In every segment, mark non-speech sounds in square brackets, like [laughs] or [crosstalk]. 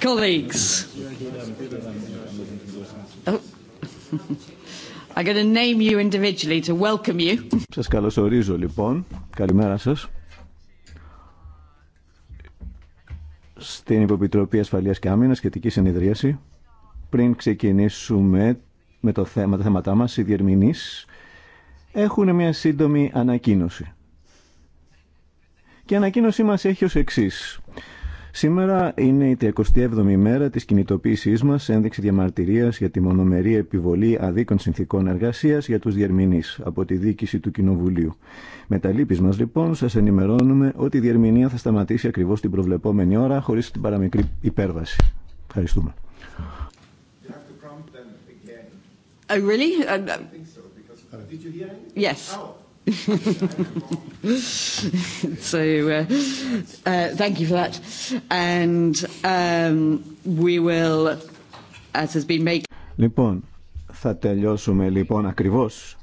Colleagues, oh. [laughs] I'm going to name you individually to welcome you. Σας καλωσορίζω λοιπόν. Καλημέρα σας. Στην Υποπιτροπή Ασφαλείας και Άμυνας σχετική Συνειδρίαση, Πριν ξεκινήσουμε με το θέμα, τα θέματά μας, οι διερμηνείς έχουν μια σύντομη ανακοίνωση. Και η ανακοίνωσή μας έχει ως εξής. Σήμερα είναι η 37η ημέρα της κινητοποίησής μας, ένδειξη διαμαρτυρίας για τη μονομερή επιβολή αδίκων συνθήκων εργασίας για τους διερμηνείς από τη δίκηση του Κοινοβουλίου. Με τα λύπη μας λοιπόν σα ενημερώνουμε ότι η διερμηνία θα σταματήσει ακριβώς την προβλεπόμενη ώρα χωρίς την παραμικρή υπέρβαση. Ευχαριστούμε. [laughs] So uh, uh, thank you for that. And um, we will, as has been made... Λοιπόν, θα τελειώσουμε λοιπόν ακριβώς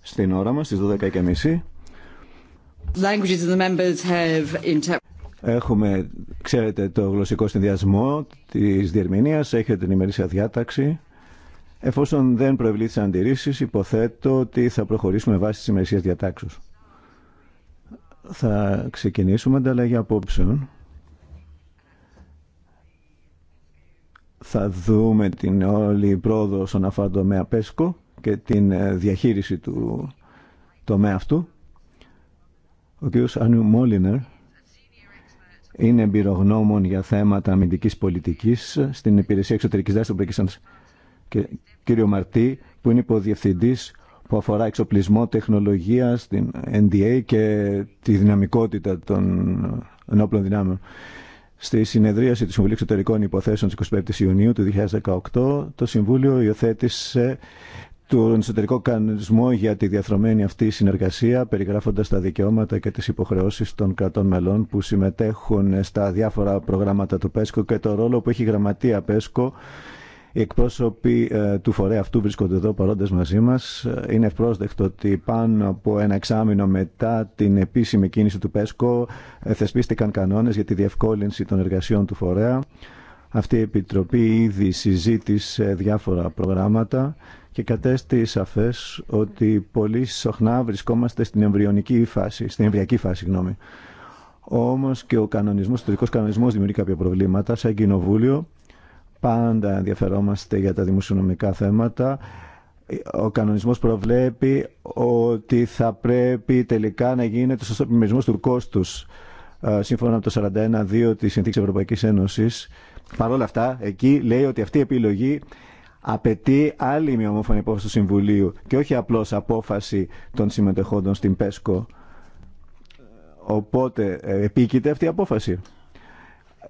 στην ώρα μας, στις 12.30. και μισή Έχουμε, ξέρετε, το γλωσσικό συνδυασμό της διερμηνίας, έχετε την ημερήσια διάταξη. Εφόσον δεν προευλήθησαν αντιρρήσει, υποθέτω ότι θα προχωρήσουμε βάσει τη ημερησία διατάξεω. Θα ξεκινήσουμε ανταλλαγή απόψεων. Θα δούμε την όλη πρόοδο στον αφορά τομέα ΠΕΣΚΟ και την ε, διαχείριση του τομέα αυτού. Ο κ. Άνιου Μόλινερ είναι εμπειρογνώμων για θέματα αμυντικής πολιτικής στην Υπηρεσία Εξωτερικής Δράσης του κύριο Μαρτί που είναι υποδιευθυντής που αφορά εξοπλισμό, τεχνολογία, στην NDA και τη δυναμικότητα των ενόπλων δυνάμεων. Στη συνεδρίαση του Συμβουλίου Εξωτερικών Υποθέσεων τη 25 Ιουνίου του 2018, το Συμβούλιο υιοθέτησε τον εσωτερικό κανονισμό για τη διαθρωμένη αυτή συνεργασία, περιγράφοντα τα δικαιώματα και τι υποχρεώσει των κρατών μελών που συμμετέχουν στα διάφορα προγράμματα του ΠΕΣΚΟ και το ρόλο που έχει η γραμματεία ΠΕΣΚΟ οι εκπρόσωποι ε, του φορέα αυτού βρίσκονται εδώ παρόντε μαζί μα Είναι ευπρόσδεκτο ότι πάνω από ένα εξάμεινο μετά την επίσημη κίνηση του ΠΕΣΚΟ ε, θεσπίστηκαν κανόνε για τη διευκόλυνση των εργασιών του φορέα. Αυτή η Επιτροπή ήδη συζήτησε διάφορα προγράμματα και κατέστη σαφέ ότι πολύ συχνά βρισκόμαστε στην εμβριακή φάση, στην εμβριακή φάση γνώμη. Όμως και ο κανονισμό, ο κανονισμό δημιουργεί κάποια προβλήματα. Σαν κοινοβούλιο Πάντα ενδιαφερόμαστε για τα δημοσιονομικά θέματα. Ο κανονισμός προβλέπει ότι θα πρέπει τελικά να γίνεται σωστό επιμερισμό του κόστου ε, σύμφωνα με το 41.2 της Συνθήκης Ευρωπαϊκής Ένωσης. Παρ' όλα αυτά, εκεί λέει ότι αυτή η επιλογή απαιτεί άλλη μια ομόφωνη υπόφαση του Συμβουλίου και όχι απλώς απόφαση των συμμετεχόντων στην ΠΕΣΚΟ. Οπότε, ε, επίκειται αυτή η απόφαση.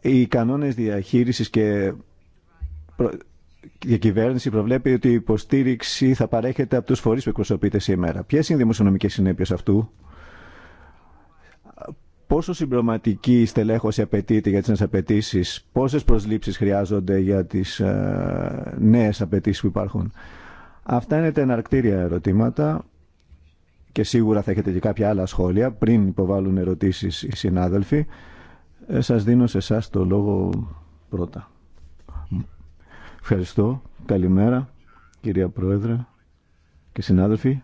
Οι κανόνες διαχείρισης και η κυβέρνηση προβλέπει ότι η υποστήριξη θα παρέχεται από τους φορείς που εκπροσωπείται σήμερα. Ποιες είναι οι δημοσιονομικές συνέπειες αυτού? Πόσο συμπληρωματική στελέχωση απαιτείται για τις νέες απαιτήσει, πόσες προσλήψεις χρειάζονται για τις ε, νέες απαιτήσει που υπάρχουν. Αυτά είναι τα εναρκτήρια ερωτήματα και σίγουρα θα έχετε και κάποια άλλα σχόλια πριν υποβάλουν ερωτήσεις οι συνάδελφοι. Ε, σας δίνω σε εσά το λόγο πρώτα. Ευχαριστώ. Καλημέρα, κυρία Πρόεδρε και συνάδελφοι.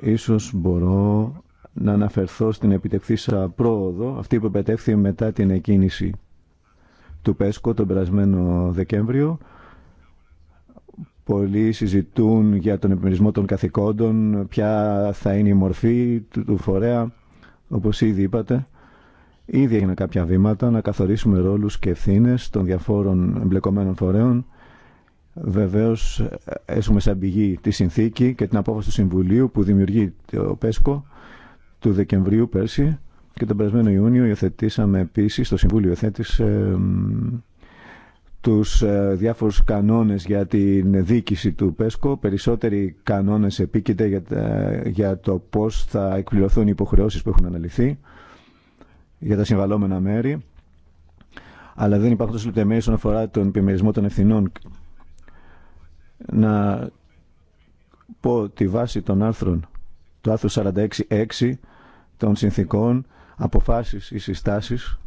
Ίσως μπορώ να αναφερθώ στην επιτευχθήσα πρόοδο, αυτή που επιτεύχθη μετά την εκκίνηση του ΠΕΣΚΟ τον περασμένο Δεκέμβριο. Πολλοί συζητούν για τον επιμερισμό των καθηκόντων, ποια θα είναι η μορφή του φορέα, όπως ήδη είπατε. Ήδη έγιναν κάποια βήματα να καθορίσουμε ρόλους και ευθύνε των διαφόρων εμπλεκομένων φορέων. Βεβαίω έχουμε σαν πηγή τη συνθήκη και την απόφαση του Συμβουλίου που δημιουργεί το ΠΕΣΚΟ του Δεκεμβρίου πέρσι και τον περασμένο Ιούνιο υιοθετήσαμε επίση το Συμβούλιο υιοθέτησε τους ε, διάφορου κανόνε για την δίκηση του ΠΕΣΚΟ. Περισσότεροι κανόνε επίκειται για, ε, το πώ θα εκπληρωθούν οι υποχρεώσει που έχουν αναλυθεί για τα συμβαλόμενα μέρη, αλλά δεν υπάρχουν τόσο λεπτομέρειε όσον αφορά τον επιμερισμό των ευθυνών. Να πω τη βάση των άρθρων του άρθρου 46.6 των συνθήκων, αποφάσεις ή συστάσεις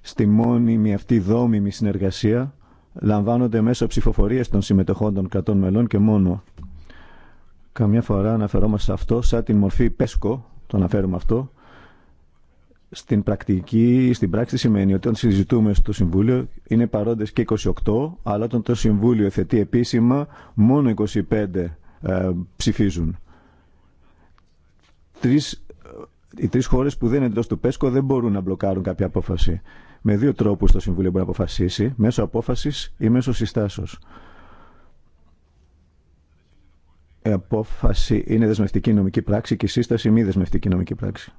στη μόνιμη αυτή δόμημη συνεργασία λαμβάνονται μέσω ψηφοφορίας των συμμετοχών των κρατών μελών και μόνο. Καμιά φορά αναφερόμαστε σε αυτό σαν την μορφή ΠΕΣΚΟ, το αναφέρουμε αυτό, στην πρακτική, στην πράξη σημαίνει ότι όταν συζητούμε στο Συμβούλιο είναι παρόντες και 28, αλλά όταν το Συμβούλιο θετεί επίσημα μόνο 25 ε, ψηφίζουν. Τρεις, ε, οι τρεις χώρες που δεν είναι εντός του ΠΕΣΚΟ δεν μπορούν να μπλοκάρουν κάποια απόφαση. Με δύο τρόπους το Συμβούλιο μπορεί να αποφασίσει, μέσω απόφασης ή μέσω συστάσεως. Η απόφαση είναι δεσμευτική νομική πράξη και η σύσταση μη δεσμευτική νομική πράξη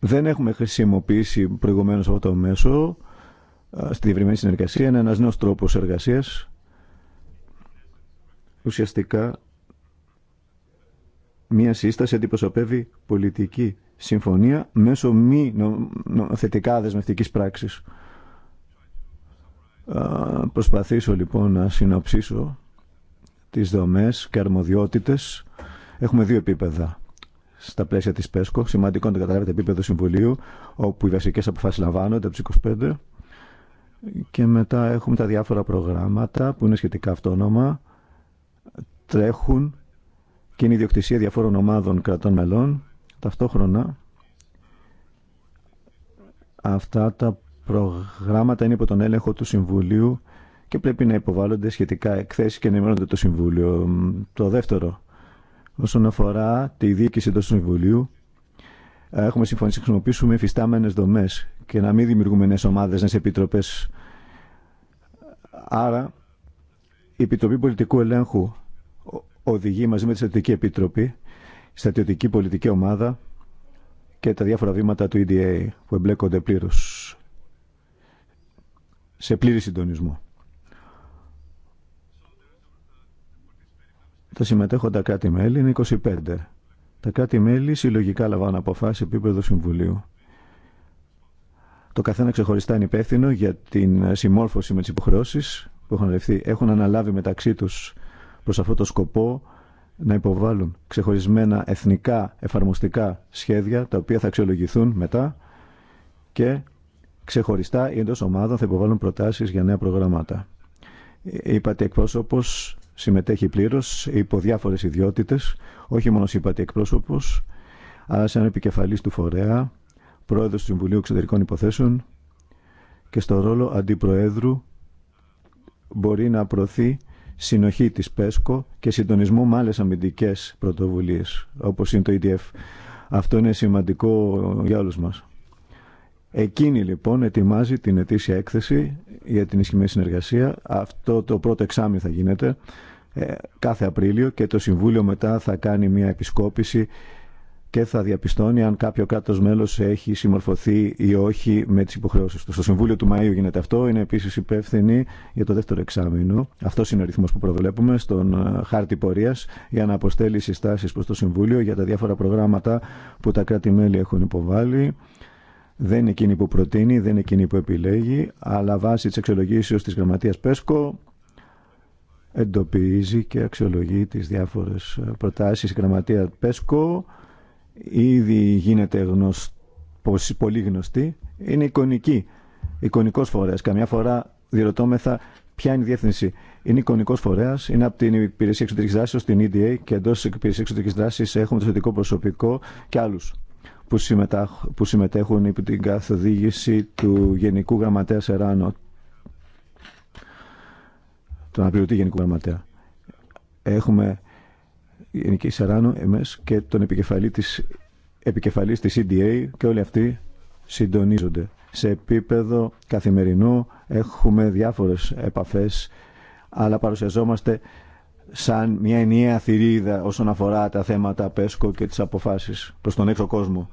δεν έχουμε χρησιμοποιήσει προηγουμένως αυτό το μέσο στη διευρυμένη συνεργασία. Είναι ένας νέος τρόπος εργασίας. Ουσιαστικά, μία σύσταση αντιπροσωπεύει πολιτική συμφωνία μέσω μη θετικά δεσμευτικής πράξης. Προσπαθήσω λοιπόν να συνοψίσω τις δομές και αρμοδιότητες. Έχουμε δύο επίπεδα στα πλαίσια της ΠΕΣΚΟ. Σημαντικό να το καταλάβετε επίπεδο συμβουλίου, όπου οι βασικέ αποφάσει λαμβάνονται από τι 25. Και μετά έχουμε τα διάφορα προγράμματα που είναι σχετικά αυτόνομα, τρέχουν και είναι ιδιοκτησία διαφόρων ομάδων κρατών μελών. Ταυτόχρονα αυτά τα προγράμματα είναι υπό τον έλεγχο του Συμβουλίου και πρέπει να υποβάλλονται σχετικά εκθέσει και ενημερώνονται το Συμβούλιο. Το δεύτερο, Όσον αφορά τη διοίκηση του Συμβουλίου, ε, έχουμε συμφωνήσει να χρησιμοποιήσουμε υφιστάμενε δομέ και να μην δημιουργούμε νέε ομάδε, νέε επιτροπέ. Άρα, η Επιτροπή Πολιτικού Ελέγχου οδηγεί μαζί με τη Στατιωτική Επιτροπή, Στατιωτική Πολιτική Ομάδα και τα διάφορα βήματα του EDA που εμπλέκονται πλήρω σε πλήρη συντονισμό. Τα συμμετεχοντα κάτι κράτη-μέλη είναι 25. Τα κάτι μελη συλλογικά λαμβάνουν αποφάσει επίπεδο Συμβουλίου. Το καθένα ξεχωριστά είναι υπεύθυνο για την συμμόρφωση με τι υποχρεώσει που έχουν ρευθεί. Έχουν αναλάβει μεταξύ του προ αυτό το σκοπό να υποβάλουν ξεχωρισμένα εθνικά εφαρμοστικά σχέδια τα οποία θα αξιολογηθούν μετά και ξεχωριστά ή εντό ομάδων θα υποβάλουν προτάσει για νέα προγράμματα. Ε, είπατε εκπρόσωπο συμμετέχει πλήρω υπό διάφορε ιδιότητε, όχι μόνο σύμπατη εκπρόσωπο, αλλά σαν επικεφαλής του φορέα, πρόεδρο του Συμβουλίου Εξωτερικών Υποθέσεων και στο ρόλο αντιπροέδρου μπορεί να προωθεί συνοχή της ΠΕΣΚΟ και συντονισμού με άλλες αμυντικές πρωτοβουλίες, όπως είναι το EDF. Αυτό είναι σημαντικό για όλους μας. Εκείνη λοιπόν ετοιμάζει την ετήσια έκθεση για την ισχυμένη συνεργασία. Αυτό το πρώτο εξάμεινο θα γίνεται. Ε, κάθε Απρίλιο και το Συμβούλιο μετά θα κάνει μια επισκόπηση και θα διαπιστώνει αν κάποιο κράτο μέλο έχει συμμορφωθεί ή όχι με τι υποχρεώσει του. Στο Συμβούλιο του Μαΐου γίνεται αυτό. Είναι επίση υπεύθυνη για το δεύτερο εξάμεινο. Αυτό είναι ο ρυθμό που προβλέπουμε στον ε, χάρτη πορεία για να αποστέλει συστάσει προ το Συμβούλιο για τα διάφορα προγράμματα που τα κράτη-μέλη έχουν υποβάλει. Δεν είναι εκείνη που προτείνει, δεν είναι εκείνη που επιλέγει, αλλά βάσει τη εξολογήσεω τη Γραμματεία ΠΕΣΚΟ εντοπίζει και αξιολογεί τις διάφορες ε, προτάσεις. Η γραμματεία ΠΕΣΚΟ ήδη γίνεται γνωσ... πολύ γνωστή. Είναι εικονική, εικονικός φορέας. Καμιά φορά διερωτώμεθα ποια είναι η διεύθυνση. Είναι εικονικός φορέας, είναι από την υπηρεσία εξωτερικής δράσης την EDA και εντός της υπηρεσίας εξωτερικής δράσης έχουμε το θετικό προσωπικό και άλλους που συμμετέχουν υπό την καθοδήγηση του Γενικού Γραμματέα Σεράνο τον Απριωτή Γενικού Γραμματέα. Έχουμε Γενική Σαράνο, εμείς και τον επικεφαλή της, επικεφαλής της CDA και όλοι αυτοί συντονίζονται. Σε επίπεδο καθημερινό έχουμε διάφορες επαφές, αλλά παρουσιαζόμαστε σαν μια ενιαία θηρίδα όσον αφορά τα θέματα ΠΕΣΚΟ και τις αποφάσεις προς τον έξω κόσμο.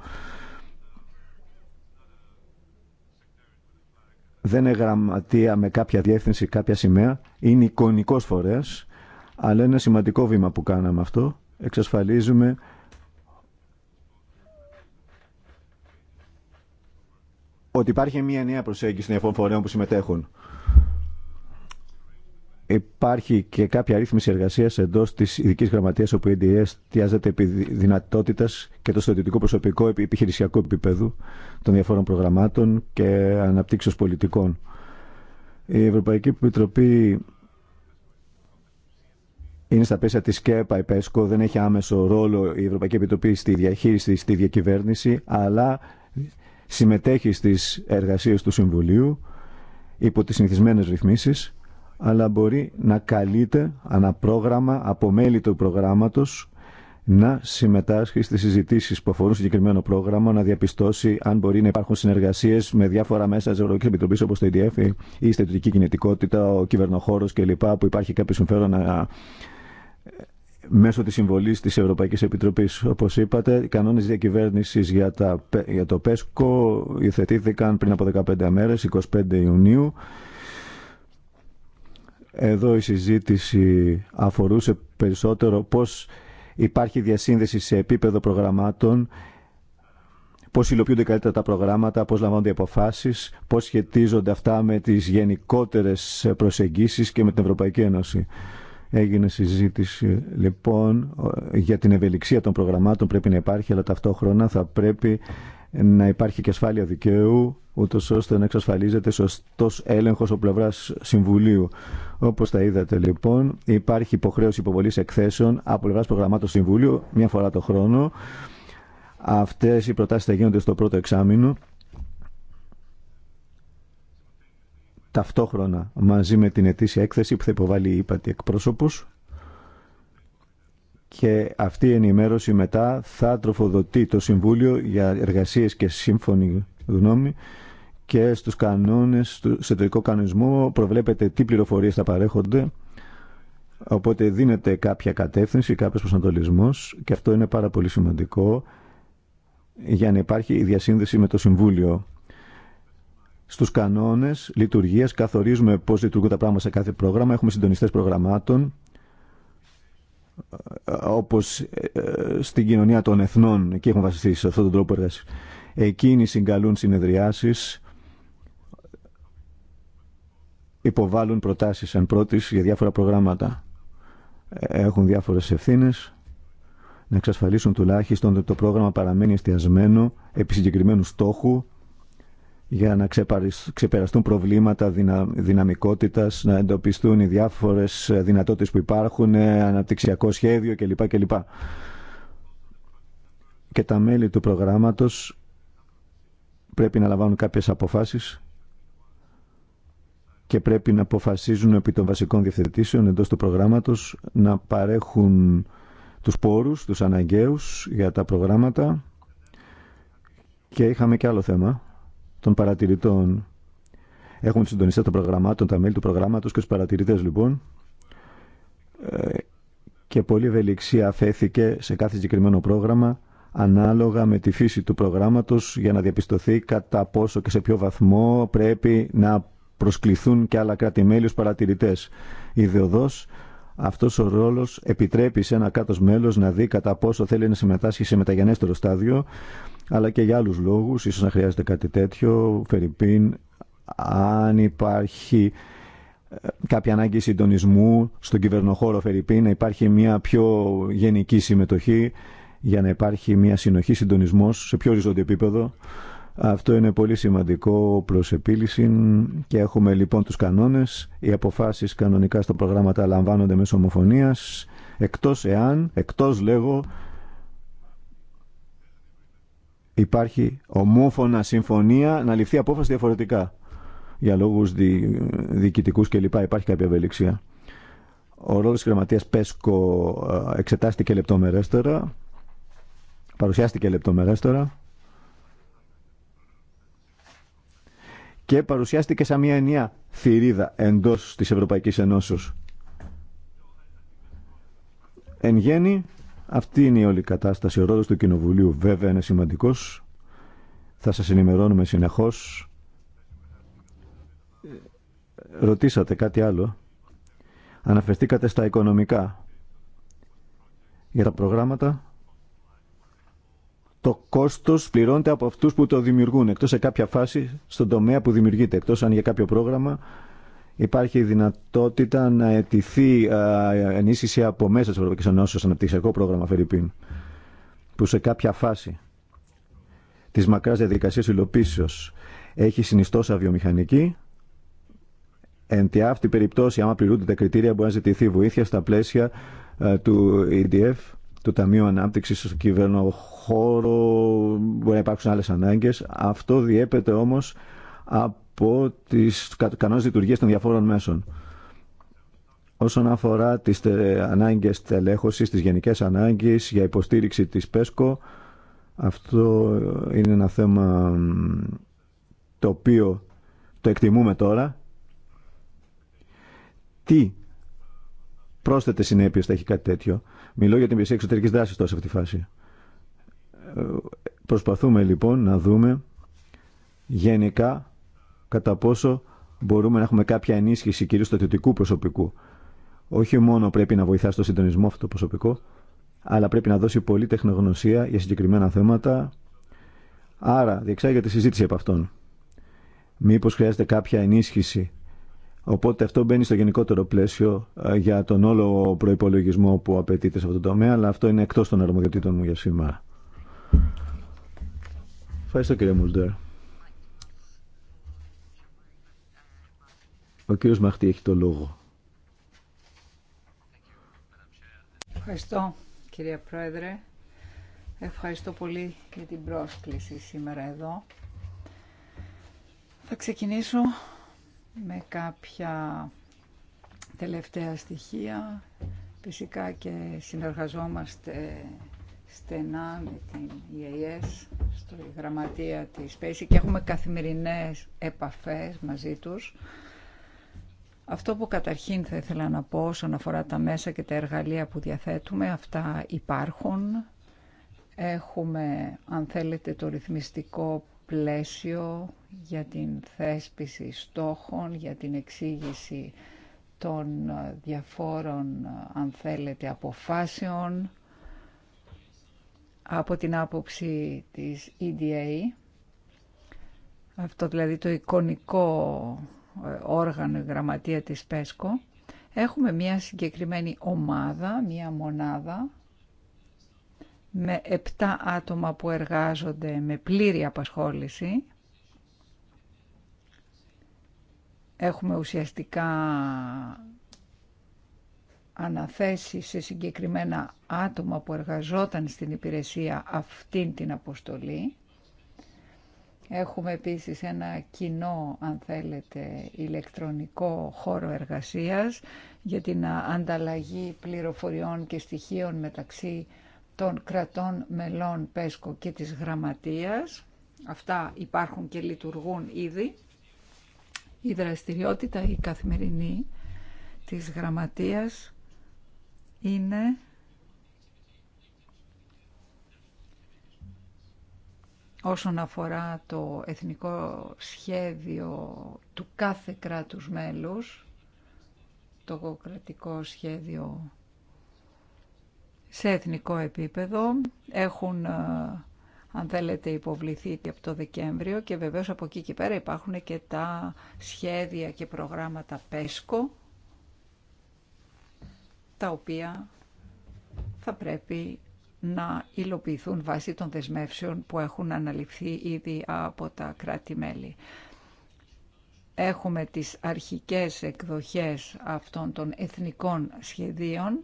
δεν είναι γραμματεία με κάποια διεύθυνση, κάποια σημαία, είναι εικονικός φορέας, αλλά ένα σημαντικό βήμα που κάναμε αυτό, εξασφαλίζουμε ότι υπάρχει μια νέα προσέγγιση των φόρεα φορέων που συμμετέχουν. Υπάρχει και κάποια ρύθμιση εργασία εντό τη ειδική γραμματεία, όπου η ΕΔΕΕ εστιάζεται επί δυνατότητα και το στρατιωτικό προσωπικό επί επιχειρησιακού επίπεδου των διαφόρων προγραμμάτων και αναπτύξεω πολιτικών. Η Ευρωπαϊκή Επιτροπή είναι στα πέσα τη ΚΕΠΑ, η ΠΕΣΚΟ, δεν έχει άμεσο ρόλο η Ευρωπαϊκή Επιτροπή στη διαχείριση, στη διακυβέρνηση, αλλά συμμετέχει στι εργασίε του Συμβουλίου υπό τι συνηθισμένε ρυθμίσει αλλά μπορεί να καλείται αναπρόγραμμα από μέλη του προγράμματος να συμμετάσχει στις συζητήσεις που αφορούν συγκεκριμένο πρόγραμμα, να διαπιστώσει αν μπορεί να υπάρχουν συνεργασίες με διάφορα μέσα της Ευρωπαϊκής Επιτροπής όπως το EDF ή η στρατιωτική κινητικότητα, ο κυβερνοχώρος κλπ. που υπάρχει κάποιο συμφέρον μέσω της συμβολής της Ευρωπαϊκής Επιτροπής. Όπως είπατε, οι κανόνες διακυβέρνησης για, τα, για το ΠΕΣΚΟ υιοθετήθηκαν πριν από 15 μέρες, 25 Ιουνίου. Εδώ η συζήτηση αφορούσε περισσότερο πώς υπάρχει διασύνδεση σε επίπεδο προγραμμάτων, πώς υλοποιούνται καλύτερα τα προγράμματα, πώς λαμβάνονται οι αποφάσεις, πώς σχετίζονται αυτά με τις γενικότερες προσεγγίσεις και με την Ευρωπαϊκή Ένωση. Έγινε συζήτηση λοιπόν ε, για την ευελιξία των προγραμμάτων πρέπει να υπάρχει αλλά ταυτόχρονα θα πρέπει να υπάρχει και ασφάλεια δικαίου, ούτως ώστε να εξασφαλίζεται σωστός έλεγχος ο πλευράς Συμβουλίου. Όπως τα είδατε λοιπόν, υπάρχει υποχρέωση υποβολής εκθέσεων από πλευράς προγραμμάτων Συμβουλίου μια φορά το χρόνο. Αυτές οι προτάσεις θα γίνονται στο πρώτο εξάμεινο. Ταυτόχρονα μαζί με την ετήσια έκθεση που θα υποβάλει η ΥΠΑΤΗ εκπρόσωπος και αυτή η ενημέρωση μετά θα τροφοδοτεί το Συμβούλιο για εργασίες και σύμφωνη γνώμη και στους κανόνες στο εταιρικό κανονισμό προβλέπεται τι πληροφορίες θα παρέχονται οπότε δίνεται κάποια κατεύθυνση, κάποιος προσανατολισμός και αυτό είναι πάρα πολύ σημαντικό για να υπάρχει η διασύνδεση με το Συμβούλιο. Στους κανόνες λειτουργίας καθορίζουμε πώς λειτουργούν τα πράγματα σε κάθε πρόγραμμα, έχουμε συντονιστές προγραμμάτων όπως ε, στην κοινωνία των εθνών. Εκεί έχουν βασιστεί σε αυτόν τον τρόπο εργασίας. Εκείνοι συγκαλούν συνεδριάσεις, υποβάλλουν προτάσεις εν πρώτης για διάφορα προγράμματα. Ε, έχουν διάφορες ευθύνες να εξασφαλίσουν τουλάχιστον ότι το πρόγραμμα παραμένει εστιασμένο επί συγκεκριμένου στόχου για να ξεπεραστούν προβλήματα δυναμικότητας, να εντοπιστούν οι διάφορες δυνατότητες που υπάρχουν, ε, αναπτυξιακό σχέδιο κλπ. Και τα μέλη του προγράμματος πρέπει να λαμβάνουν κάποιες αποφάσεις και πρέπει να αποφασίζουν επί των βασικών διευθετήσεων εντός του προγράμματος να παρέχουν τους πόρους, τους αναγκαίους για τα προγράμματα και είχαμε και άλλο θέμα των παρατηρητών. Έχουμε του συντονιστέ των προγραμμάτων, τα μέλη του προγράμματος και του παρατηρητέ λοιπόν. Ε, και πολλή ευελιξία αφέθηκε σε κάθε συγκεκριμένο πρόγραμμα ανάλογα με τη φύση του προγράμματος για να διαπιστωθεί κατά πόσο και σε ποιο βαθμό πρέπει να προσκληθούν και άλλα κράτη-μέλη ως παρατηρητές αυτός ο ρόλος επιτρέπει σε ένα κάτω μέλο να δει κατά πόσο θέλει να συμμετάσχει σε μεταγενέστερο στάδιο, αλλά και για άλλους λόγους, ίσω να χρειάζεται κάτι τέτοιο, Φερρυπίν, αν υπάρχει ε, κάποια ανάγκη συντονισμού στον κυβερνοχώρο Φερρυπίν, να υπάρχει μια πιο γενική συμμετοχή για να υπάρχει μια συνοχή συντονισμός σε πιο οριζόντιο επίπεδο. Αυτό είναι πολύ σημαντικό προς επίλυση και έχουμε λοιπόν τους κανόνες. Οι αποφάσεις κανονικά πρόγραμμα τα λαμβάνονται μέσω ομοφωνίας, εκτός εάν, εκτός λέγω, υπάρχει ομόφωνα συμφωνία να ληφθεί απόφαση διαφορετικά για λόγους δι, και λοιπά Υπάρχει κάποια ευελιξία. Ο ρόλος της γραμματείας ΠΕΣΚΟ ε, εξετάστηκε λεπτομερέστερα, παρουσιάστηκε λεπτομερέστερα και παρουσιάστηκε σαν μια ενιαία θηρίδα εντός της Ευρωπαϊκής Ενώσεως. Εν γέννη, αυτή είναι η όλη κατάσταση. Ο ρόλος του Κοινοβουλίου βέβαια είναι σημαντικός. Θα σας ενημερώνουμε συνεχώς. Ρωτήσατε κάτι άλλο. Αναφερθήκατε στα οικονομικά. Για τα προγράμματα το κόστο πληρώνεται από αυτού που το δημιουργούν, εκτό σε κάποια φάση στον τομέα που δημιουργείται, εκτό αν για κάποιο πρόγραμμα υπάρχει η δυνατότητα να αιτηθεί ενίσχυση από μέσα της Ευρωπαϊκής ω αναπτυξιακό πρόγραμμα Φερρυπίν, που σε κάποια φάση τη μακρά διαδικασία υλοποίησεω έχει συνιστόσα βιομηχανική, Εν τη αυτή περιπτώση, άμα πληρούνται τα κριτήρια, μπορεί να ζητηθεί βοήθεια στα πλαίσια του EDF του Ταμείου Ανάπτυξη στο κυβερνοχώρο, μπορεί να υπάρξουν άλλε ανάγκε. Αυτό διέπεται όμω από τι κανόνε λειτουργία των διαφόρων μέσων. Όσον αφορά τι ανάγκε τελέχωση, τι γενικέ ανάγκε για υποστήριξη τη ΠΕΣΚΟ, αυτό είναι ένα θέμα το οποίο το εκτιμούμε τώρα. Τι πρόσθετε συνέπειε θα έχει κάτι τέτοιο. Μιλώ για την υπηρεσία εξωτερικής δράσης τώρα σε αυτή τη φάση. Ε, προσπαθούμε λοιπόν να δούμε γενικά κατά πόσο μπορούμε να έχουμε κάποια ενίσχυση κυρίως του αιτιωτικού προσωπικού. Όχι μόνο πρέπει να βοηθά στο συντονισμό αυτό το προσωπικό, αλλά πρέπει να δώσει πολύ τεχνογνωσία για συγκεκριμένα θέματα. Άρα, διεξάγεται συζήτηση από αυτόν. Μήπως χρειάζεται κάποια ενίσχυση Οπότε αυτό μπαίνει στο γενικότερο πλαίσιο ε, για τον όλο προπολογισμό που απαιτείται σε αυτό το τομέα, αλλά αυτό είναι εκτό των αρμοδιοτήτων μου για σήμερα. Ευχαριστώ κύριε Μουλντέρ. Ο κύριο Μαχτή έχει το λόγο. Ευχαριστώ κύριε Πρόεδρε. Ευχαριστώ πολύ για την πρόσκληση σήμερα εδώ. Θα ξεκινήσω με κάποια τελευταία στοιχεία. Φυσικά και συνεργαζόμαστε στενά με την EAS στο γραμματεία της ΠΕΣΗ και έχουμε καθημερινές επαφές μαζί τους. Αυτό που καταρχήν θα ήθελα να πω όσον αφορά τα μέσα και τα εργαλεία που διαθέτουμε, αυτά υπάρχουν. Έχουμε, αν θέλετε, το ρυθμιστικό πλαίσιο για την θέσπιση στόχων, για την εξήγηση των διαφόρων, αν θέλετε, αποφάσεων από την άποψη της EDA. Αυτό δηλαδή το εικονικό ε, όργανο, η γραμματεία της ΠΕΣΚΟ. Έχουμε μια συγκεκριμένη ομάδα, μια μονάδα με επτά άτομα που εργάζονται με πλήρη απασχόληση έχουμε ουσιαστικά αναθέσει σε συγκεκριμένα άτομα που εργαζόταν στην υπηρεσία αυτήν την αποστολή. Έχουμε επίσης ένα κοινό, αν θέλετε, ηλεκτρονικό χώρο εργασίας για την ανταλλαγή πληροφοριών και στοιχείων μεταξύ των κρατών μελών ΠΕΣΚΟ και της γραμματείας. Αυτά υπάρχουν και λειτουργούν ήδη η δραστηριότητα η καθημερινή της γραμματείας είναι όσον αφορά το εθνικό σχέδιο του κάθε κράτους μέλους, το κρατικό σχέδιο σε εθνικό επίπεδο, έχουν ε, αν θέλετε υποβληθεί και από το Δεκέμβριο και βεβαίως από εκεί και πέρα υπάρχουν και τα σχέδια και προγράμματα ΠΕΣΚΟ τα οποία θα πρέπει να υλοποιηθούν βάσει των δεσμεύσεων που έχουν αναλυφθεί ήδη από τα κράτη-μέλη. Έχουμε τις αρχικές εκδοχές αυτών των εθνικών σχεδίων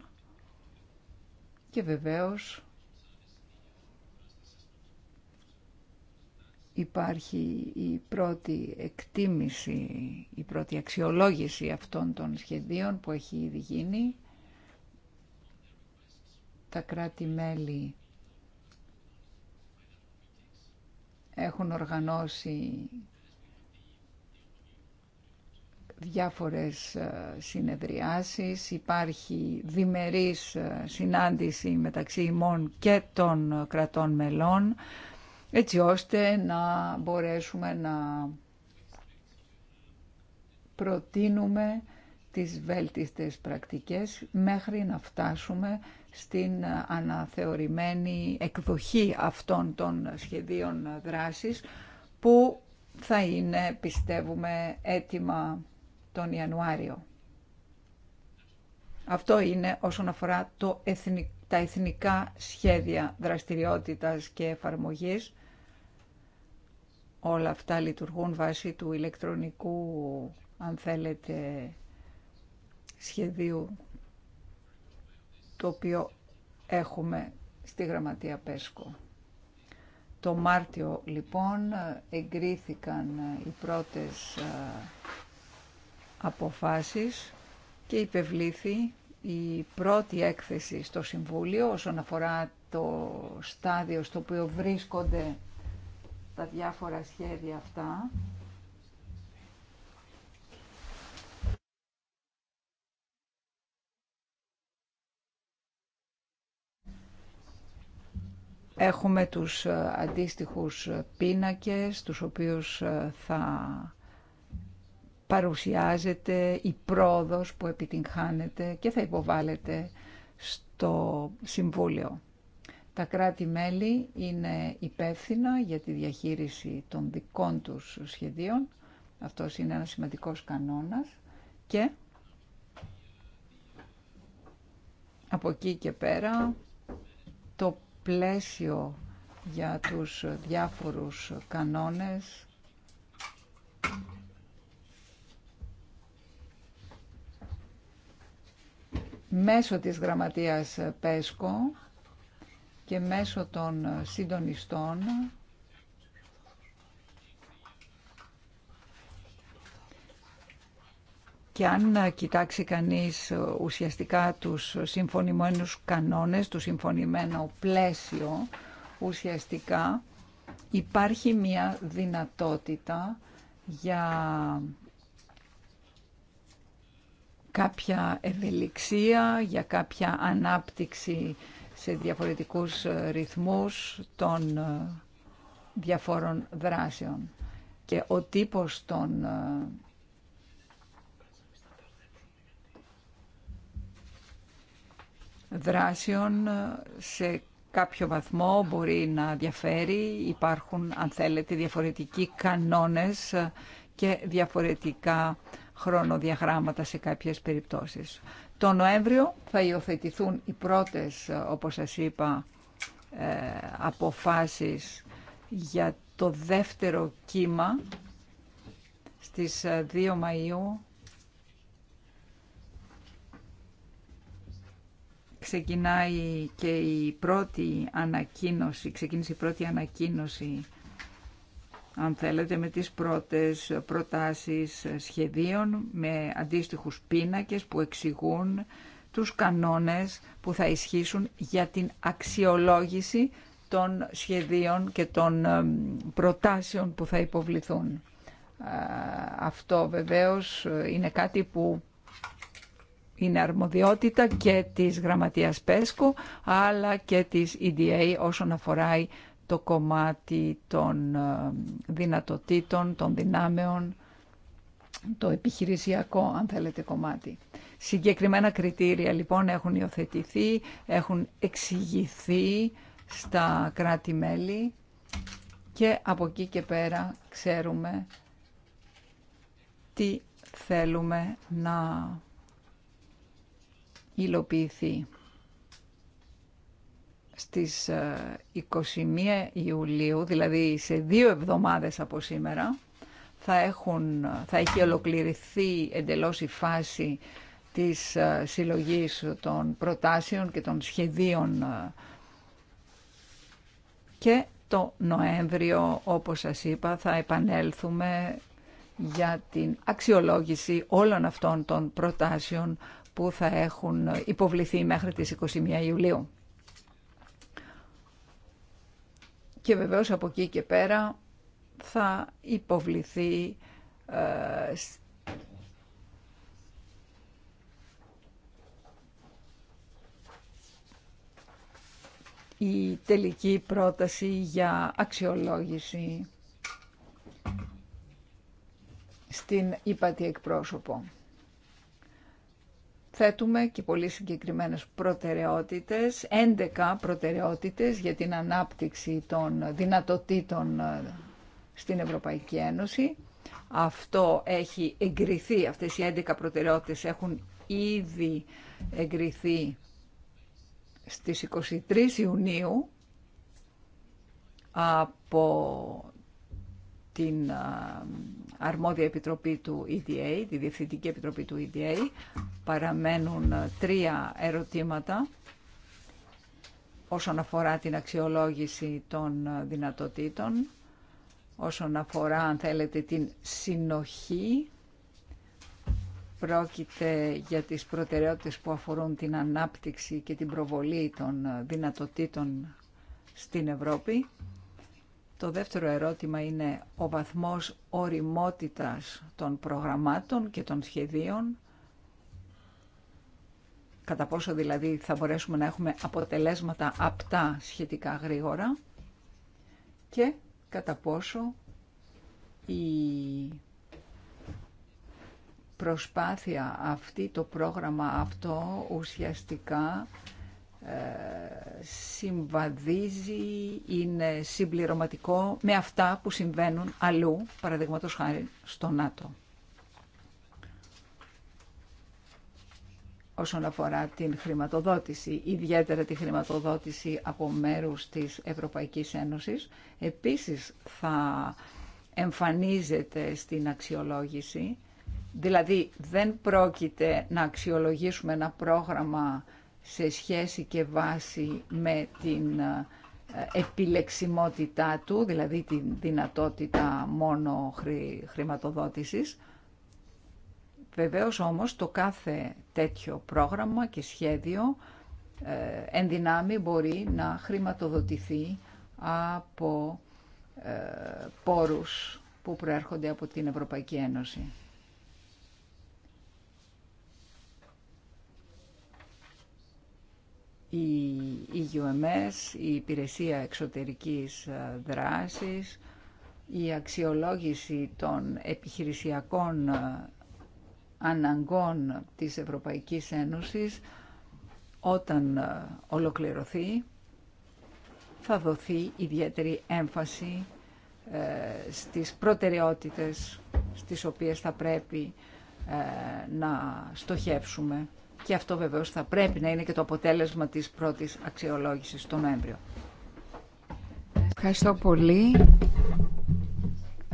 και βεβαίως υπάρχει η πρώτη εκτίμηση, η πρώτη αξιολόγηση αυτών των σχεδίων που έχει ήδη γίνει. Τα κράτη-μέλη έχουν οργανώσει διάφορες ε, συνεδριάσεις, υπάρχει διμερής ε, συνάντηση μεταξύ ημών και των κρατών μελών έτσι ώστε να μπορέσουμε να προτείνουμε τις βέλτιστες πρακτικές μέχρι να φτάσουμε στην αναθεωρημένη εκδοχή αυτών των σχεδίων δράσης που θα είναι, πιστεύουμε, έτοιμα τον Ιανουάριο. Αυτό είναι όσον αφορά το τα εθνικά σχέδια δραστηριότητας και εφαρμογής όλα αυτά λειτουργούν βάσει του ηλεκτρονικού, αν θέλετε, σχεδίου το οποίο έχουμε στη Γραμματεία Πέσκο. Το Μάρτιο λοιπόν εγκρίθηκαν οι πρώτες αποφάσεις και υπευλήθη η πρώτη έκθεση στο Συμβούλιο όσον αφορά το στάδιο στο οποίο βρίσκονται τα διάφορα σχέδια αυτά. Έχουμε τους ε, αντίστοιχους ε, πίνακες, τους οποίους ε, θα παρουσιάζεται η πρόοδος που επιτυγχάνεται και θα υποβάλλεται στο Συμβούλιο. Τα κράτη-μέλη είναι υπεύθυνα για τη διαχείριση των δικών τους σχεδίων. Αυτός είναι ένας σημαντικός κανόνας και από εκεί και πέρα το πλαίσιο για τους διάφορους κανόνες μέσω της γραμματείας ΠΕΣΚΟ και μέσω των συντονιστών Και αν κοιτάξει κανείς ουσιαστικά τους συμφωνημένους κανόνες, το συμφωνημένο πλαίσιο, ουσιαστικά υπάρχει μια δυνατότητα για κάποια ευελιξία, για κάποια ανάπτυξη σε διαφορετικούς ε, ρυθμούς των ε, διαφόρων δράσεων. Και ο τύπος των ε, δράσεων σε κάποιο βαθμό μπορεί να διαφέρει. Υπάρχουν, αν θέλετε, διαφορετικοί κανόνες και διαφορετικά χρονοδιαγράμματα σε κάποιες περιπτώσεις. Το Νοέμβριο θα υιοθετηθούν οι πρώτες, ε, όπως σας είπα, ε, αποφάσεις για το δεύτερο κύμα στις 2 ε, Μαΐου. Ξεκινάει και η πρώτη ανακοίνωση, ξεκίνησε η πρώτη ανακοίνωση αν θέλετε, με τις πρώτες προτάσεις σχεδίων, με αντίστοιχους πίνακες που εξηγούν τους κανόνες που θα ισχύσουν για την αξιολόγηση των σχεδίων και των ε, προτάσεων που θα υποβληθούν. Ε, αυτό βεβαίως ε, είναι κάτι που είναι αρμοδιότητα και της Γραμματείας ΠΕΣΚΟ αλλά και της EDA όσον αφορά το κομμάτι των ε, δυνατοτήτων, των δυνάμεων, το επιχειρησιακό, αν θέλετε, κομμάτι. Συγκεκριμένα κριτήρια, λοιπόν, έχουν υιοθετηθεί, έχουν εξηγηθεί στα κράτη-μέλη και από εκεί και πέρα ξέρουμε τι θέλουμε να υλοποιηθεί στις 21 ε, Ιουλίου, δηλαδή σε δύο εβδομάδες από σήμερα, θα, έχουν, θα έχει ολοκληρωθεί εντελώς η φάση της ε, συλλογής των προτάσεων και των σχεδίων ε, και το Νοέμβριο, όπως σας είπα, θα επανέλθουμε για την αξιολόγηση όλων αυτών των προτάσεων που θα έχουν υποβληθεί μέχρι τις 21 Ιουλίου. και βεβαίως από εκεί και πέρα θα υποβληθεί ε, η τελική πρόταση για αξιολόγηση στην ύπατη εκπρόσωπο θέτουμε και πολύ συγκεκριμένες προτεραιότητες, 11 προτεραιότητες για την ανάπτυξη των δυνατοτήτων ε, στην Ευρωπαϊκή Ένωση. Αυτό έχει εγκριθεί, αυτές οι 11 προτεραιότητες έχουν ήδη εγκριθεί στις 23 Ιουνίου από την αρμόδια επιτροπή του EDA, τη Διευθυντική Επιτροπή του EDA. Παραμένουν τρία ερωτήματα όσον αφορά την αξιολόγηση των δυνατοτήτων, όσον αφορά, αν θέλετε, την συνοχή. Πρόκειται για τις προτεραιότητες που αφορούν την ανάπτυξη και την προβολή των δυνατοτήτων στην Ευρώπη το δεύτερο ερώτημα είναι ο βαθμός οριμότητας των προγραμμάτων και των σχεδίων. Κατά πόσο δηλαδή θα μπορέσουμε να έχουμε αποτελέσματα απτά σχετικά γρήγορα και κατά πόσο η προσπάθεια αυτή, το πρόγραμμα αυτό ουσιαστικά συμβαδίζει, είναι συμπληρωματικό με αυτά που συμβαίνουν αλλού, παραδείγματος χάρη στο ΝΑΤΟ. όσον αφορά την χρηματοδότηση, ιδιαίτερα τη χρηματοδότηση από μέρους της Ευρωπαϊκής Ένωσης. Επίσης θα εμφανίζεται στην αξιολόγηση, δηλαδή δεν πρόκειται να αξιολογήσουμε ένα πρόγραμμα σε σχέση και βάση με την ε, επιλεξιμότητά του, δηλαδή την δυνατότητα μόνο χρηματοδότησης. Βεβαίως όμως το κάθε τέτοιο πρόγραμμα και σχέδιο ε, εν δυνάμει μπορεί να χρηματοδοτηθεί από ε, πόρους που προέρχονται από την Ευρωπαϊκή Ένωση. η UMS, η Υπηρεσία Εξωτερικής ε, Δράσης, η αξιολόγηση των επιχειρησιακών ε, αναγκών της Ευρωπαϊκής Ένωσης όταν ε, ολοκληρωθεί θα δοθεί ιδιαίτερη έμφαση στις προτεραιότητες στις οποίες θα πρέπει να στοχεύσουμε και αυτό βεβαίως θα πρέπει να είναι και το αποτέλεσμα της πρώτης αξιολόγησης το Νοέμβριο. Ευχαριστώ πολύ.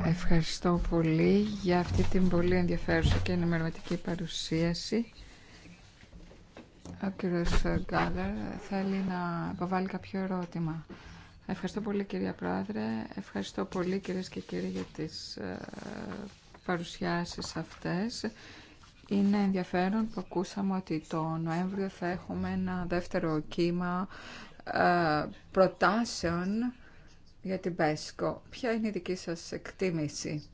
Ευχαριστώ πολύ για αυτή την πολύ ενδιαφέρουσα και ενημερωτική παρουσίαση. Ο κύριος Γκάλερ θέλει να υποβάλει κάποιο ερώτημα. Ευχαριστώ πολύ κυρία Πρόεδρε, ευχαριστώ πολύ κυρίες και κύριοι για τις ε, παρουσιάσεις αυτές. Είναι ενδιαφέρον που ακούσαμε ότι το Νοέμβριο θα έχουμε ένα δεύτερο κύμα ε, προτάσεων για την ΠΕΣΚΟ. Ποια είναι η δική σας εκτίμηση.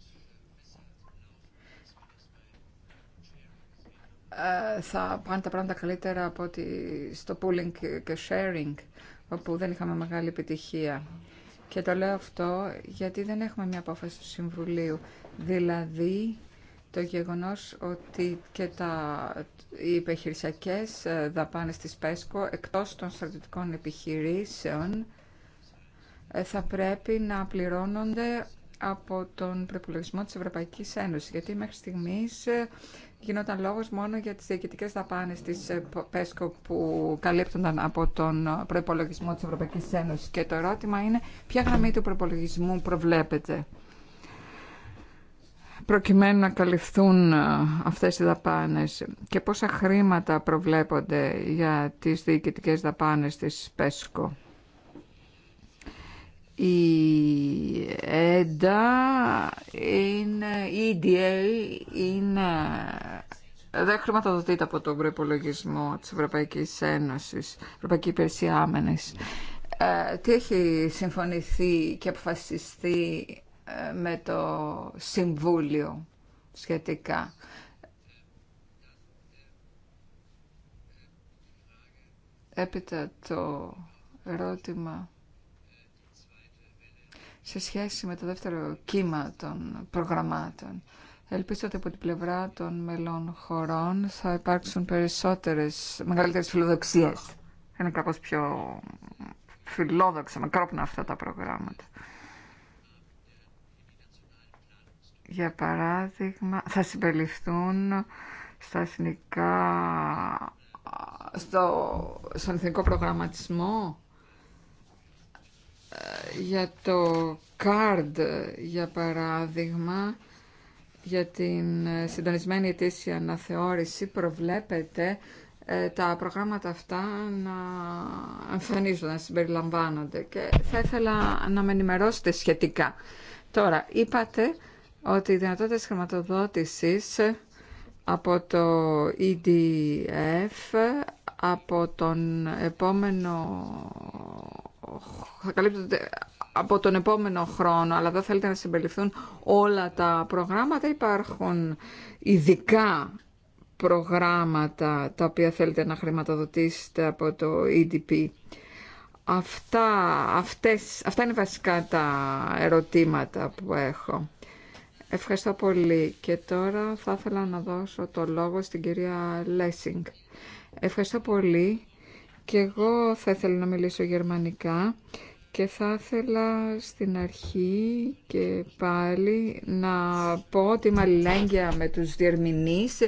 Ε, θα πάνε τα πράγματα καλύτερα από ότι στο pooling και sharing, όπου δεν είχαμε μεγάλη επιτυχία. Και το λέω αυτό γιατί δεν έχουμε μια απόφαση του Συμβουλίου. Δηλαδή, το γεγονός ότι και τα, οι επιχειρησιακές ε, δαπάνες της ΠΕΣΚΟ εκτός των στρατιωτικών επιχειρήσεων ε, θα πρέπει να πληρώνονται από τον προπολογισμό της Ευρωπαϊκής Ένωσης γιατί μέχρι στιγμής ε, γινόταν λόγος μόνο για τις διοικητικές δαπάνες της ΠΕΣΚΟ που καλύπτονταν από τον προπολογισμό της Ευρωπαϊκής Ένωσης και το ερώτημα είναι ποια γραμμή του προπολογισμού προβλέπεται προκειμένου να καλυφθούν αυτές οι δαπάνες και πόσα χρήματα προβλέπονται για τις διοικητικές δαπάνες της ΠΕΣΚΟ. Η ΕΔΑ είναι, η EDA είναι, δεν χρηματοδοτείται από τον προπολογισμό της Ευρωπαϊκής Ένωσης, Ευρωπαϊκή Υπηρεσία Άμενης. Ε, τι έχει συμφωνηθεί και αποφασιστεί με το Συμβούλιο σχετικά. Έπειτα το ερώτημα σε σχέση με το δεύτερο κύμα των προγραμμάτων. Ελπίζω ότι από την πλευρά των μελών χωρών θα υπάρξουν περισσότερες, μεγαλύτερες φιλοδοξίες. Είναι κάπως πιο φιλόδοξα, μακρόπνα αυτά τα προγράμματα. για παράδειγμα, θα συμπεριληφθούν στα εθνικά, στο, στον εθνικό προγραμματισμό ε, για το CARD, για παράδειγμα, για την συντονισμένη ετήσια αναθεώρηση προβλέπεται ε, τα προγράμματα αυτά να εμφανίζονται, να συμπεριλαμβάνονται και θα ήθελα να με ενημερώσετε σχετικά. Τώρα, είπατε ότι οι δυνατότητες χρηματοδότησης από το EDF από τον επόμενο θα καλύπτονται από τον επόμενο χρόνο, αλλά δεν θέλετε να συμπεριληφθούν όλα τα προγράμματα. Υπάρχουν ειδικά προγράμματα τα οποία θέλετε να χρηματοδοτήσετε από το EDP. Αυτά, αυτές, αυτά είναι βασικά τα ερωτήματα που έχω. Ευχαριστώ πολύ. Και τώρα θα ήθελα να δώσω το λόγο στην κυρία Λέσινγκ. Ευχαριστώ πολύ. Και εγώ θα ήθελα να μιλήσω γερμανικά και θα ήθελα στην αρχή και πάλι να πω ότι είμαι αλληλέγγυα με τους διερμηνείς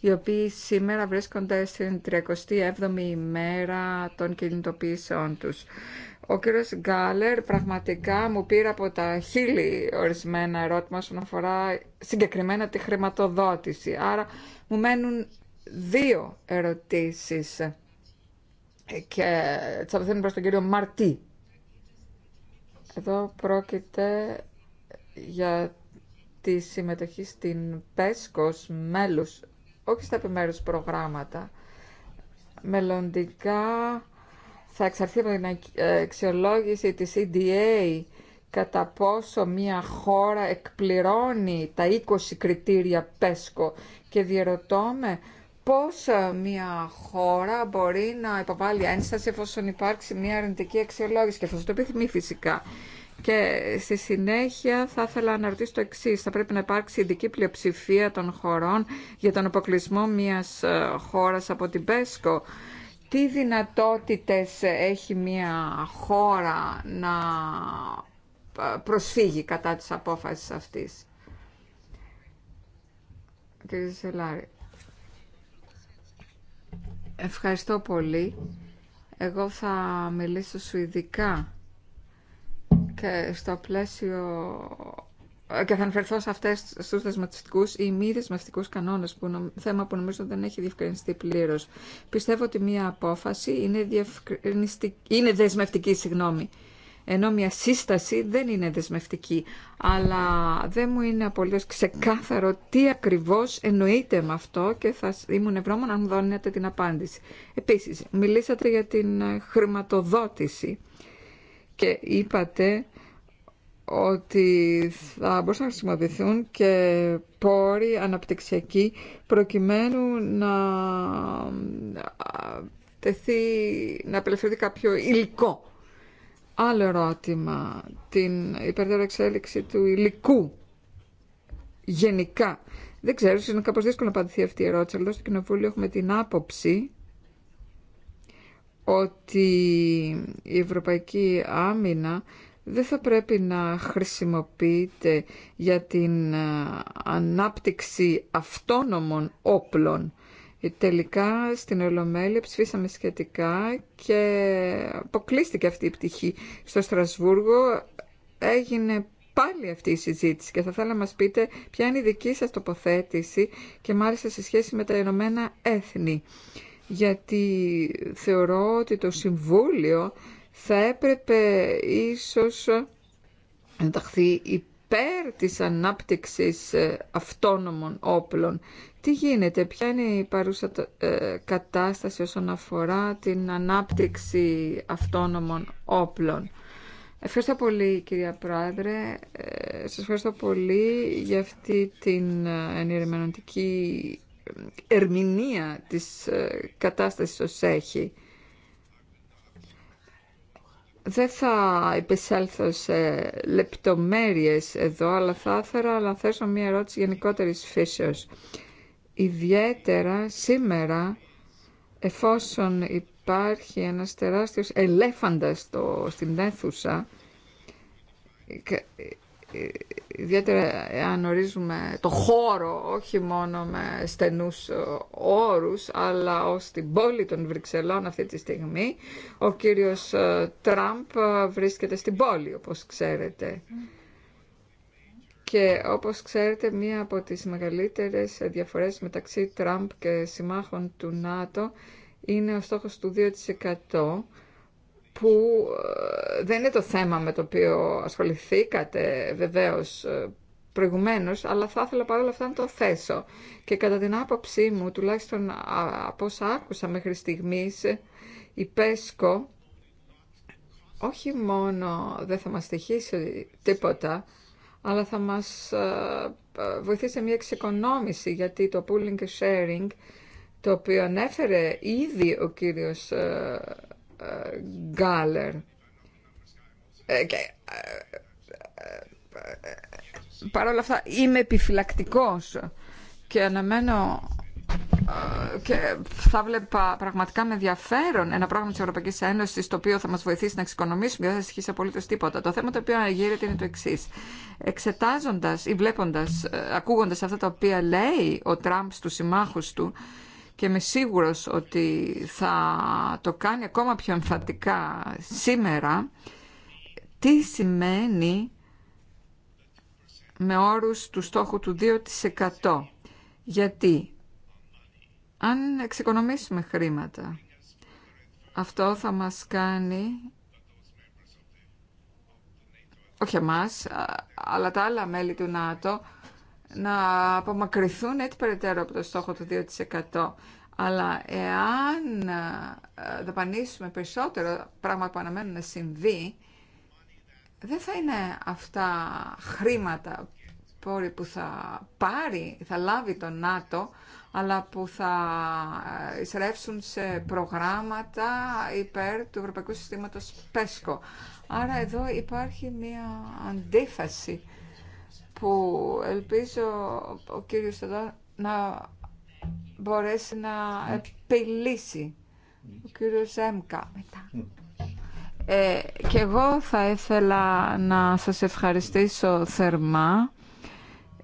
οι οποίοι σήμερα βρίσκονται στην 37η ημέρα των κινητοποιήσεών τους. Ο κύριο Γκάλερ πραγματικά μου πήρε από τα χίλι ορισμένα ερώτημα όσον αφορά συγκεκριμένα τη χρηματοδότηση. Άρα μου μένουν δύο ερωτήσεις και τι απευθύνω προς τον κύριο Μαρτί. Εδώ πρόκειται για τη συμμετοχή στην ΠΕΣΚΟΣ μέλους, όχι στα επιμέρους προγράμματα. Μελλοντικά θα εξαρθεί από την ε, αξιολόγηση της EDA κατά πόσο μια χώρα εκπληρώνει τα 20 κριτήρια ΠΕΣΚΟ και διερωτώ με πώς ε, μια χώρα μπορεί να υποβάλει ένσταση εφόσον υπάρξει μια αρνητική αξιολόγηση και εφόσον το επιθυμεί φυσικά. Και στη συνέχεια θα ήθελα να ρωτήσω το εξή. Θα πρέπει να υπάρξει ειδική πλειοψηφία των χωρών για τον αποκλεισμό μιας ε, χώρας από την ΠΕΣΚΟ τι δυνατότητες έχει μια χώρα να ε, προσφύγει κατά της απόφασης αυτής. Κύριε Σελάρη, ευχαριστώ πολύ. Εγώ θα μιλήσω σου ειδικά και στο πλαίσιο και θα αναφερθώ σε αυτές στους δεσμευτικούς ή μη δεσμευτικούς κανόνες, που θέμα που νομίζω δεν έχει διευκρινιστεί πλήρως. Πιστεύω ότι μία απόφαση είναι, διευκρινιστική, είναι δεσμευτική, συγγνώμη. Ενώ μια αποφαση ειναι ειναι δεσμευτικη συγγνωμη ενω μια συσταση δεν είναι δεσμευτική. Αλλά δεν μου είναι απολύτως ξεκάθαρο τι ακριβώς εννοείται με αυτό και θα ήμουν ευρώμων αν μου δώνετε την απάντηση. Επίσης, μιλήσατε για την ε, χρηματοδότηση και είπατε ότι θα μπορούσαν να χρησιμοποιηθούν και πόροι αναπτυξιακοί προκειμένου να τεθεί, να απελευθερωθεί κάποιο υλικό. Άλλο ερώτημα, την υπερτερή εξέλιξη του υλικού γενικά. Δεν ξέρω, είναι κάπως δύσκολο να απαντηθεί αυτή η ερώτηση, αλλά εδώ στο Κοινοβούλιο έχουμε την άποψη ότι η Ευρωπαϊκή Άμυνα δεν θα πρέπει να χρησιμοποιείται για την ανάπτυξη αυτόνομων όπλων. Ε, τελικά στην Ολομέλεια ψηφίσαμε σχετικά και αποκλείστηκε αυτή η πτυχή στο Στρασβούργο. Έγινε πάλι αυτή η συζήτηση και θα θέλαμε να μας πείτε ποια είναι η δική σας τοποθέτηση και μάλιστα σε σχέση με τα Ηνωμένα Έθνη. Γιατί θεωρώ ότι το Συμβούλιο θα έπρεπε ίσως να ταχθεί υπέρ της ανάπτυξης ε, αυτόνομων όπλων. Τι γίνεται, ποια είναι η παρούσα ε, κατάσταση όσον αφορά την ανάπτυξη αυτόνομων όπλων. Ευχαριστώ πολύ κυρία Πρόεδρε, ε, σας ευχαριστώ πολύ για αυτή την ενημερωτική ερμηνεία της κατάστασης ως έχει. Δεν θα επισέλθω σε λεπτομέρειες εδώ, αλλά θα ήθελα να θέσω μία ερώτηση γενικότερης φύσεως. Ιδιαίτερα σήμερα, εφόσον υπάρχει ένας τεράστιος ελέφαντας στην αίθουσα, ιδιαίτερα αν ορίζουμε το χώρο όχι μόνο με στενούς όρους αλλά ως την πόλη των Βρυξελών αυτή τη στιγμή ο κύριος ε, Τραμπ ε, βρίσκεται στην πόλη όπως ξέρετε και όπως ξέρετε μία από τις μεγαλύτερες διαφορές μεταξύ Τραμπ και συμμάχων του ΝΑΤΟ είναι ο στόχος του 2% που ε, δεν είναι το θέμα με το οποίο ασχοληθήκατε βεβαίως ε, προηγουμένως, αλλά θα ήθελα παρόλα αυτά να το θέσω. Και κατά την άποψή μου, τουλάχιστον από όσα άκουσα μέχρι στιγμής, η ΠΕΣΚΟ όχι μόνο δεν θα μας στοιχήσει τίποτα, αλλά θα μας ε, βοηθήσει μια εξοικονόμηση, γιατί το pooling και sharing, το οποίο ανέφερε ήδη ο κύριος Γκάλερ. Ε, ε, ε, παρ' όλα αυτά είμαι επιφυλακτικός και αναμένω και θα βλέπα πραγματικά με ενδιαφέρον ένα πρόγραμμα τη Ευρωπαϊκή Ένωση το οποίο θα μα βοηθήσει να εξοικονομήσουμε και δεν θα ισχύσει απολύτω τίποτα. Το θέμα το οποίο αναγύρεται είναι το εξή. Εξετάζοντα ή βλέποντα, ακούγοντα αυτά τα οποία λέει ο Τραμπ στου συμμάχου του, και είμαι σίγουρος ότι θα το κάνει ακόμα πιο εμφαντικά σήμερα τι σημαίνει με όρους του στόχου του 2% γιατί αν εξοικονομήσουμε χρήματα αυτό θα μας κάνει όχι εμάς αλλά τα άλλα μέλη του ΝΑΤΟ να απομακρυθούν έτσι περαιτέρω από το στόχο του 2%. Αλλά εάν ε, δαπανίσουμε περισσότερο, πράγματα που αναμένουν να συμβεί, δεν θα είναι αυτά χρήματα που θα πάρει, θα λάβει το ΝΑΤΟ, αλλά που θα ε, εισρεύσουν σε προγράμματα υπέρ του Ευρωπαϊκού Συστήματος ΠΕΣΚΟ. Άρα εδώ υπάρχει μια αντίφαση που ελπίζω ο κύριος εδώ να μπορέσει να επιλύσει. Ο κύριος Έμκα μετά. Ε, και εγώ θα ήθελα να σας ευχαριστήσω θερμά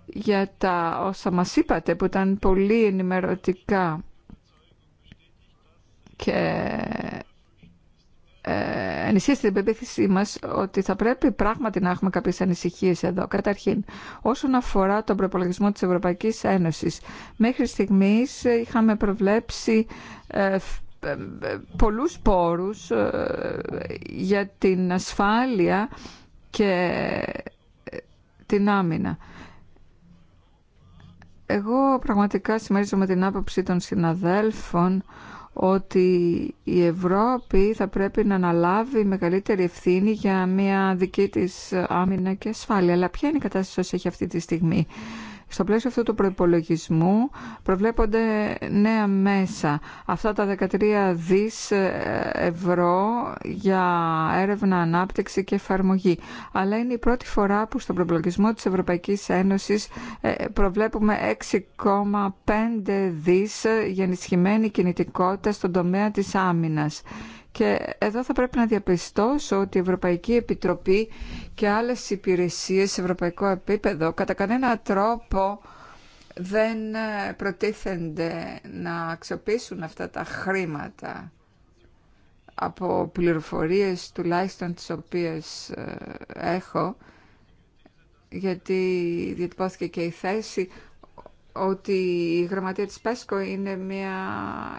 για τα όσα μας είπατε που ήταν πολύ ενημερωτικά και ε, ενισχύσει την πεποίθησή μας ότι θα πρέπει πράγματι να έχουμε κάποιε ανησυχίε εδώ. Καταρχήν, όσον αφορά τον προπολογισμό της Ευρωπαϊκής Ένωσης, μέχρι στιγμής είχαμε προβλέψει ε, ε, πολλούς πόρους ε, για την ασφάλεια και την άμυνα. Εγώ πραγματικά συμμερίζομαι την άποψη των συναδέλφων ότι η Ευρώπη θα πρέπει να αναλάβει μεγαλύτερη ευθύνη για μια δική της άμυνα και ασφάλεια. Αλλά ποια είναι η κατάσταση όσο έχει αυτή τη στιγμή. Στο πλαίσιο αυτού του προϋπολογισμού προβλέπονται νέα μέσα. Αυτά τα 13 δις ε, ευρώ για έρευνα, ανάπτυξη και εφαρμογή. Αλλά είναι η πρώτη φορά που στον προϋπολογισμό της Ευρωπαϊκής Ένωσης ε, προβλέπουμε 6,5 δις για ενισχυμένη κινητικότητα στον τομέα της άμυνας. Και εδώ θα πρέπει να διαπιστώσω ότι η Ευρωπαϊκή Επιτροπή και άλλες υπηρεσίες σε ευρωπαϊκό επίπεδο κατά κανένα τρόπο δεν ε, προτίθενται να αξιοποιήσουν αυτά τα χρήματα από πληροφορίες τουλάχιστον τις οποίες ε, έχω γιατί διατυπώθηκε και η θέση ότι η γραμματεία της ΠΕΣΚΟ είναι μια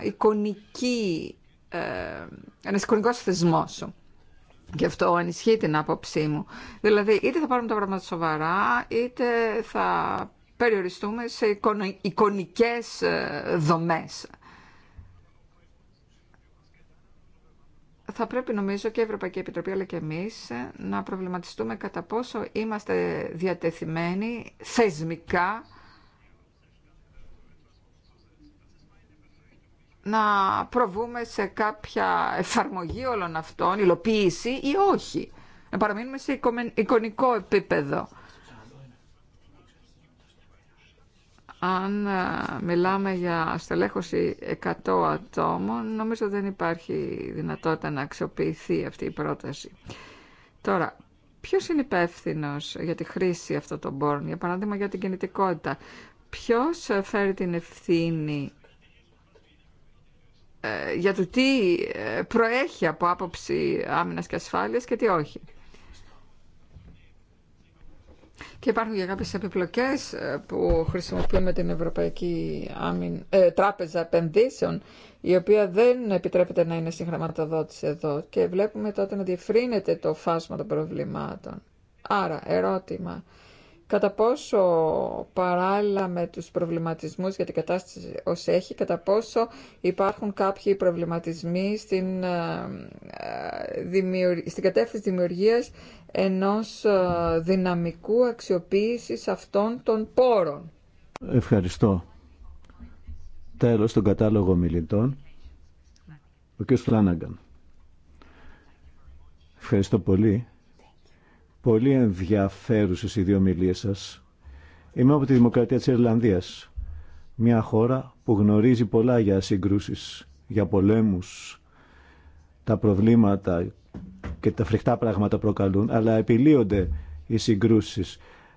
εικονική ε, ένας εικονικός θεσμός σου. Γι' αυτό ενισχύει την άποψή μου. Δηλαδή, είτε θα πάρουμε τα πράγματα σοβαρά, είτε θα περιοριστούμε σε εικονικέ εικονικές ε, δομές. Θα πρέπει νομίζω και η Ευρωπαϊκή Επιτροπή αλλά και εμείς ε, να προβληματιστούμε κατά πόσο είμαστε διατεθειμένοι θεσμικά να προβούμε σε κάποια εφαρμογή όλων αυτών, υλοποίηση ή όχι. Να παραμείνουμε σε εικονικό επίπεδο. Αν ε, μιλάμε για στελέχωση 100 ατόμων, νομίζω δεν υπάρχει δυνατότητα να αξιοποιηθεί αυτή η πρόταση. Τώρα, ποιος είναι υπεύθυνο για τη χρήση αυτών των πόρων, για παράδειγμα για την κινητικότητα. Ποιος ε, φέρει την ευθύνη ε, για το τι ε, προέχει από άποψη άμυνας και ασφάλειας και τι όχι. Και υπάρχουν και κάποιες επιπλοκές ε, που χρησιμοποιούμε την Ευρωπαϊκή Τράπεζα Επενδύσεων, η οποία δεν επιτρέπεται να είναι συγχρηματοδότηση εδώ. Και βλέπουμε τότε να διευρύνεται το φάσμα των προβλημάτων. Άρα, ερώτημα, κατά πόσο παράλληλα με τους προβληματισμούς για την κατάσταση ως έχει, κατά πόσο υπάρχουν κάποιοι προβληματισμοί στην, ε, ε, στην κατεύθυνση δημιουργίας ενός ε, δυναμικού αξιοποίησης αυτών των πόρων. Ευχαριστώ. Τέλος, τον κατάλογο μιλητών, ο κ. Φλάνναγκαν. Ευχαριστώ πολύ. Πολύ ενδιαφέρουσε οι δύο ομιλίε σας. Είμαι από τη Δημοκρατία τη Ιρλανδίας. Μια χώρα που γνωρίζει πολλά για συγκρούσει για πολέμου. τα προβλήματα και τα φρικτά πράγματα προκαλούν, αλλά επιλύονται οι συγκρούσει.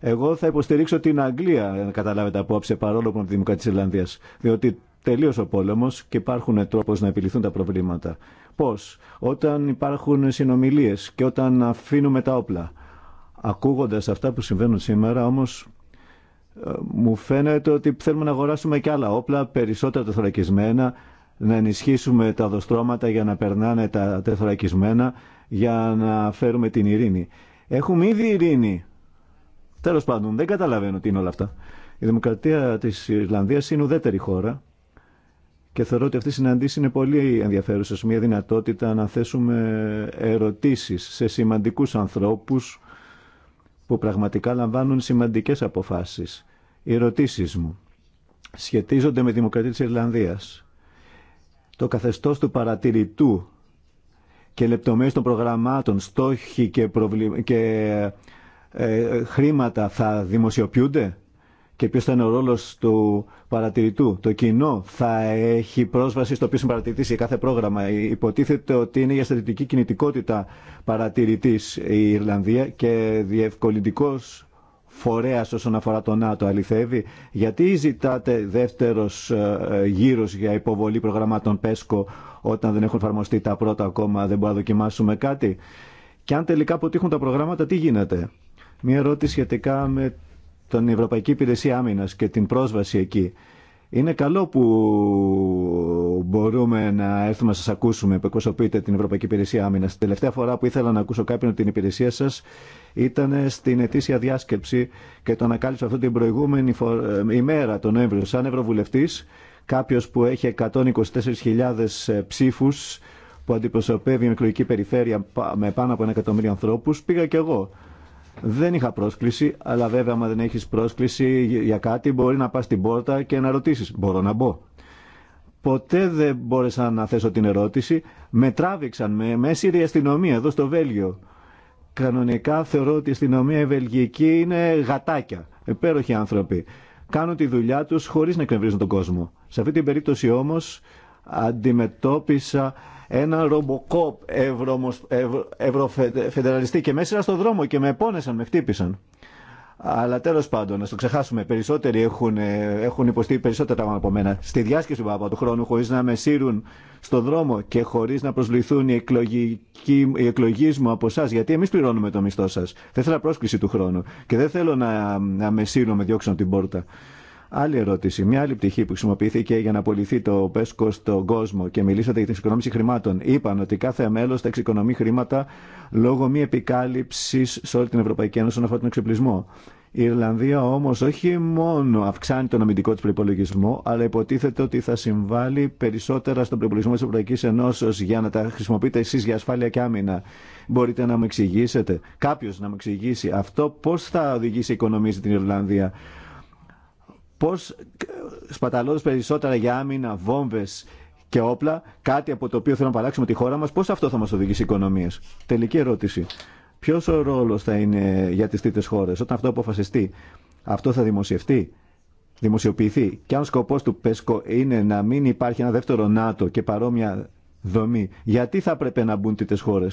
Εγώ θα υποστηρίξω την Αγγλία, να καταλάβετε απόψε, παρόλο που είμαι τη Δημοκρατία τη Ιρλανδίας, διότι τελείωσε ο πόλεμο και υπάρχουν τρόπος να επιληθούν τα προβλήματα. Πώ, Όταν υπάρχουν συνομιλίε και όταν αφήνουμε τα όπλα Ακούγοντας αυτά που συμβαίνουν σήμερα όμως ε, μου φαίνεται ότι θέλουμε να αγοράσουμε και άλλα όπλα, περισσότερα τεθωρακισμένα, να ενισχύσουμε τα δοστρώματα για να περνάνε τα τεθωρακισμένα, για να φέρουμε την ειρήνη. Έχουμε ήδη ειρήνη. Τέλος πάντων, δεν καταλαβαίνω τι είναι όλα αυτά. Η δημοκρατία της Ιρλανδίας είναι ουδέτερη χώρα και θεωρώ ότι αυτή η συναντήση είναι πολύ ενδιαφέρουσα, μια δυνατότητα να θέσουμε ερωτήσεις σε σημαντικούς ανθρώπους που πραγματικά λαμβάνουν σημαντικές αποφάσεις. Οι ερωτήσεις μου σχετίζονται με τη Δημοκρατία της Ιρλανδίας. Το καθεστώς του παρατηρητού και λεπτομέρειες των προγραμμάτων, στόχοι και, και ε, ε, χρήματα θα δημοσιοποιούνται και ποιο θα είναι ο ρόλο του παρατηρητού. Το κοινό θα έχει πρόσβαση στο οποίο είναι παρατηρητής για κάθε πρόγραμμα. Υποτίθεται ότι είναι για στρατιωτική κινητικότητα παρατηρητή η Ιρλανδία και διευκολυντικό φορέα όσον αφορά το ΝΑΤΟ αληθεύει. Γιατί ζητάτε δεύτερο ε, γύρος για υποβολή προγραμμάτων ΠΕΣΚΟ όταν δεν έχουν εφαρμοστεί τα πρώτα ακόμα, δεν μπορούμε να δοκιμάσουμε κάτι. Και αν τελικά αποτύχουν τα προγράμματα, τι γίνεται. Μία ερώτηση σχετικά με τον Ευρωπαϊκή Υπηρεσία Άμυνας και την πρόσβαση εκεί. Είναι καλό που μπορούμε να έρθουμε να σας ακούσουμε που εκπροσωπείτε την Ευρωπαϊκή Υπηρεσία Άμυνας. Την τελευταία φορά που ήθελα να ακούσω κάποιον την υπηρεσία σας ήταν στην ετήσια διάσκεψη και το ανακάλυψα αυτή την προηγούμενη ε, ημέρα τον Νοέμβριο σαν Ευρωβουλευτής κάποιος που έχει 124.000 ε, ψήφους που αντιπροσωπεύει η εκλογική περιφέρεια με πάνω από ένα εκατομμύριο ανθρώπους πήγα κι εγώ δεν είχα πρόσκληση, αλλά βέβαια άμα δεν έχεις πρόσκληση για κάτι μπορεί να πας στην πόρτα και να ρωτήσεις. Μπορώ να μπω. Ποτέ δεν μπόρεσα να θέσω την ερώτηση. Με τράβηξαν με μέση αστυνομία εδώ στο Βέλγιο. Κανονικά θεωρώ ότι η αστυνομία η βελγική είναι γατάκια. υπέροχοι άνθρωποι. Κάνουν τη δουλειά του χωρί να εκνευρίζουν τον κόσμο. Σε αυτή την περίπτωση όμω αντιμετώπισα ένα ρομποκόπ ευρωφεντεραλιστή και μέσα στο δρόμο και με πόνεσαν, με χτύπησαν. Αλλά τέλο πάντων, να το ξεχάσουμε. Περισσότεροι έχουν, έχουν υποστεί περισσότερα πράγματα από μένα. Στη διάσκεψη του χρόνου, χωρί να με σύρουν στον δρόμο και χωρί να προσβληθούν οι, εκλογέ μου από εσά, γιατί εμεί πληρώνουμε το μισθό σα. Δεν θέλω πρόσκληση του χρόνου και δεν θέλω να, να με σύρουν, να με διώξουν την πόρτα. Άλλη ερώτηση. Μια άλλη πτυχή που χρησιμοποιήθηκε για να απολυθεί το ΠΕΣΚΟ στον κόσμο και μιλήσατε για την εξοικονόμηση χρημάτων. Είπαν ότι κάθε μέλο θα εξοικονομεί χρήματα λόγω μη επικάλυψη σε όλη την Ευρωπαϊκή Ένωση όσον αφορά τον εξοπλισμό. Η Ιρλανδία όμω όχι μόνο αυξάνει τον αμυντικό τη προπολογισμό, αλλά υποτίθεται ότι θα συμβάλλει περισσότερα στον προπολογισμό τη Ευρωπαϊκή Ενώσεω για να τα χρησιμοποιείτε εσεί για ασφάλεια και άμυνα. Μπορείτε να μου εξηγήσετε, κάποιο να μου εξηγήσει αυτό, πώ θα οδηγήσει η οικονομία στην Ιρλανδία Πώ σπαταλώντα περισσότερα για άμυνα, βόμβε και όπλα, κάτι από το οποίο θέλουμε να παράξουμε τη χώρα μα, πώ αυτό θα μα οδηγήσει οικονομίε. Τελική ερώτηση. Ποιο ο ρόλος θα είναι για τι τρίτε χώρε όταν αυτό αποφασιστεί. Αυτό θα δημοσιευτεί, δημοσιοποιηθεί. Και αν ο σκοπό του ΠΕΣΚΟ είναι να μην υπάρχει ένα δεύτερο ΝΑΤΟ και παρόμοια δομή, γιατί θα έπρεπε να μπουν τρίτες χώρε.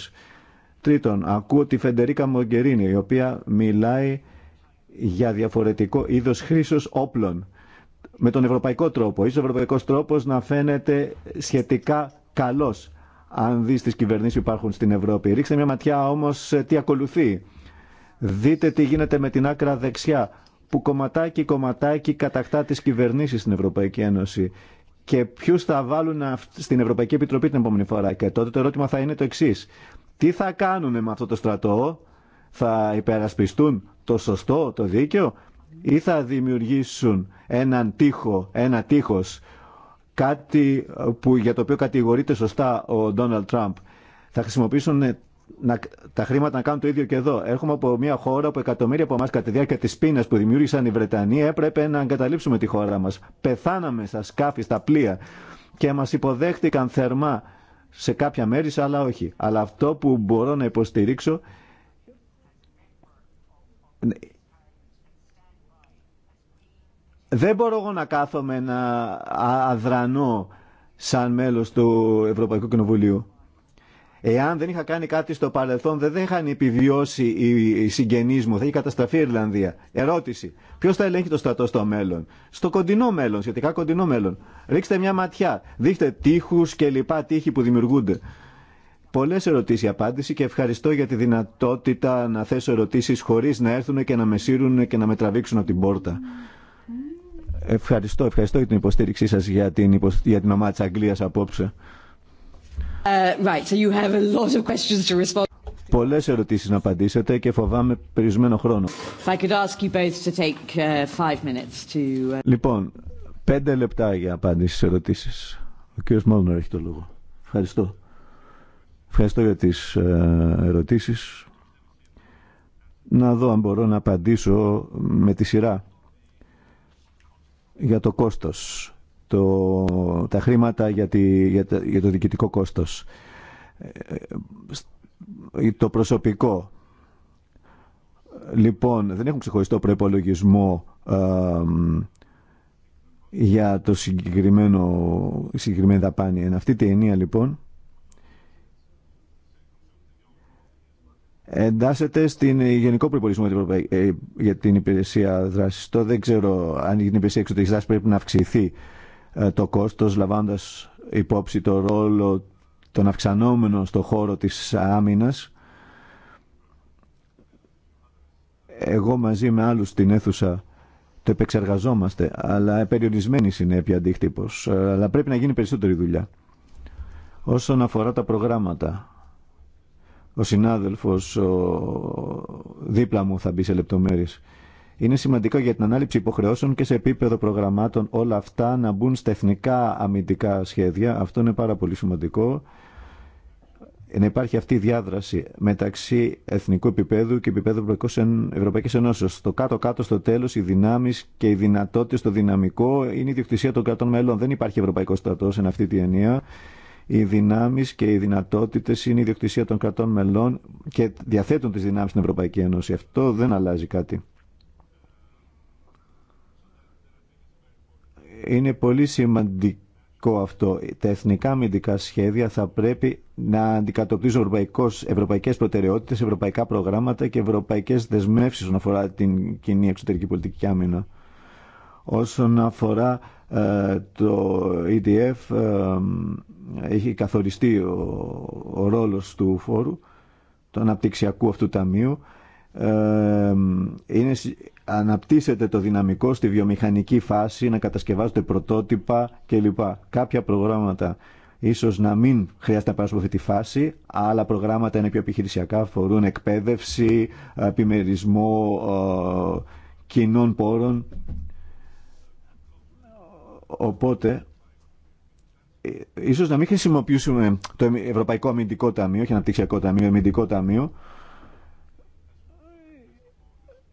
Τρίτον, ακούω τη Φεντερίκα Μογκερίνη, η οποία μιλάει για διαφορετικό είδος χρήσεως όπλων. Με τον ευρωπαϊκό τρόπο. Ίσως ο ευρωπαϊκό τρόπος να φαίνεται σχετικά καλός αν δεις τις κυβερνήσεις που υπάρχουν στην Ευρώπη. Ρίξτε μια ματιά όμως τι ακολουθεί. Δείτε τι γίνεται με την άκρα δεξιά που κομματάκι κομματάκι κατακτά τις κυβερνήσεις στην Ευρωπαϊκή Ένωση και ποιου θα βάλουν στην Ευρωπαϊκή Επιτροπή την επόμενη φορά. Και τότε το ερώτημα θα είναι το εξή. Τι θα κάνουν με αυτό το στρατό, θα υπερασπιστούν το σωστό, το δίκαιο ή θα δημιουργήσουν έναν τείχο, ένα τείχος, κάτι που, για το οποίο κατηγορείται σωστά ο Ντόναλτ Τραμπ. Θα χρησιμοποιήσουν ε, να, τα χρήματα να κάνουν το ίδιο και εδώ. Έρχομαι από μια χώρα που εκατομμύρια από εμά κατά τη διάρκεια τη πείνα που δημιούργησαν οι Βρετανοί έπρεπε να εγκαταλείψουμε τη χώρα μα. Πεθάναμε στα σκάφη, στα πλοία και μα υποδέχτηκαν θερμά σε κάποια μέρη, αλλά όχι. Αλλά αυτό που μπορώ να υποστηρίξω δεν μπορώ εγώ να κάθομαι να αδρανώ σαν μέλος του Ευρωπαϊκού Κοινοβουλίου. Εάν δεν είχα κάνει κάτι στο παρελθόν, δεν, είχαν επιβιώσει οι συγγενεί μου, θα είχε καταστραφεί η Ιρλανδία. Ερώτηση. Ποιο θα ελέγχει το στρατό στο μέλλον. Στο κοντινό μέλλον, σχετικά κοντινό μέλλον. Ρίξτε μια ματιά. Δείχτε τείχου και λοιπά τείχη που δημιουργούνται. Πολλές ερωτήσεις απάντηση και ευχαριστώ για τη δυνατότητα να θέσω ερωτήσεις χωρίς να έρθουν και να με σύρουν και να με τραβήξουν από την πόρτα. Ευχαριστώ, ευχαριστώ για την υποστήριξή σας για την, για την ομάδα της Αγγλίας απόψε. Uh, right, ερωτήσεις να απαντήσετε και φοβάμαι περιορισμένο χρόνο. Uh, uh, λοιπόν, πέντε λεπτά για απάντηση στι ερωτήσεις. Ο κύριος Μόλνερ έχει το λόγο. Ευχαριστώ. Ευχαριστώ για τις ε, ερωτήσεις. Να δω αν μπορώ να απαντήσω με τη σειρά. Για το κόστος. Το, τα χρήματα για, τη, για, το διοικητικό κόστος. Ε, ε, το προσωπικό. Λοιπόν, δεν έχουν ξεχωριστό προπολογισμό για το συγκεκριμένο, συγκεκριμένη δαπάνη. Εν αυτή τη ενία λοιπόν εντάσσεται στην ε, γενικό προπολογισμό ε, για την υπηρεσία δράση. Το δεν ξέρω αν η υπηρεσία εξωτερική δράση πρέπει να αυξηθεί ε, το κόστος λαμβάνοντα υπόψη το ρόλο των αυξανόμενων στον χώρο τη Άμυνα. Εγώ μαζί με άλλους στην αίθουσα το επεξεργαζόμαστε, αλλά περιορισμένη συνέπεια αντίκτυπος. Αλλά πρέπει να γίνει περισσότερη δουλειά. Όσον αφορά τα προγράμματα, ο συνάδελφος ο, δίπλα μου θα μπει σε λεπτομέρειες. Είναι σημαντικό για την ανάληψη υποχρεώσεων και σε επίπεδο προγραμμάτων όλα αυτά να μπουν στα εθνικά αμυντικά σχέδια. Αυτό είναι πάρα πολύ σημαντικό. Να υπάρχει αυτή η διάδραση μεταξύ εθνικού επίπεδου και επίπεδου Ευρωπαϊκή Ενώσεω. Το κάτω-κάτω στο τέλο, οι δυνάμει και οι δυνατότητε, το δυναμικό είναι η διοκτησία των κρατών μέλων. Δεν υπάρχει Ευρωπαϊκό στρατό σε αυτή τη ενία. Οι δυνάμεις και οι δυνατότητες είναι η διοκτησία των κρατών μελών και διαθέτουν τις δυνάμεις στην Ευρωπαϊκή Ένωση. Αυτό δεν αλλάζει κάτι. Είναι πολύ σημαντικό αυτό. Τα εθνικά αμυντικά σχέδια θα πρέπει να αντικατοπτρίζουν ευρωπαϊκές προτεραιότητες, ευρωπαϊκά προγράμματα και ευρωπαϊκές δεσμεύσεις όσον αφορά την κοινή εξωτερική πολιτική άμυνα. Όσον αφορά ε, το EDF ε, έχει καθοριστεί ο, ρόλος του φόρου, του αναπτυξιακού αυτού ταμείου. Ε, είναι, αναπτύσσεται το δυναμικό στη βιομηχανική φάση, να κατασκευάζονται πρωτότυπα κλπ. Κάποια προγράμματα ίσως να μην χρειάζεται να περάσουμε αυτή τη φάση, άλλα προγράμματα είναι πιο επιχειρησιακά, αφορούν εκπαίδευση, επιμερισμό κοινών πόρων Οπότε, ε, ίσως να μην χρησιμοποιήσουμε το Ευρωπαϊκό Αμυντικό Ταμείο και Αναπτυξιακό Ταμείο, Αμυντικό Ταμείο.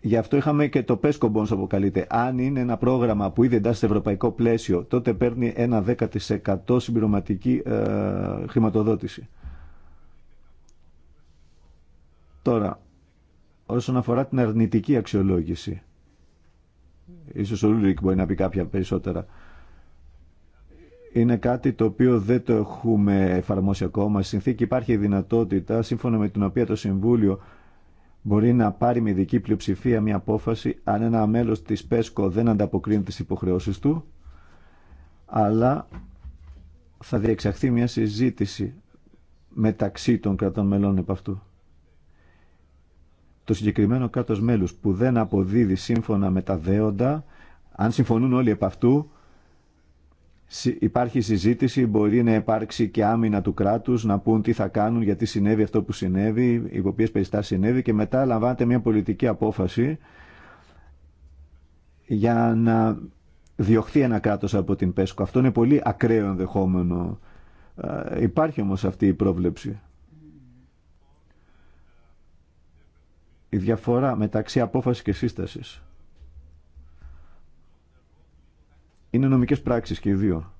Γι' αυτό είχαμε και το PESCO Bonds αποκαλείται. Αν είναι ένα πρόγραμμα που ήδη εντάσσεται στο ευρωπαϊκό πλαίσιο, τότε παίρνει ένα 10% συμπληρωματική ε, χρηματοδότηση. Τώρα, όσον αφορά την αρνητική αξιολόγηση, ίσως ο Λούρικ μπορεί να πει κάποια περισσότερα, είναι κάτι το οποίο δεν το έχουμε εφαρμόσει ακόμα. Στη συνθήκη υπάρχει η δυνατότητα, σύμφωνα με την οποία το Συμβούλιο μπορεί να πάρει με ειδική πλειοψηφία μια απόφαση αν ένα μέλος της ΠΕΣΚΟ δεν ανταποκρίνει τι υποχρεώσεις του, αλλά θα διεξαχθεί μια συζήτηση μεταξύ των κρατών μελών επ' αυτού. Το συγκεκριμένο κράτο μέλους που δεν αποδίδει σύμφωνα με τα δέοντα, αν συμφωνούν όλοι επ' αυτού, Υπάρχει συζήτηση, μπορεί να υπάρξει και άμυνα του κράτου να πούν τι θα κάνουν, γιατί συνέβη αυτό που συνέβη, υπό οποίε περιστάσει συνέβη και μετά λαμβάνεται μια πολιτική απόφαση για να διωχθεί ένα κράτο από την ΠΕΣΚΟ. Αυτό είναι πολύ ακραίο ενδεχόμενο. Υπάρχει όμω αυτή η πρόβλεψη. Η διαφορά μεταξύ απόφαση και σύσταση. είναι νομικέ πράξεις και οι δύο.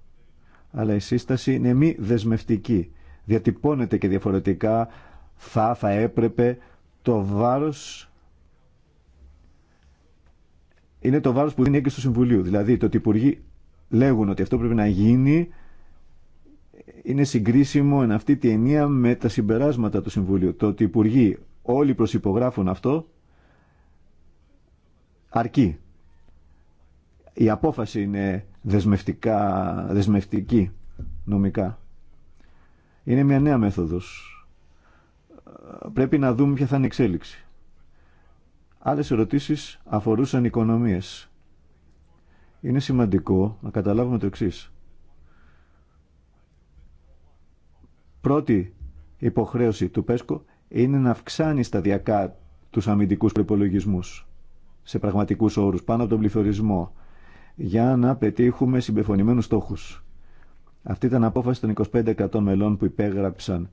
Αλλά η σύσταση είναι μη δεσμευτική. Διατυπώνεται και διαφορετικά θα, θα έπρεπε το βάρος είναι το βάρος που δίνει και στο Συμβουλίου. Δηλαδή το ότι οι υπουργοί λέγουν ότι αυτό πρέπει να γίνει είναι συγκρίσιμο εν αυτή τη ενία με τα συμπεράσματα του Συμβουλίου. Το ότι οι υπουργοί όλοι προσυπογράφουν αυτό αρκεί η απόφαση είναι δεσμευτικά, δεσμευτική νομικά. Είναι μια νέα μέθοδος. Πρέπει να δούμε ποια θα είναι η εξέλιξη. Άλλες ερωτήσεις αφορούσαν οικονομίες. Είναι σημαντικό να καταλάβουμε το εξής. Πρώτη υποχρέωση του ΠΕΣΚΟ είναι να αυξάνει σταδιακά τους αμυντικούς προπολογισμού σε πραγματικούς όρους, πάνω από τον πληθωρισμό για να πετύχουμε συμπεφωνημένους στόχους. Αυτή ήταν απόφαση των 25% μελών που υπέγραψαν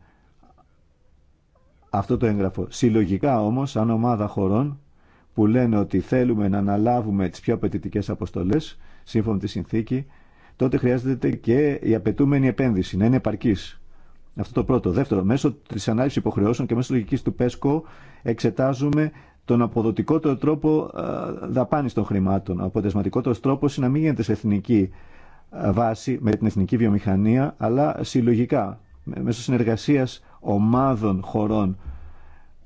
αυτό το έγγραφο. Συλλογικά όμως, σαν ομάδα χωρών που λένε ότι θέλουμε να αναλάβουμε τις πιο απαιτητικέ αποστολές, σύμφωνα με τη συνθήκη, τότε χρειάζεται και η απαιτούμενη επένδυση να είναι επαρκής. Αυτό το πρώτο. Δεύτερο, μέσω τη ανάλυση υποχρεώσεων και μέσω λογική του ΠΕΣΚΟ εξετάζουμε τον αποδοτικότερο τρόπο δαπάνης των χρημάτων. Ο αποτελεσματικότερος τρόπος είναι να μην γίνεται σε εθνική βάση με την εθνική βιομηχανία, αλλά συλλογικά, μέσω συνεργασίας ομάδων χωρών,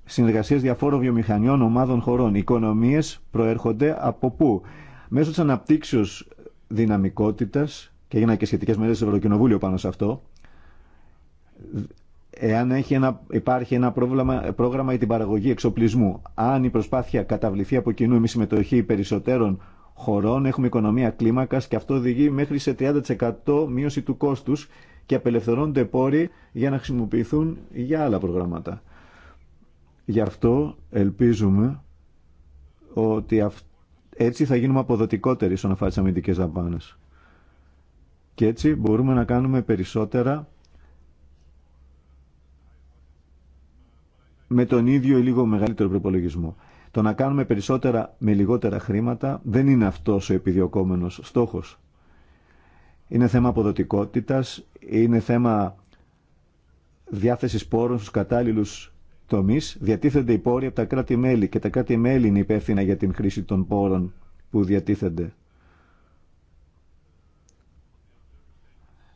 συνεργασίας διαφόρων βιομηχανιών ομάδων χωρών. Οι οικονομίες προέρχονται από πού. Μέσω της αναπτύξεως δυναμικότητας, και έγιναν και σχετικές μέρες στο Ευρωκοινοβούλιο πάνω σε αυτό, εάν έχει υπάρχει ένα πρόγραμμα, πρόγραμμα για την παραγωγή εξοπλισμού. Αν η προσπάθεια καταβληθεί από κοινού με συμμετοχή περισσότερων χωρών, έχουμε οικονομία κλίμακα και αυτό οδηγεί μέχρι σε 30% μείωση του κόστου και απελευθερώνονται πόροι για να χρησιμοποιηθούν για άλλα προγράμματα. Γι' αυτό ελπίζουμε ότι έτσι θα γίνουμε αποδοτικότεροι στον αφάτη τι αμυντικέ δαπάνε. Και έτσι μπορούμε να κάνουμε περισσότερα με τον ίδιο ή λίγο μεγαλύτερο προπολογισμό. Το να κάνουμε περισσότερα με λιγότερα χρήματα δεν είναι αυτός ο επιδιωκόμενος στόχος. Είναι θέμα αποδοτικότητας, είναι θέμα διάθεσης πόρων στους κατάλληλου τομείς. Διατίθενται οι πόροι από τα κράτη-μέλη και τα κράτη-μέλη είναι υπεύθυνα για την χρήση των πόρων που διατίθενται.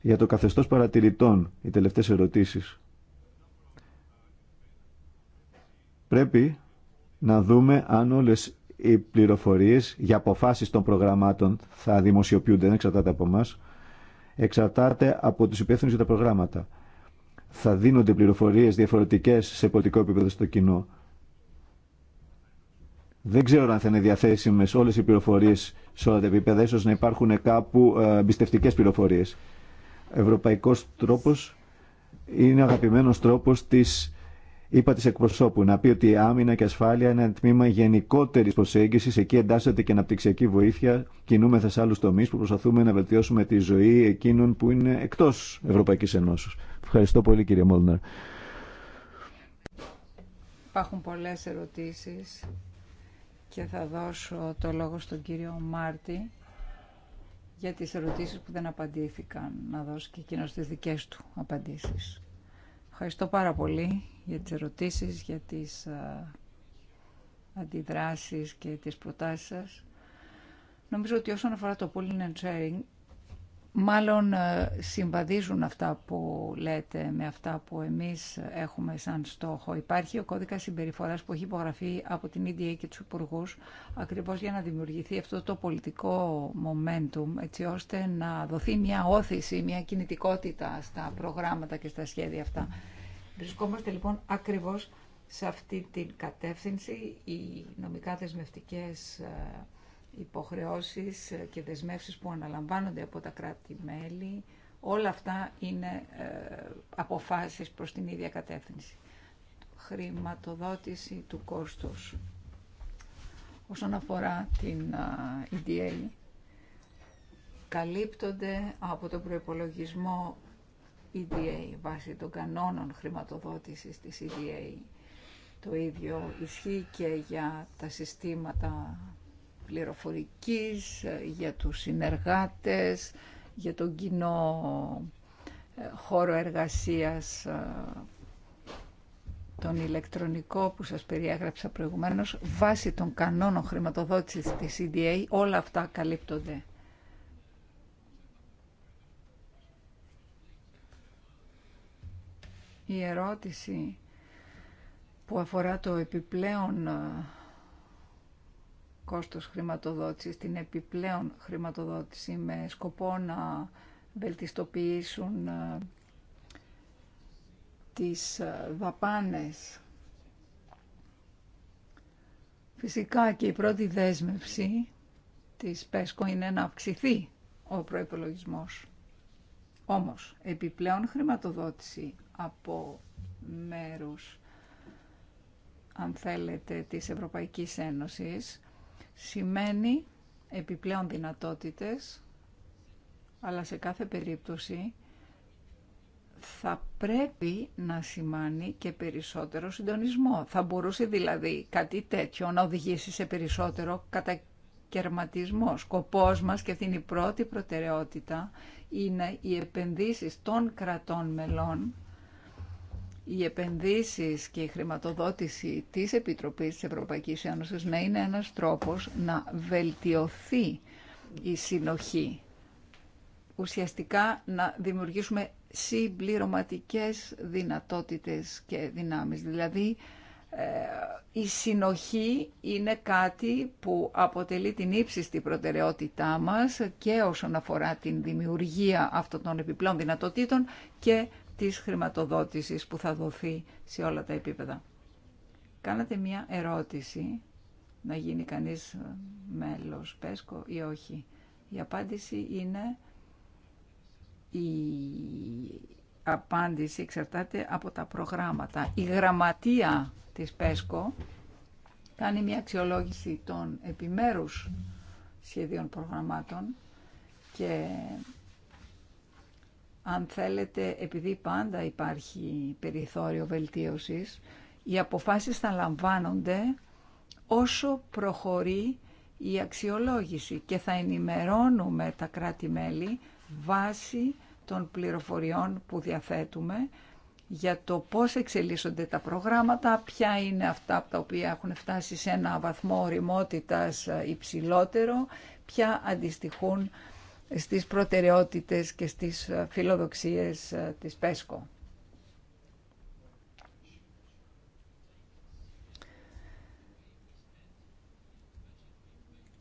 Για το καθεστώς παρατηρητών, οι τελευταίες ερωτήσεις. Πρέπει να δούμε αν όλες οι πληροφορίες για αποφάσεις των προγραμμάτων θα δημοσιοποιούνται, δεν εξαρτάται από εμά, εξαρτάται από τους υπεύθυνου για τα προγράμματα. Θα δίνονται πληροφορίες διαφορετικές σε πολιτικό επίπεδο στο κοινό. Δεν ξέρω αν θα είναι διαθέσιμες όλες οι πληροφορίες σε όλα τα επίπεδα, ίσως να υπάρχουν κάπου ε, εμπιστευτικέ πληροφορίες. Ευρωπαϊκός τρόπος είναι αγαπημένος τρόπος της είπα τη εκπροσώπου να πει ότι η άμυνα και ασφάλεια είναι ένα τμήμα γενικότερη προσέγγιση. Εκεί εντάσσεται και αναπτυξιακή βοήθεια. Κινούμεθα σε άλλου τομεί που προσπαθούμε να βελτιώσουμε τη ζωή εκείνων που είναι εκτό Ευρωπαϊκή Ενώσεω. Ευχαριστώ πολύ, κύριε Μόλναρ. Υπάρχουν πολλέ ερωτήσει και θα δώσω το λόγο στον κύριο Μάρτι για τις ερωτήσεις που δεν απαντήθηκαν, να δώσει και εκείνος τις δικές του απαντήσεις. Ευχαριστώ πάρα πολύ για τις ερωτήσεις, για τις αντιδράσεις και τις προτάσεις σας. Νομίζω ότι όσον αφορά το pooling and sharing, Μάλλον ε, συμβαδίζουν αυτά που λέτε με αυτά που εμείς έχουμε σαν στόχο. Υπάρχει ο κώδικας συμπεριφοράς που έχει υπογραφεί από την EDA και τους υπουργού, ακριβώς για να δημιουργηθεί αυτό το πολιτικό momentum έτσι ώστε να δοθεί μια όθηση, μια κινητικότητα στα προγράμματα και στα σχέδια αυτά. Βρισκόμαστε λοιπόν ακριβώς σε αυτή την κατεύθυνση οι νομικά δεσμευτικές ε, υποχρεώσεις και δεσμεύσεις που αναλαμβάνονται από τα κράτη-μέλη, όλα αυτά είναι ε, αποφάσεις προς την ίδια κατεύθυνση. Χρηματοδότηση του κόστους. Όσον αφορά την EDA, ε, καλύπτονται από τον προϋπολογισμό EDA βάσει των κανόνων χρηματοδότησης της EDA. Το ίδιο ισχύει και για τα συστήματα πληροφορικής, ε, για τους συνεργάτες, για τον κοινό ε, χώρο εργασίας ε, τον ηλεκτρονικό που σας περιέγραψα προηγουμένως, βάσει των κανόνων χρηματοδότησης της CDA, e όλα αυτά καλύπτονται. Η ερώτηση που αφορά το επιπλέον κόστος χρηματοδότησης, την επιπλέον χρηματοδότηση με σκοπό να βελτιστοποιήσουν ε, τις ε, δαπάνες. Φυσικά και η πρώτη δέσμευση της ΠΕΣΚΟ είναι να αυξηθεί ο προϋπολογισμός. Όμως, επιπλέον χρηματοδότηση από μέρους, αν θέλετε, της Ευρωπαϊκής Ένωσης, σημαίνει επιπλέον δυνατότητες, αλλά σε κάθε περίπτωση θα πρέπει να σημάνει και περισσότερο συντονισμό. Θα μπορούσε δηλαδή κάτι τέτοιο να οδηγήσει σε περισσότερο κατακαιρματισμό. Σκοπός μας και αυτή είναι η πρώτη προτεραιότητα είναι οι επενδύσεις των κρατών μελών οι επενδύσεις και η χρηματοδότηση της Επιτροπής της Ευρωπαϊκής Ένωσης να είναι ένας τρόπος να βελτιωθεί η συνοχή. Ουσιαστικά να δημιουργήσουμε συμπληρωματικές δυνατότητες και δυνάμεις. Δηλαδή ε, η συνοχή είναι κάτι που αποτελεί την ύψιστη προτεραιότητά μας και όσον αφορά την δημιουργία αυτών των επιπλέον δυνατοτήτων και της χρηματοδότησης που θα δοθεί σε όλα τα επίπεδα. Κάνατε μία ερώτηση, να γίνει κανείς μέλος ΠΕΣΚΟ ή όχι. Η απάντηση είναι η απάντηση εξαρτάται από τα προγράμματα. Η γραμματεία της ΠΕΣΚΟ κάνει μια αξιολόγηση των επιμέρους σχεδίων προγραμμάτων και αν θέλετε, επειδή πάντα υπάρχει περιθώριο βελτίωσης, οι αποφάσεις θα λαμβάνονται όσο προχωρεί η αξιολόγηση και θα ενημερώνουμε τα κράτη-μέλη βάσει των πληροφοριών που διαθέτουμε για το πώς εξελίσσονται τα προγράμματα, ποια είναι αυτά από τα οποία έχουν φτάσει σε ένα βαθμό οριμότητας υψηλότερο, ποια αντιστοιχούν στις προτεραιότητες και στις ε, φιλοδοξίες ε, της ΠΕΣΚΟ.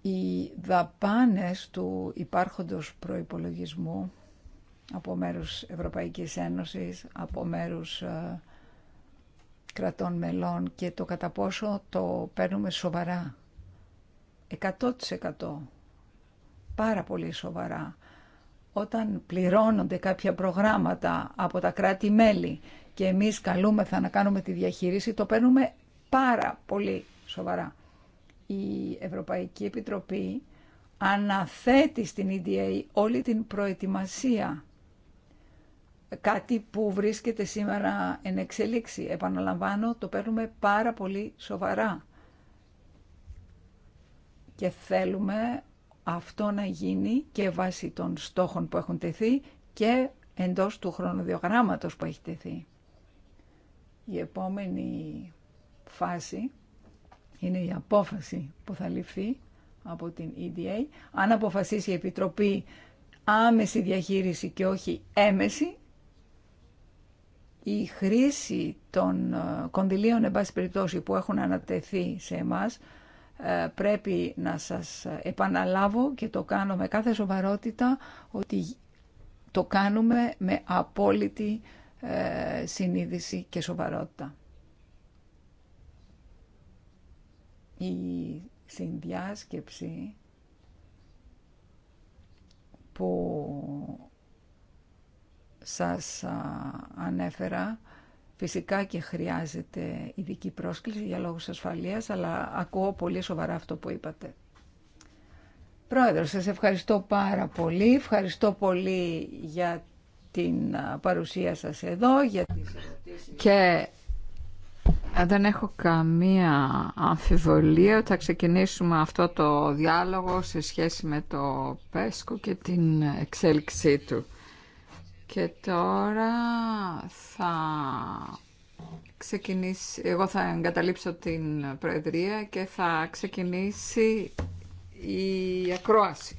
Οι δαπάνες του υπάρχοντος προϋπολογισμού από μέρους Ευρωπαϊκής Ένωσης, από μέρους ε, κρατών μελών και το κατά πόσο το παίρνουμε σοβαρά. 100% πάρα πολύ σοβαρά. Όταν πληρώνονται κάποια προγράμματα από τα κράτη-μέλη και εμείς καλούμεθα να κάνουμε τη διαχείριση, το παίρνουμε πάρα πολύ σοβαρά. Η Ευρωπαϊκή Επιτροπή αναθέτει στην EDA όλη την προετοιμασία. Κάτι που βρίσκεται σήμερα εν εξελίξη. Επαναλαμβάνω, το παίρνουμε πάρα πολύ σοβαρά. Και θέλουμε αυτό να γίνει και βάσει των στόχων που έχουν τεθεί και εντός του χρονοδιογράμματος που έχει τεθεί. Η επόμενη φάση είναι η απόφαση που θα ληφθεί από την EDA. Αν αποφασίσει η Επιτροπή άμεση διαχείριση και όχι έμεση, η χρήση των ε, κονδυλίων, εν περιπτώσει, που έχουν ανατεθεί σε εμάς, ε, πρέπει να σας επαναλάβω και το κάνω με κάθε σοβαρότητα ότι το κάνουμε με απόλυτη ε, συνείδηση και σοβαρότητα. Η συνδιάσκεψη που σας ανέφερα Φυσικά και χρειάζεται ειδική πρόσκληση για λόγους ασφαλείας, αλλά ακούω πολύ σοβαρά αυτό που είπατε. Πρόεδρο, σας ευχαριστώ πάρα πολύ. Ευχαριστώ πολύ για την παρουσία σας εδώ, για Και ε, δεν έχω καμία αμφιβολία ότι θα ξεκινήσουμε αυτό το διάλογο σε σχέση με το ΠΕΣΚΟ και την εξέλιξή του. Και τώρα θα ξεκινήσει, εγώ θα εγκαταλείψω την Προεδρία και θα ξεκινήσει η ακρόαση.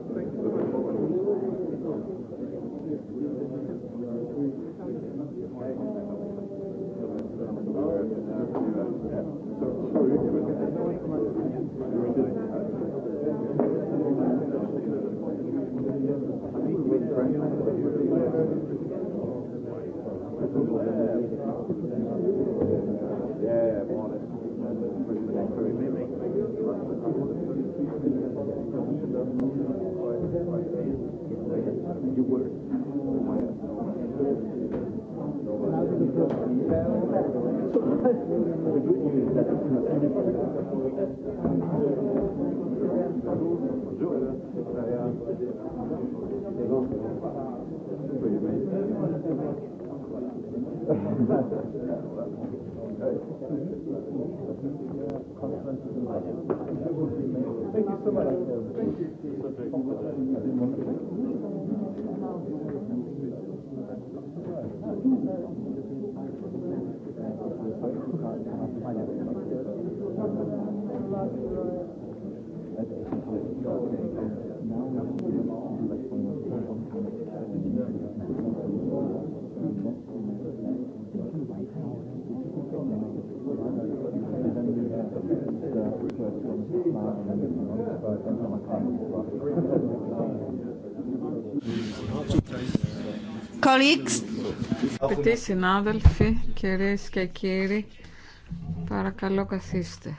Αγαπητοί συνάδελφοι, κυρίες και κύριοι, παρακαλώ καθίστε.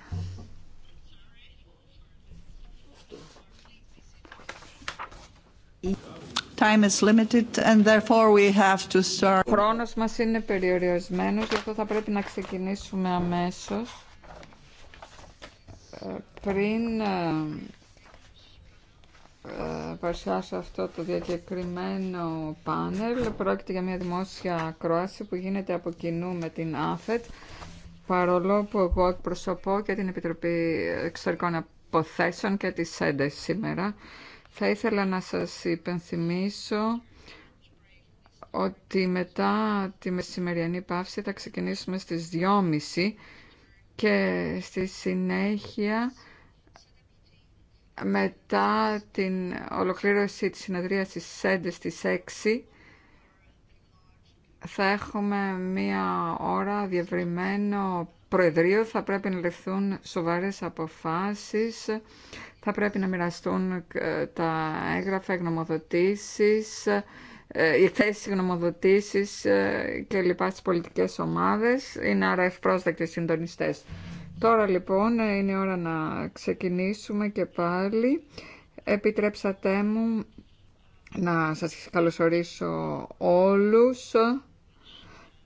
Time is limited and therefore we have to start. Ο χρόνος μας είναι περιοριασμένος, γι' αυτό θα πρέπει να ξεκινήσουμε αμέσως ε, πριν ε, ε, παρουσιάσω αυτό το διακεκριμένο πάνελ, πρόκειται για μια δημόσια ακρόαση που γίνεται από κοινού με την ΑΦΕΤ, παρόλο που εγώ εκπροσωπώ και την Επιτροπή Εξωτερικών Αποθέσεων και τη ΣΕΝΤΕ σήμερα. Θα ήθελα να σας υπενθυμίσω ότι μετά τη μεσημεριανή παύση θα ξεκινήσουμε στις 2.30 και στη συνέχεια μετά την ολοκλήρωση της συνεδρίας της ΣΕΝΤΕ στις 6 θα έχουμε μία ώρα διευρυμένο προεδρείο, θα πρέπει να ληφθούν σοβαρές αποφάσεις, θα πρέπει να μοιραστούν ε, τα έγγραφα γνωμοδοτήσεις, ε, οι θέσει γνωμοδοτήσεις ε, και λοιπά στις πολιτικές ομάδες, είναι άρα ευπρόσδεκτες συντονιστές. Τώρα λοιπόν είναι ώρα να ξεκινήσουμε και πάλι. Επιτρέψατε μου να σας καλωσορίσω όλους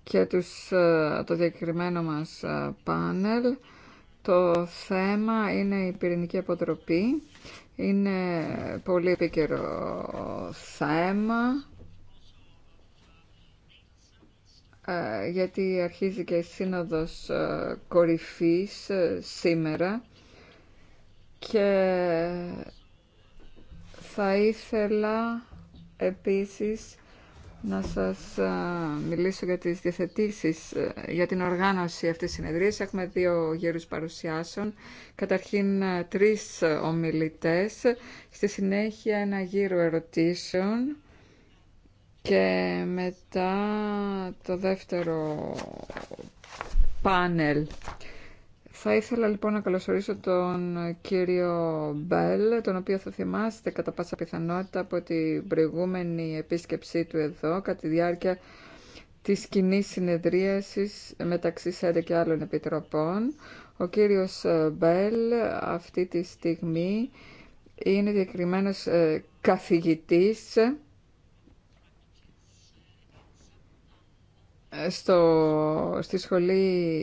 και τους, ε, το διακεκριμένο μας ε, πάνελ. Το θέμα είναι η πυρηνική αποτροπή. Είναι πολύ επίκαιρο θέμα Ε, γιατί αρχίζει και η Σύνοδος ε, Κορυφής ε, σήμερα και θα ήθελα επίσης να σας μιλήσω για τις διαθετήσεις για την οργάνωση αυτής της συνεδρίας. Έχουμε δύο γύρους παρουσιάσεων. Καταρχήν τρεις ομιλητές. Στη συνέχεια ένα γύρο ερωτήσεων και μετά το δεύτερο πάνελ. Θα ήθελα λοιπόν να καλωσορίσω τον κύριο Μπέλ, τον οποίο θα θυμάστε κατά πάσα πιθανότητα από την προηγούμενη επίσκεψή του εδώ, κατά τη διάρκεια της κοινή συνεδρίασης μεταξύ ΣΕΔΕ και άλλων επιτροπών. Ο κύριος Μπέλ αυτή τη στιγμή είναι διακριμένος ε, καθηγητής στο, στη σχολή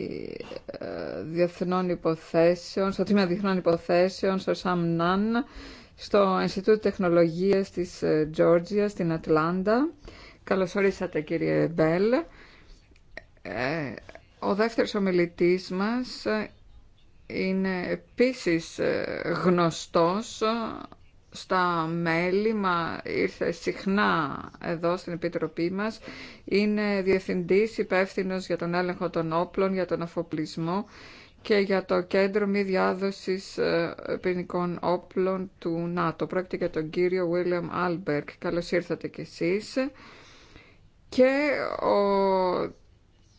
ε, διεθνών υποθέσεων, στο τμήμα διεθνών υποθέσεων, στο ΣΑΜΝΑΝ, στο Ινστιτούτο Τεχνολογίας της Τζόρτζια ε, στην Ατλάντα. Καλώς ορίσατε κύριε Μπέλ. Ε, ο δεύτερος ομιλητής μας είναι επίσης γνωστός στα μέλη, μα ήρθε συχνά εδώ στην Επιτροπή μας, είναι διευθυντής υπεύθυνο για τον έλεγχο των όπλων, για τον αφοπλισμό και για το κέντρο μη διάδοσης ε, ποινικών όπλων του ΝΑΤΟ. Πρόκειται για τον κύριο Βίλιαμ Άλμπερκ. Καλώς ήρθατε κι εσείς. Και ο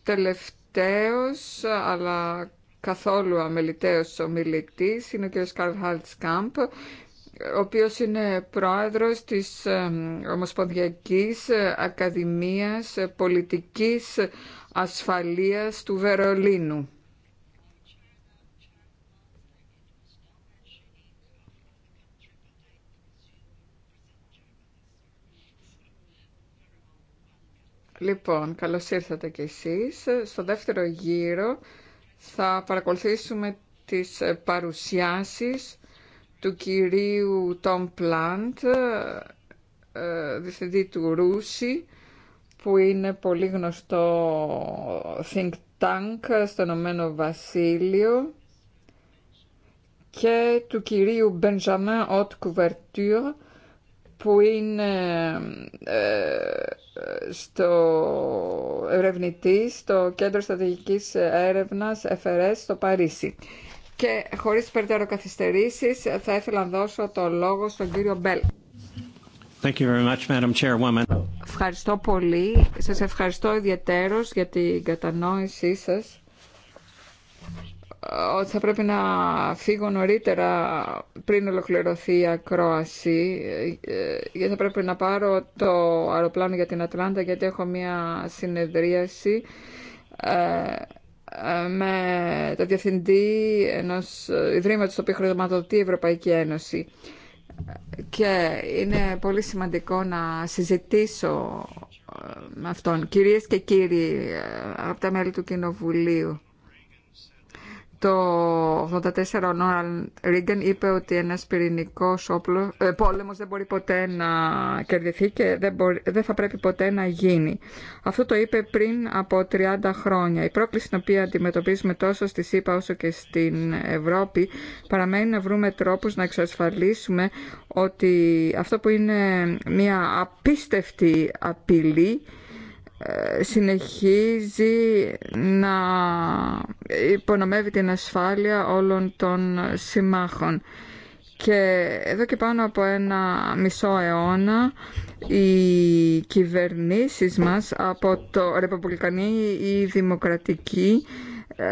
τελευταίος, αλλά καθόλου αμεληταίος ομιλητής είναι ο κ. Καρλ Χάλτς Κάμπ, ο οποίος είναι πρόεδρος της Ομοσπονδιακής Ακαδημίας Πολιτικής Ασφαλείας του Βερολίνου. Λοιπόν, καλώς ήρθατε κι εσείς. Στο δεύτερο γύρο θα παρακολουθήσουμε τις παρουσιάσεις του κυρίου Τόμ Πλάντ, ε, ε, διευθυντή του Ρούση, που είναι πολύ γνωστό think tank στο Ηνωμένο και του κυρίου Μπενζαμάν Ότ κουβερτίο που είναι ε, στο ερευνητή στο Κέντρο Στρατηγικής Έρευνας ΕΦΡΕΣ στο Παρίσι. Και χωρίς περαιτέρω καθυστερήσεις θα ήθελα να δώσω το λόγο στον κύριο Μπέλ. Thank you very much, Madam Chairwoman. Ευχαριστώ πολύ. Σας ευχαριστώ ιδιαίτερος για την κατανόησή σας ότι θα πρέπει να φύγω νωρίτερα πριν ολοκληρωθεί η ακρόαση γιατί θα πρέπει να πάρω το αεροπλάνο για την Ατλάντα γιατί έχω μια συνεδρίαση ε, με το διευθυντή ενός ιδρύματος το οποίο χρηματοδοτεί η Ευρωπαϊκή Ένωση και είναι πολύ σημαντικό να συζητήσω ε, με αυτόν. Κυρίες και κύριοι, ε, από τα μέλη του Κοινοβουλίου, το 84 ο Νόραν Ρίγκεν είπε ότι ένας πυρηνικός όπλο, ε, πόλεμος δεν μπορεί ποτέ να κερδιθεί και δεν, δεν θα πρέπει ποτέ να γίνει. Αυτό το είπε πριν από 30 χρόνια. Η πρόκληση την οποία αντιμετωπίζουμε τόσο στη ΣΥΠΑ όσο και στην Ευρώπη παραμένει να βρούμε τρόπους να εξασφαλίσουμε ότι αυτό που είναι μια απίστευτη απειλή ε, συνεχίζει να υπονομεύει την ασφάλεια όλων των συμμάχων. Και εδώ και πάνω από ένα μισό αιώνα οι κυβερνήσεις μας από το ρεπουμπλικανή ή δημοκρατική ε,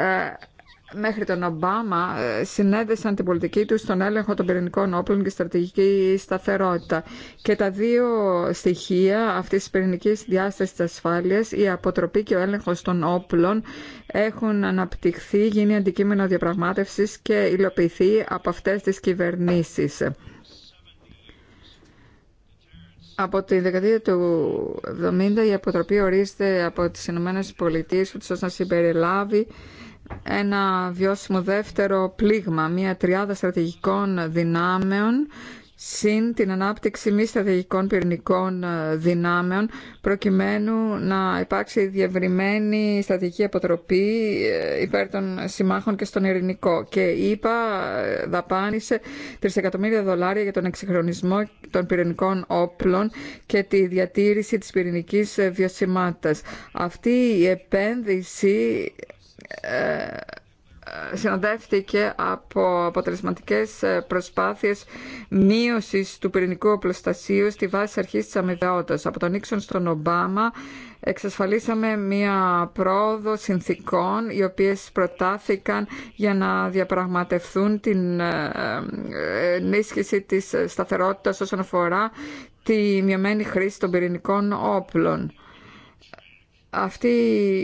μέχρι τον Ομπάμα ε, συνέδεσαν την πολιτική του στον έλεγχο των πυρηνικών όπλων και στρατηγική σταθερότητα. Και τα δύο στοιχεία αυτή τη πυρηνική διάσταση της ασφάλειας, η αποτροπή και ο έλεγχο των όπλων, έχουν αναπτυχθεί, γίνει αντικείμενο διαπραγμάτευση και υλοποιηθεί από αυτέ τι κυβερνήσει. Από τη δεκαετία του 70 η αποτροπή ορίζεται από τις Ηνωμένες Πολιτείες ώστε να συμπεριλάβει ένα βιώσιμο δεύτερο πλήγμα, μια τριάδα στρατηγικών δυνάμεων συν την ανάπτυξη μη στρατηγικών πυρηνικών ε, δυνάμεων προκειμένου να υπάρξει διευρυμένη στρατηγική αποτροπή ε, υπέρ των συμμάχων και στον ειρηνικό. Και είπα, ε, δαπάνησε 3 εκατομμύρια δολάρια για τον εξυγχρονισμό των πυρηνικών όπλων και τη διατήρηση της πυρηνικής βιωσιμάτας. Αυτή η επένδυση ε, συνοδεύτηκε από αποτελεσματικές ε, προσπάθειες μείωσης του πυρηνικού οπλοστασίου στη βάση αρχής της αμοιβαιότητας. Από τον Νίξον στον Ομπάμα εξασφαλίσαμε μία πρόοδο συνθήκων οι οποίες προτάθηκαν για να διαπραγματευθούν την ε, ενίσχυση της σταθερότητας όσον αφορά τη μειωμένη χρήση των πυρηνικών όπλων αυτή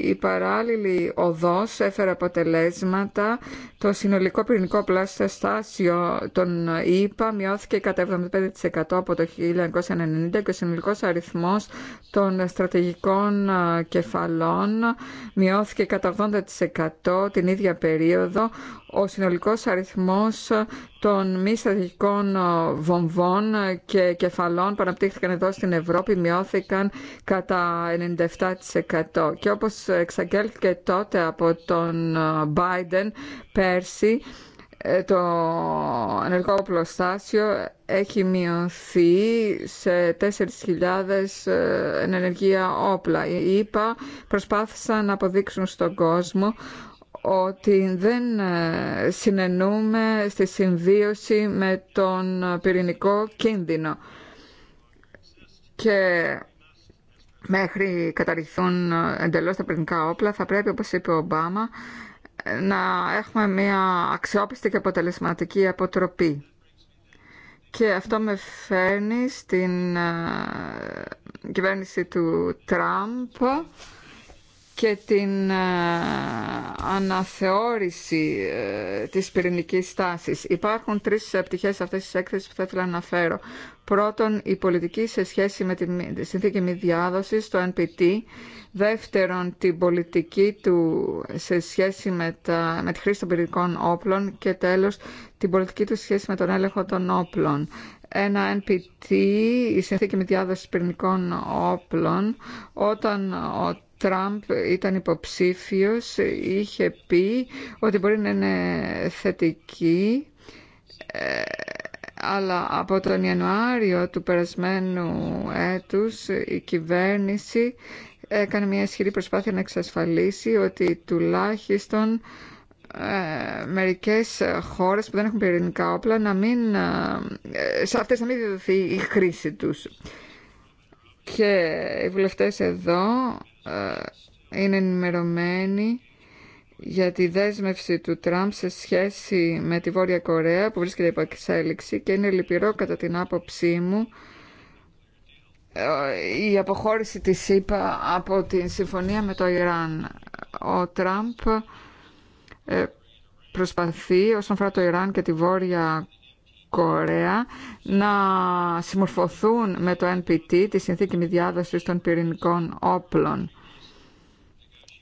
η παράλληλη οδός έφερε αποτελέσματα. Το συνολικό πυρηνικό πλάστο στάσιο των ΙΠΑ μειώθηκε κατά 75% από το 1990 και ο συνολικός αριθμός των στρατηγικών κεφαλών μειώθηκε κατά 80% την ίδια περίοδο. Ο συνολικός αριθμός των μη στρατηγικών βομβών και κεφαλών που αναπτύχθηκαν εδώ στην Ευρώπη μειώθηκαν κατά 97%. 100%. Και όπως εξαγγέλθηκε τότε από τον ε, Biden πέρσι, ε, το ενεργό οπλοστάσιο έχει μειωθεί σε 4.000 ε, ενεργεία όπλα. Οι ΙΠΑ προσπάθησαν να αποδείξουν στον κόσμο ότι δεν συνενούμε στη συμβίωση με τον πυρηνικό κίνδυνο. Και μέχρι καταργηθούν εντελώς τα πυρηνικά όπλα, θα πρέπει, όπως είπε ο Ομπάμα, να έχουμε μια αξιόπιστη και αποτελεσματική αποτροπή. Και αυτό με φέρνει στην ε, κυβέρνηση του Τραμπ, και την ε, αναθεώρηση ε, της πυρηνικής στάσης. Υπάρχουν τρεις ε, πτυχές αυτές της έκθεσης που θα ήθελα να αναφέρω. Πρώτον, η πολιτική σε σχέση με τη συνθήκη μη διάδοση, το NPT. Δεύτερον, την πολιτική του σε σχέση με, τα, με τη χρήση των πυρηνικών όπλων. Και τέλος, την πολιτική του σε σχέση με τον έλεγχο των όπλων ένα NPT, η συνθήκη με διάδοση πυρηνικών όπλων, όταν ο Τραμπ ήταν υποψήφιος, είχε πει ότι μπορεί να είναι θετική, ε, αλλά από τον Ιανουάριο του περασμένου έτους η κυβέρνηση έκανε μια ισχυρή προσπάθεια να εξασφαλίσει ότι τουλάχιστον ε, μερικές χώρες που δεν έχουν πυρηνικά όπλα να μην, ε, σε αυτές να μην διδοθεί η χρήση τους. Και οι βουλευτές εδώ ε, είναι ενημερωμένη για τη δέσμευση του Τραμπ σε σχέση με τη Βόρεια Κορέα που βρίσκεται υπό εξέλιξη και είναι λυπηρό κατά την άποψή μου ε, η αποχώρηση της ΣΥΠΑ από την συμφωνία με το Ιράν. Ο Τραμπ ε, προσπαθεί όσον αφορά το Ιράν και τη Βόρεια Κορέα να συμμορφωθούν με το NPT, τη Συνθήκη Μη Διάδοσης των Πυρηνικών Όπλων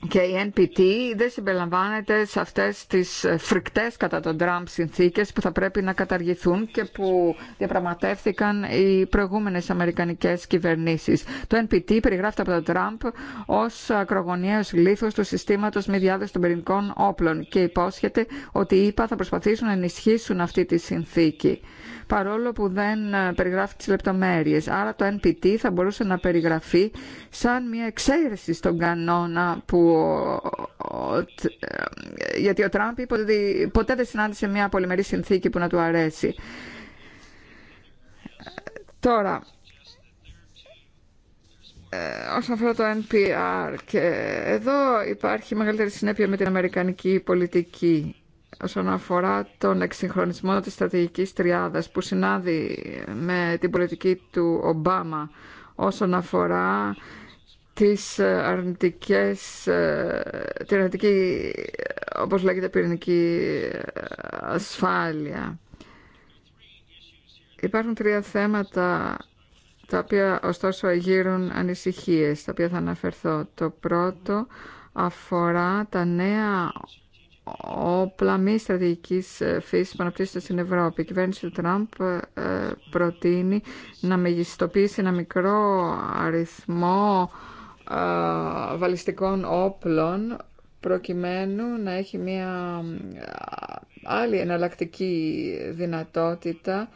και η NPT δεν συμπεριλαμβάνεται σε αυτές τις ε, φρικτές κατά τον Τραμπ συνθήκες που θα πρέπει να καταργηθούν και που διαπραγματεύθηκαν οι προηγούμενες αμερικανικές κυβερνήσεις. Το NPT περιγράφεται από τον Τραμπ ως ακρογωνιαίος λήθος του συστήματος μη διάδοση των πυρηνικών όπλων και υπόσχεται ότι οι ΗΠΑ θα προσπαθήσουν να ενισχύσουν αυτή τη συνθήκη παρόλο που δεν ε, περιγράφει τις λεπτομέρειες. Άρα το NPT θα μπορούσε να περιγραφεί σαν μια εξαίρεση στον κανόνα που... Ε, γιατί ο Τραμπ είπε ότι ποτέ δεν συνάντησε μια πολυμερή συνθήκη που να του αρέσει. Τώρα, ε, όσον αφορά το NPR και εδώ υπάρχει μεγαλύτερη συνέπεια με την αμερικανική πολιτική όσον αφορά τον εξυγχρονισμό της στρατηγικής τριάδας που συνάδει με την πολιτική του Ομπάμα όσον αφορά τις ε, αρνητικές, ε, την αρνητική, όπως λέγεται, πυρηνική ε, ασφάλεια. Υπάρχουν τρία θέματα τα οποία ωστόσο γύρουν ανησυχίες, τα οποία θα αναφερθώ. Το πρώτο αφορά τα νέα όπλα μη στρατηγική ε, φύση που αναπτύσσονται στην Ευρώπη. Η κυβέρνηση του Τραμπ ε, προτείνει να μεγιστοποιήσει ένα μικρό αριθμό ε, βαλιστικών όπλων προκειμένου να έχει μια άλλη εναλλακτική δυνατότητα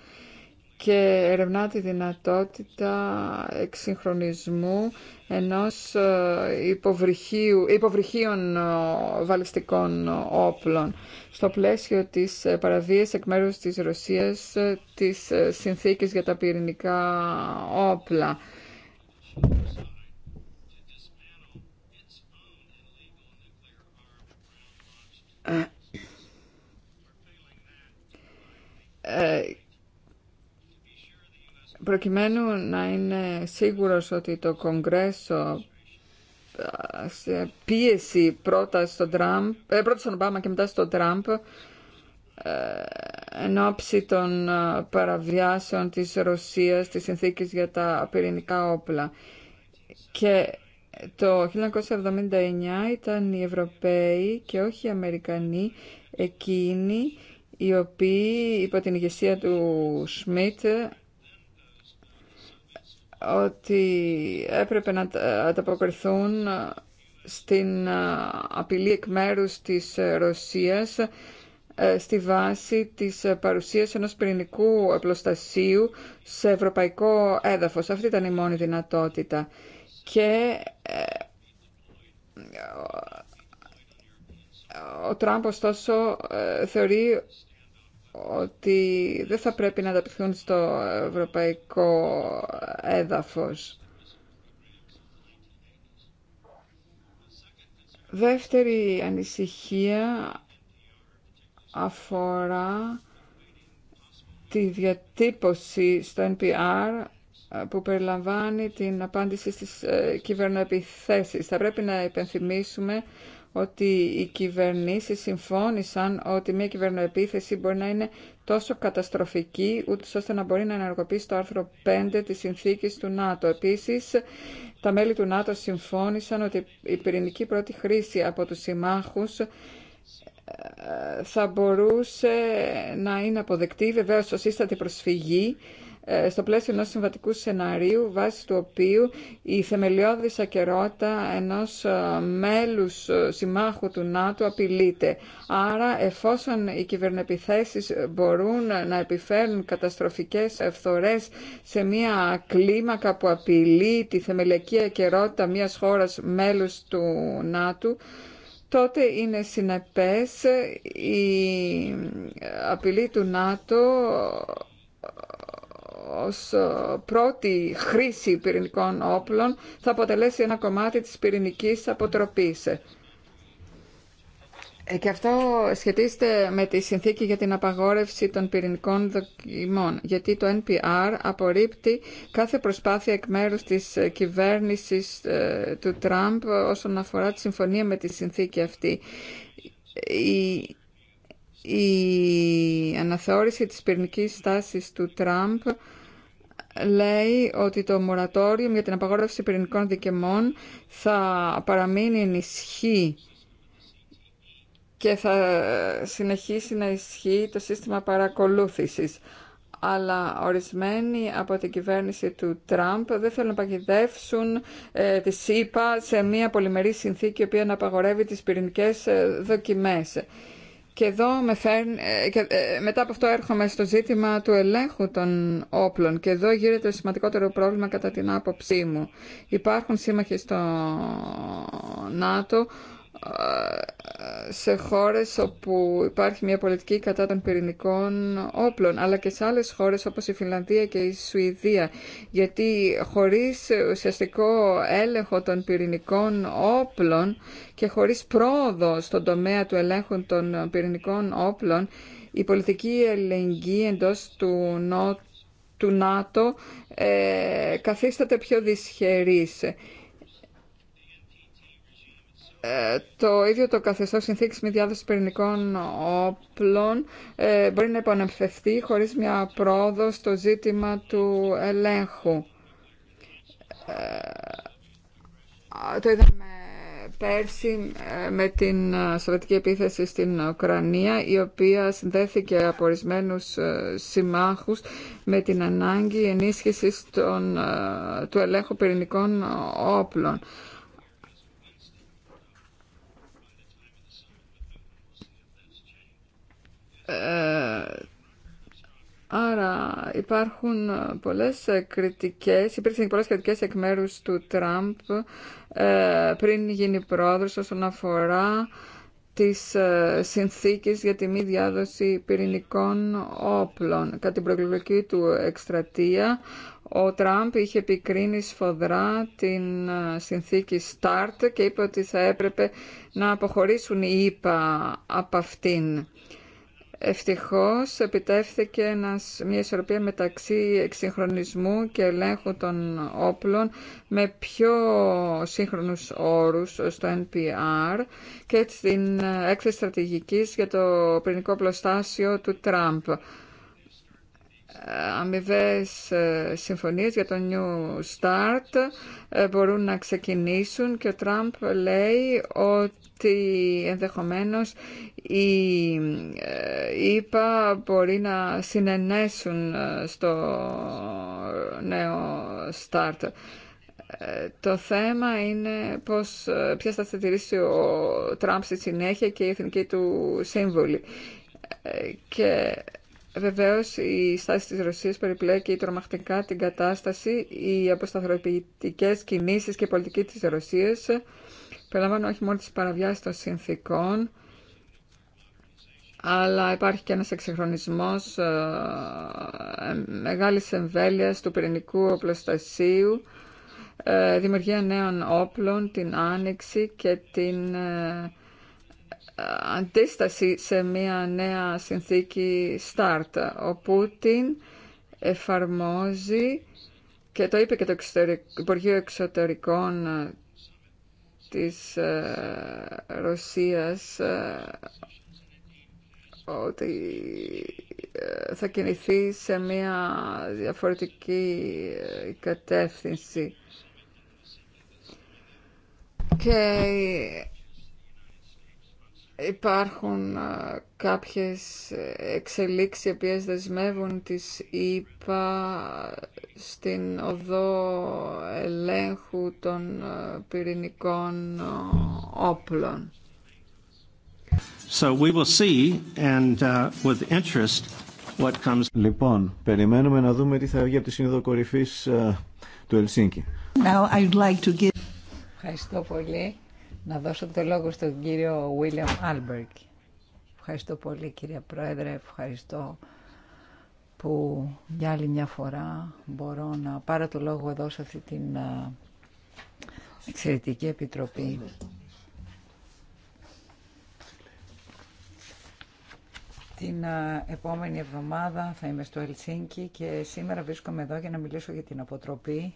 και ερευνά τη δυνατότητα εξυγχρονισμού ενός ε, υποβρυχίων ε, βαλιστικών όπλων στο πλαίσιο της ε, παραβίας εκ μέρους της Ρωσίας της συνθήκης για τα πυρηνικά όπλα προκειμένου να είναι σίγουρος ότι το Κογκρέσο ε, σε πίεση πρώτα στον, Τραμπ, ε, πρώτα στον Ομπάμα και μετά στον Τραμπ ε, εν ώψη των παραβιάσεων της Ρωσίας της συνθήκης για τα πυρηνικά όπλα. Και το 1979 ήταν οι Ευρωπαίοι και όχι οι Αμερικανοί εκείνοι οι οποίοι υπό την ηγεσία του Σμιτ ότι έπρεπε να ανταποκριθούν στην ε, απειλή εκ μέρους της ε, Ρωσίας ε, στη βάση της παρουσίας ενός πυρηνικού επλοστασίου σε ευρωπαϊκό έδαφος. Αυτή ήταν η μόνη δυνατότητα. Και ο Τραμπ ωστόσο θεωρεί ότι δεν θα πρέπει να ανταπτυχθούν στο ευρωπαϊκό έδαφος. Δεύτερη ανησυχία αφορά τη διατύπωση στο NPR που περιλαμβάνει την απάντηση στις ε, κυβερνοεπιθέσεις. Θα πρέπει να υπενθυμίσουμε ότι οι κυβερνήσεις συμφώνησαν ότι μια κυβερνοεπίθεση μπορεί να είναι τόσο καταστροφική ούτως ώστε να μπορεί να ενεργοποιήσει το άρθρο 5 της συνθήκης του ΝΑΤΟ. Επίσης, τα μέλη του ΝΑΤΟ συμφώνησαν ότι η πυρηνική πρώτη χρήση από τους συμμάχους ε, θα μπορούσε να είναι αποδεκτή, βεβαίως ως σύστατη προσφυγή, ε, στο πλαίσιο ενός συμβατικού σενάριου βάσει του οποίου η θεμελιώδης ακερότητα ενός ε, μέλους ε, συμμάχου του ΝΑΤΟ απειλείται. Άρα εφόσον οι κυβερνεπιθέσεις μπορούν να επιφέρουν καταστροφικές ευθορές σε μια κλίμακα που απειλεί τη θεμελιακή ακερότητα μιας χώρας μέλους του ΝΑΤΟ, τότε είναι συνεπές η απειλή του ΝΑΤΟ ως ε, πρώτη χρήση πυρηνικών όπλων θα αποτελέσει ένα κομμάτι της πυρηνικής αποτροπής. Ε, και αυτό σχετίζεται με τη συνθήκη για την απαγόρευση των πυρηνικών δοκιμών, γιατί το NPR απορρίπτει κάθε προσπάθεια εκ μέρους της κυβέρνησης ε, του Τραμπ όσον αφορά τη συμφωνία με τη συνθήκη αυτή. Η, αναθεώρηση της πυρηνικής στάσης του Τραμπ λέει ότι το μορατόριο για την απαγόρευση πυρηνικών δικαιμών θα παραμείνει ενισχύ και θα συνεχίσει να ισχύει το σύστημα παρακολούθησης. Αλλά ορισμένοι από την κυβέρνηση του Τραμπ δεν θέλουν να παγιδεύσουν ε, τη ΣΥΠΑ σε μια πολυμερή συνθήκη η οποία να απαγορεύει τις πυρηνικές ε, δοκιμές. Και εδώ με ε, και ε, μετά από αυτό έρχομαι στο ζήτημα του ελέγχου των όπλων και εδώ γίνεται το σημαντικότερο πρόβλημα κατά την άποψή μου. Υπάρχουν σύμμαχοι στο ΝΑΤΟ σε χώρες όπου υπάρχει μια πολιτική κατά των πυρηνικών όπλων αλλά και σε άλλες χώρες όπως η Φινλανδία και η Σουηδία γιατί χωρίς ουσιαστικό έλεγχο των πυρηνικών όπλων και χωρίς πρόοδο στον τομέα του ελέγχου των πυρηνικών όπλων η πολιτική ελεγγύη εντός του ΝΑΤΟ ε, καθίσταται πιο δυσχερής. Ε, το ίδιο το καθεστώ συνθήκης με διάδοση πυρηνικών όπλων ε, μπορεί να επανεμφευθεί χωρίς μια πρόοδο στο ζήτημα του ελέγχου. Ε, το είδαμε πέρσι με την σοβιετική επίθεση στην Ουκρανία η οποία συνδέθηκε από ορισμένου συμμάχους με την ανάγκη ενίσχυσης των, του ελέγχου πυρηνικών όπλων. Ε, άρα υπάρχουν πολλές κριτικές, υπήρξαν πολλές κριτικές εκ μέρους του Τραμπ ε, πριν γίνει πρόεδρος όσον αφορά τις ε, συνθήκες για τη μη διάδοση πυρηνικών όπλων. Κατά την προεκλογική του εκστρατεία, ο Τραμπ είχε επικρίνει σφοδρά την συνθήκη START και είπε ότι θα έπρεπε να αποχωρήσουν οι ΙΠΑ από αυτήν. Ευτυχώς επιτεύθηκε μια ισορροπία μεταξύ εξυγχρονισμού και ελέγχου των όπλων με πιο σύγχρονους όρους στο NPR και στην έκθεση στρατηγικής για το πυρηνικό πλωστάσιο του Τραμπ αμοιβέ ε, συμφωνίε για το New Start ε, μπορούν να ξεκινήσουν και ο Τραμπ λέει ότι ενδεχομένως οι ε, ΙΠΑ μπορεί να συνενέσουν στο νέο Start. Το θέμα είναι πώς, ποιες θα στατηρήσει ο Τραμπ στη συνέχεια και η εθνική του σύμβουλη. Και Βεβαίως η στάση της Ρωσίας περιπλέκει τρομακτικά την κατάσταση. Οι αποσταθεροποιητικές κινήσεις και η πολιτική της Ρωσίας περιλαμβάνουν όχι μόνο τις παραβιάσεις των συνθήκων, αλλά υπάρχει και ένας εξεχρονισμός ε, ε, μεγάλης εμβέλειας του πυρηνικού οπλοστασίου, ε, δημιουργία νέων όπλων, την άνοιξη και την αντίσταση σε μια νέα συνθήκη START. Ο Πούτιν εφαρμόζει και το είπε και το Υπουργείο Εξωτερικών ε, της ε, Ρωσίας ε, ότι θα κινηθεί σε μια διαφορετική κατεύθυνση. Και υπάρχουν κάποιες εξελίξεις οι οποίες δεσμεύουν τις ΙΠΑ στην οδό ελέγχου των πυρηνικών όπλων. So we will see and uh, with interest what comes. Λοιπόν, περιμένουμε να δούμε τι θα βγει από τη Σύνοδο Κορυφής του Ελσίνκη. Now I'd like to give... Ευχαριστώ πολύ να δώσω το λόγο στον κύριο William Αλμπερκ. Ευχαριστώ πολύ κύριε Πρόεδρε, ευχαριστώ που για άλλη μια φορά μπορώ να πάρω το λόγο εδώ σε αυτή την εξαιρετική επιτροπή. Την επόμενη εβδομάδα θα είμαι στο Ελσίνκι και σήμερα βρίσκομαι εδώ για να μιλήσω για την αποτροπή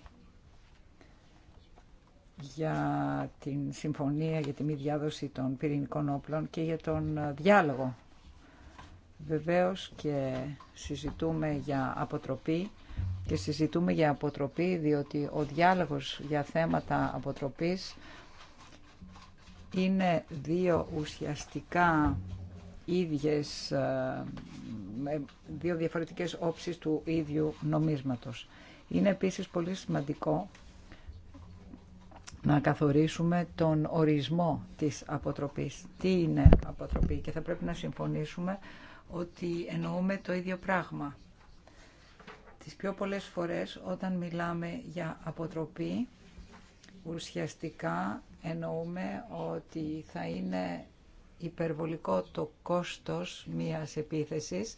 για την συμφωνία για τη μη διάδοση των πυρηνικών όπλων και για τον διάλογο. Βεβαίως και συζητούμε για αποτροπή και συζητούμε για αποτροπή διότι ο διάλογος για θέματα αποτροπής είναι δύο ουσιαστικά ίδιες, ε, δύο διαφορετικές όψεις του ίδιου νομίσματος. Είναι επίσης πολύ σημαντικό να καθορίσουμε τον ορισμό της αποτροπής. Τι είναι αποτροπή και θα πρέπει να συμφωνήσουμε ότι εννοούμε το ίδιο πράγμα. Τις πιο πολλές φορές όταν μιλάμε για αποτροπή, ουσιαστικά εννοούμε ότι θα είναι υπερβολικό το κόστος μιας επίθεσης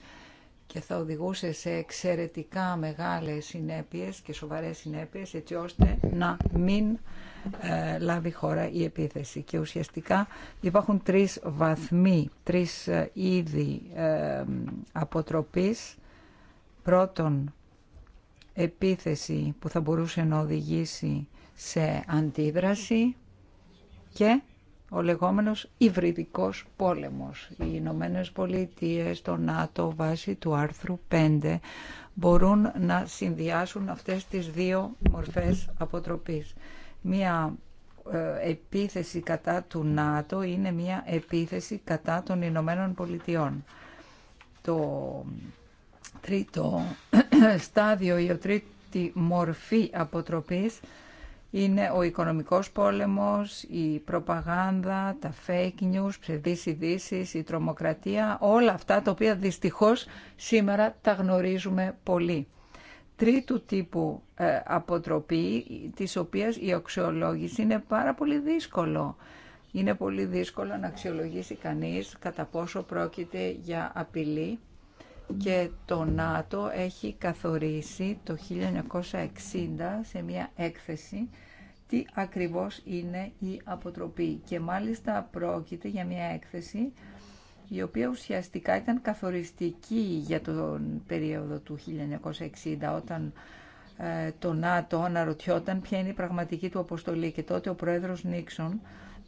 και θα οδηγούσε σε εξαιρετικά μεγάλες συνέπειες και σοβαρές συνέπειες έτσι ώστε να μην ε, λάβει χώρα η επίθεση. Και ουσιαστικά υπάρχουν τρεις βαθμοί, τρεις ε, είδη ε, αποτροπής. Πρώτον, επίθεση που θα μπορούσε να οδηγήσει σε αντίδραση και ο λεγόμενος υβριδικός πόλεμος. Οι Ηνωμένε Πολιτείε, το ΝΑΤΟ, βάσει του άρθρου 5, μπορούν να συνδυάσουν αυτές τις δύο μορφές αποτροπής. Μία ε, επίθεση κατά του ΝΑΤΟ είναι μία επίθεση κατά των Ηνωμένων Πολιτειών. Το τρίτο [clears throat] στάδιο ή ο τρίτη μορφή αποτροπής είναι ο οικονομικός πόλεμος, η προπαγάνδα, τα fake news, ψευδείς ειδήσει, η τρομοκρατία, όλα αυτά τα οποία δυστυχώς σήμερα τα γνωρίζουμε πολύ τρίτου τύπου ε, αποτροπή, της οποίας η αξιολόγηση είναι πάρα πολύ δύσκολο. Είναι πολύ δύσκολο να αξιολογήσει κανείς κατά πόσο πρόκειται για απειλή και το ΝΑΤΟ έχει καθορίσει το 1960 σε μια έκθεση τι ακριβώς είναι η αποτροπή και μάλιστα πρόκειται για μια έκθεση η οποία ουσιαστικά ήταν καθοριστική για τον περίοδο του 1960 όταν ε, το ΝΑΤΟ αναρωτιόταν ποια είναι η πραγματική του αποστολή και τότε ο πρόεδρος Νίξον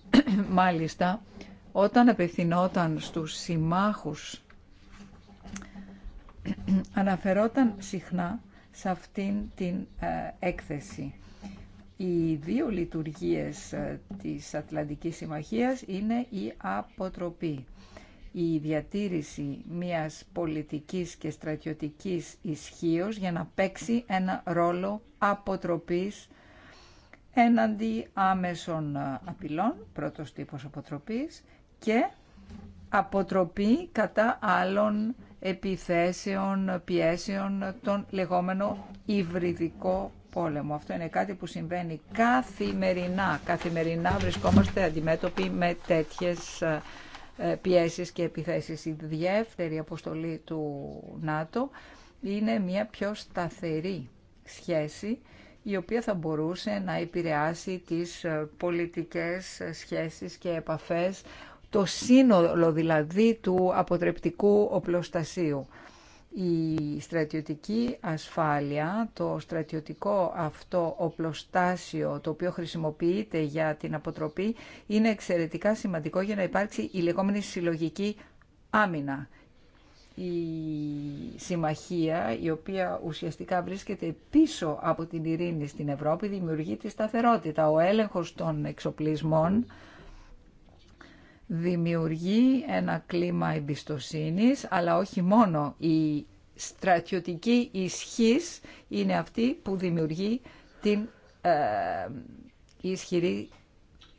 [clears throat] μάλιστα όταν απευθυνόταν στους συμμάχους [clears throat] αναφερόταν συχνά σε αυτήν την ε, έκθεση. Οι δύο λειτουργίες ε, της Ατλαντικής Συμμαχίας είναι η αποτροπή η διατήρηση μιας πολιτικής και στρατιωτικής ισχύω για να παίξει ένα ρόλο αποτροπής έναντι άμεσων απειλών, πρώτος τύπος αποτροπής, και αποτροπή κατά άλλων επιθέσεων, πιέσεων, τον λεγόμενο υβριδικό πόλεμο. Αυτό είναι κάτι που συμβαίνει καθημερινά. Καθημερινά βρισκόμαστε αντιμέτωποι με τέτοιες ε, πιέσεις και επιθέσεις. Η δεύτερη αποστολή του ΝΑΤΟ είναι μια πιο σταθερή σχέση η οποία θα μπορούσε να επηρεάσει τις ε, πολιτικές σχέσεις και επαφές, το σύνολο δηλαδή του αποτρεπτικού οπλοστασίου η στρατιωτική ασφάλεια, το στρατιωτικό αυτό οπλοστάσιο το οποίο χρησιμοποιείται για την αποτροπή είναι εξαιρετικά σημαντικό για να υπάρξει η λεγόμενη συλλογική άμυνα. Η συμμαχία η οποία ουσιαστικά βρίσκεται πίσω από την ειρήνη στην Ευρώπη δημιουργεί τη σταθερότητα. Ο έλεγχος των εξοπλισμών δημιουργεί ένα κλίμα εμπιστοσύνης, αλλά όχι μόνο η στρατιωτική ισχύς είναι αυτή που δημιουργεί την ε, ισχυρή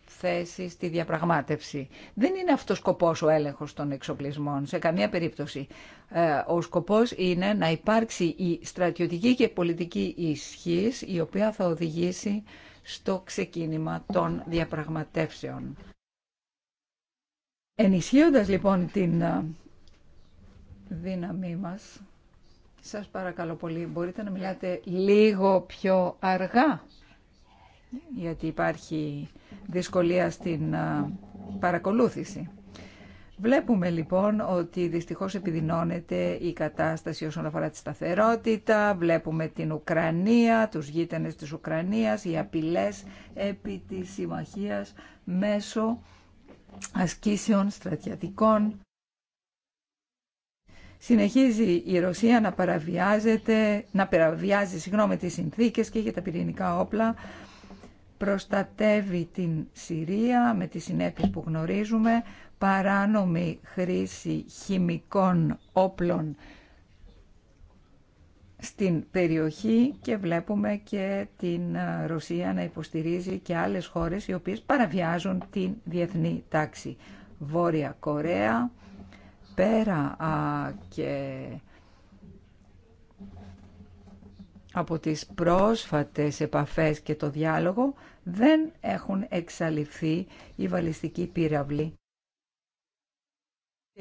θέση στη διαπραγμάτευση. Δεν είναι αυτός σκοπός ο έλεγχος των εξοπλισμών, σε καμία περίπτωση. Ε, ο σκοπός είναι να υπάρξει η στρατιωτική και πολιτική ισχύς, η οποία θα οδηγήσει στο ξεκίνημα των διαπραγματεύσεων. Ενισχύοντας λοιπόν την δύναμή μας, σας παρακαλώ πολύ, μπορείτε να μιλάτε λίγο πιο αργά, γιατί υπάρχει δυσκολία στην παρακολούθηση. Βλέπουμε λοιπόν ότι δυστυχώς επιδεινώνεται η κατάσταση όσον αφορά τη σταθερότητα, βλέπουμε την Ουκρανία, τους γείτενες της Ουκρανίας, οι απειλές επί της συμμαχίας μέσω ασκήσεων στρατιωτικών. Συνεχίζει η Ρωσία να παραβιάζεται, να παραβιάζει συγγνώμη τις συνθήκες και για τα πυρηνικά όπλα. Προστατεύει την Συρία με τις συνέπειες που γνωρίζουμε, παράνομη χρήση χημικών όπλων στην περιοχή και βλέπουμε και την ε, Ρωσία να υποστηρίζει και άλλες χώρες οι οποίες παραβιάζουν την διεθνή τάξη. Βόρεια Κορέα, πέρα και από τις πρόσφατες επαφές και το διάλογο δεν έχουν εξαλειφθεί οι βαλιστικοί πύραυλοι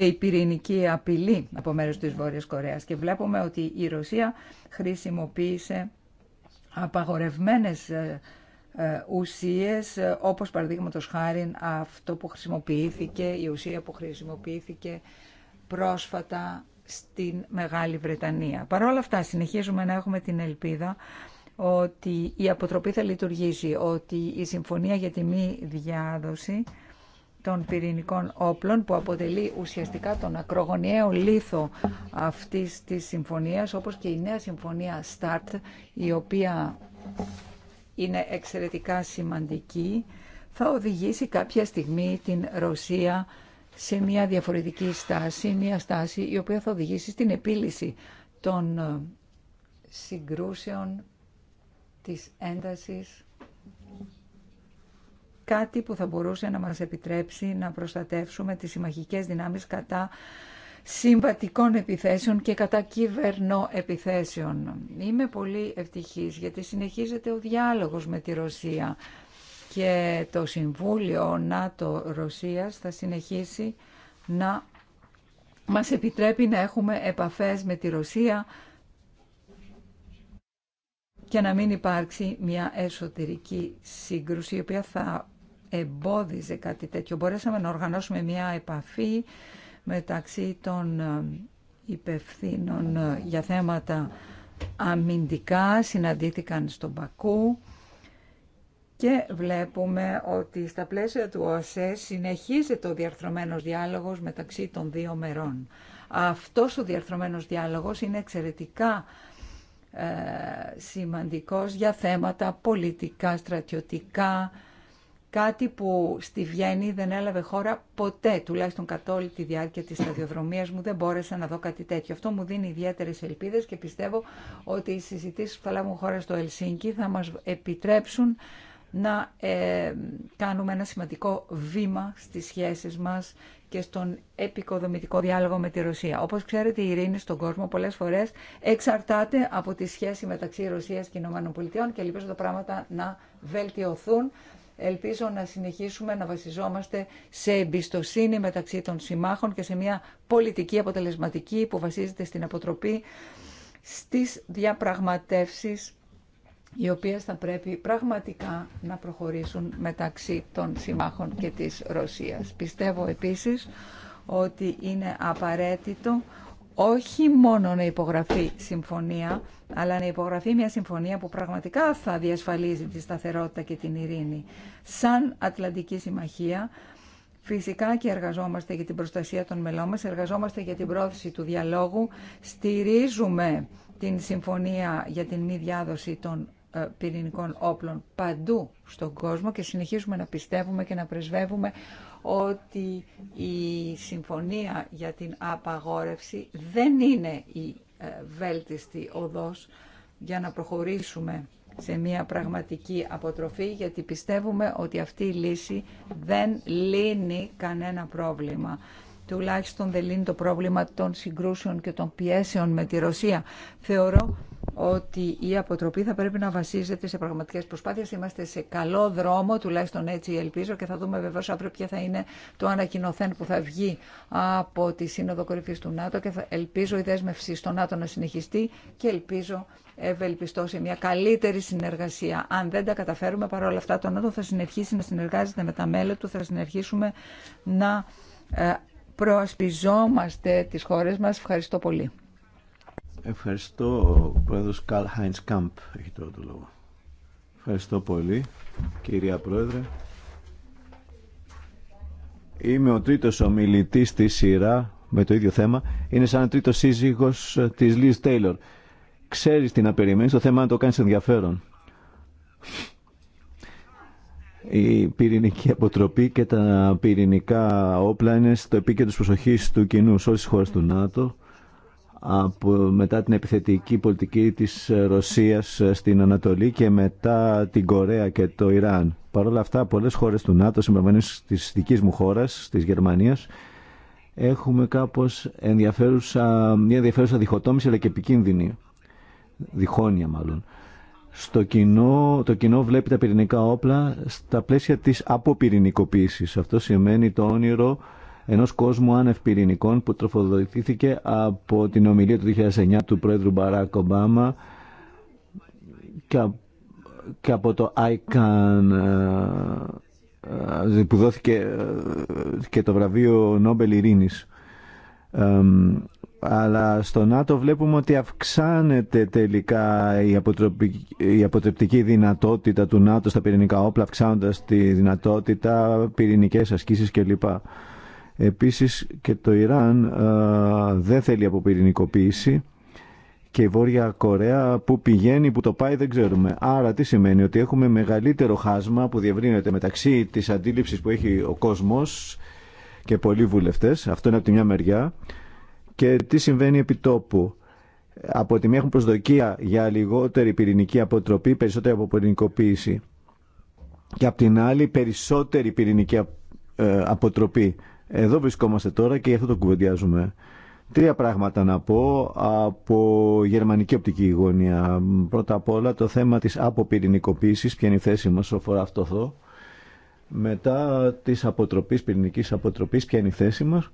η πυρηνική απειλή από μέρους της Βόρειας Κορέας και βλέπουμε ότι η Ρωσία χρησιμοποίησε απαγορευμένες ε, ε, ουσίες ε, όπως παραδείγματος χάρη αυτό που χρησιμοποιήθηκε, η ουσία που χρησιμοποιήθηκε πρόσφατα στην Μεγάλη Βρετανία. Παρ' όλα αυτά συνεχίζουμε να έχουμε την ελπίδα ότι η αποτροπή θα λειτουργήσει, ότι η Συμφωνία για τη Μη Διάδοση των πυρηνικών όπλων που αποτελεί ουσιαστικά τον ακρογωνιαίο λίθο αυτής της συμφωνίας όπως και η νέα συμφωνία START η οποία είναι εξαιρετικά σημαντική θα οδηγήσει κάποια στιγμή την Ρωσία σε μια διαφορετική στάση, μια στάση η οποία θα οδηγήσει στην επίλυση των συγκρούσεων της έντασης κάτι που θα μπορούσε να μας επιτρέψει να προστατεύσουμε τις συμμαχικές δυνάμεις κατά συμβατικών επιθέσεων και κατά κυβερνό επιθέσεων. Είμαι πολύ ευτυχής γιατί συνεχίζεται ο διάλογος με τη Ρωσία και το Συμβούλιο ΝΑΤΟ-Ρωσίας θα συνεχίσει να μας επιτρέπει να έχουμε επαφές με τη Ρωσία και να μην υπάρξει μια εσωτερική σύγκρουση η οποία θα εμπόδιζε κάτι τέτοιο. Μπορέσαμε να οργανώσουμε μια επαφή μεταξύ των ε, υπευθύνων ε, για θέματα αμυντικά, συναντήθηκαν στον Πακού και βλέπουμε ότι στα πλαίσια του ΟΣΕ συνεχίζεται ο διαρθρωμένος διάλογος μεταξύ των δύο μερών. Αυτός ο διαρθρωμένος διάλογος είναι εξαιρετικά ε, σημαντικός για θέματα πολιτικά, στρατιωτικά, Κάτι που στη Βιέννη δεν έλαβε χώρα ποτέ, τουλάχιστον κατ' όλη τη διάρκεια της σταδιοδρομίας μου δεν μπόρεσα να δω κάτι τέτοιο. Αυτό μου δίνει ιδιαίτερε ελπίδες και πιστεύω ότι οι συζητήσεις που θα λάβουν χώρα στο Ελσίνκι θα μας επιτρέψουν να ε, κάνουμε ένα σημαντικό βήμα στις σχέσεις μας και στον επικοδομητικό διάλογο με τη Ρωσία. Όπως ξέρετε, η ειρήνη στον κόσμο πολλές φορές εξαρτάται από τη σχέση μεταξύ Ρωσίας και Ηνωμένων και ελπίζω τα πράγματα να βελτιωθούν Ελπίζω να συνεχίσουμε να βασιζόμαστε σε εμπιστοσύνη μεταξύ των συμμάχων και σε μια πολιτική αποτελεσματική που βασίζεται στην αποτροπή στις διαπραγματεύσεις οι οποίες θα πρέπει πραγματικά να προχωρήσουν μεταξύ των συμμάχων και της Ρωσίας. Πιστεύω επίσης ότι είναι απαραίτητο όχι μόνο να υπογραφεί συμφωνία, αλλά να υπογραφεί μια συμφωνία που πραγματικά θα διασφαλίζει τη σταθερότητα και την ειρήνη. Σαν Ατλαντική Συμμαχία, Φυσικά και εργαζόμαστε για την προστασία των μελών μας, εργαζόμαστε για την πρόθεση του διαλόγου, στηρίζουμε την συμφωνία για την μη διάδοση των ε, πυρηνικών όπλων παντού στον κόσμο και συνεχίζουμε να πιστεύουμε και να πρεσβεύουμε ότι η συμφωνία για την απαγόρευση δεν είναι η ε, βέλτιστη οδός για να προχωρήσουμε σε μια πραγματική αποτροφή γιατί πιστεύουμε ότι αυτή η λύση δεν λύνει κανένα πρόβλημα τουλάχιστον δεν λύνει το πρόβλημα των συγκρούσεων και των πιέσεων με τη Ρωσία. Θεωρώ ότι η αποτροπή θα πρέπει να βασίζεται σε πραγματικές προσπάθειες. Είμαστε σε καλό δρόμο, τουλάχιστον έτσι ελπίζω και θα δούμε βεβαίως αύριο ποια θα είναι το ανακοινωθέν που θα βγει από τη Σύνοδο Κορυφής του ΝΑΤΟ και θα ελπίζω η δέσμευση στο ΝΑΤΟ να συνεχιστεί και ελπίζω ευελπιστώ σε μια καλύτερη συνεργασία. Αν δεν τα καταφέρουμε παρόλα αυτά το ΝΑΤΟ θα συνεχίσει να συνεργάζεται με τα μέλη του, θα συνεχίσουμε να ε, προασπιζόμαστε τις χώρες μας. Ευχαριστώ πολύ. Ευχαριστώ. Ο πρόεδρος Καλ Χάιντς Κάμπ έχει τώρα το λόγο. Ευχαριστώ πολύ, κυρία Πρόεδρε. Είμαι ο τρίτος ομιλητής στη σειρά με το ίδιο θέμα. Είναι σαν τρίτος σύζυγος της Λιζ Τέιλορ. Ξέρεις τι να περιμένεις, το θέμα να το κάνεις ενδιαφέρον η πυρηνική αποτροπή και τα πυρηνικά όπλα είναι στο επίκεντρο της προσοχής του κοινού σε όλες τις του ΝΑΤΟ από, μετά την επιθετική πολιτική της Ρωσίας στην Ανατολή και μετά την Κορέα και το Ιράν. Παρ' όλα αυτά, πολλές χώρες του ΝΑΤΟ, συμπεριμένες της δικής μου χώρας, της Γερμανίας, έχουμε κάπως ενδιαφέρουσα, μια ενδιαφέρουσα διχοτόμηση αλλά και επικίνδυνη, διχόνοια μάλλον στο κοινό, το κοινό βλέπει τα πυρηνικά όπλα στα πλαίσια της αποπυρηνικοποίησης. Αυτό σημαίνει το όνειρο ενός κόσμου άνευ πυρηνικών που τροφοδοτήθηκε από την ομιλία του 2009 του πρόεδρου Μπαράκ Ομπάμα και από το ICAN ε, ε, που δόθηκε ε, και το βραβείο Νόμπελ Ειρήνης αλλά στο ΝΑΤΟ βλέπουμε ότι αυξάνεται τελικά η, η αποτρεπτική δυνατότητα του ΝΑΤΟ στα πυρηνικά όπλα, αυξάνοντα τη δυνατότητα πυρηνικές ασκήσεις κλπ. Επίσης και το Ιράν ε, δεν θέλει αποπυρηνικοποίηση και η Βόρεια Κορέα που πηγαίνει, που το πάει δεν ξέρουμε. Άρα τι σημαίνει, ότι έχουμε μεγαλύτερο χάσμα που διευρύνεται μεταξύ της αντίληψης που έχει ο κόσμος και πολλοί βουλευτές, αυτό είναι από τη μια μεριά, και τι συμβαίνει επί τόπου. Από τη μία έχουν προσδοκία για λιγότερη πυρηνική αποτροπή, περισσότερη αποπυρηνικοποίηση. Και από την άλλη περισσότερη πυρηνική ε, αποτροπή. Εδώ βρισκόμαστε τώρα και γι' αυτό το κουβεντιάζουμε. Τρία πράγματα να πω από γερμανική οπτική γωνία. Πρώτα απ' όλα το θέμα της αποπυρηνικοποίησης, ποια είναι η θέση μας αφορά αυτό εδώ. Μετά της αποτροπής, πυρηνικής αποτροπής, ποια είναι η θέση μας.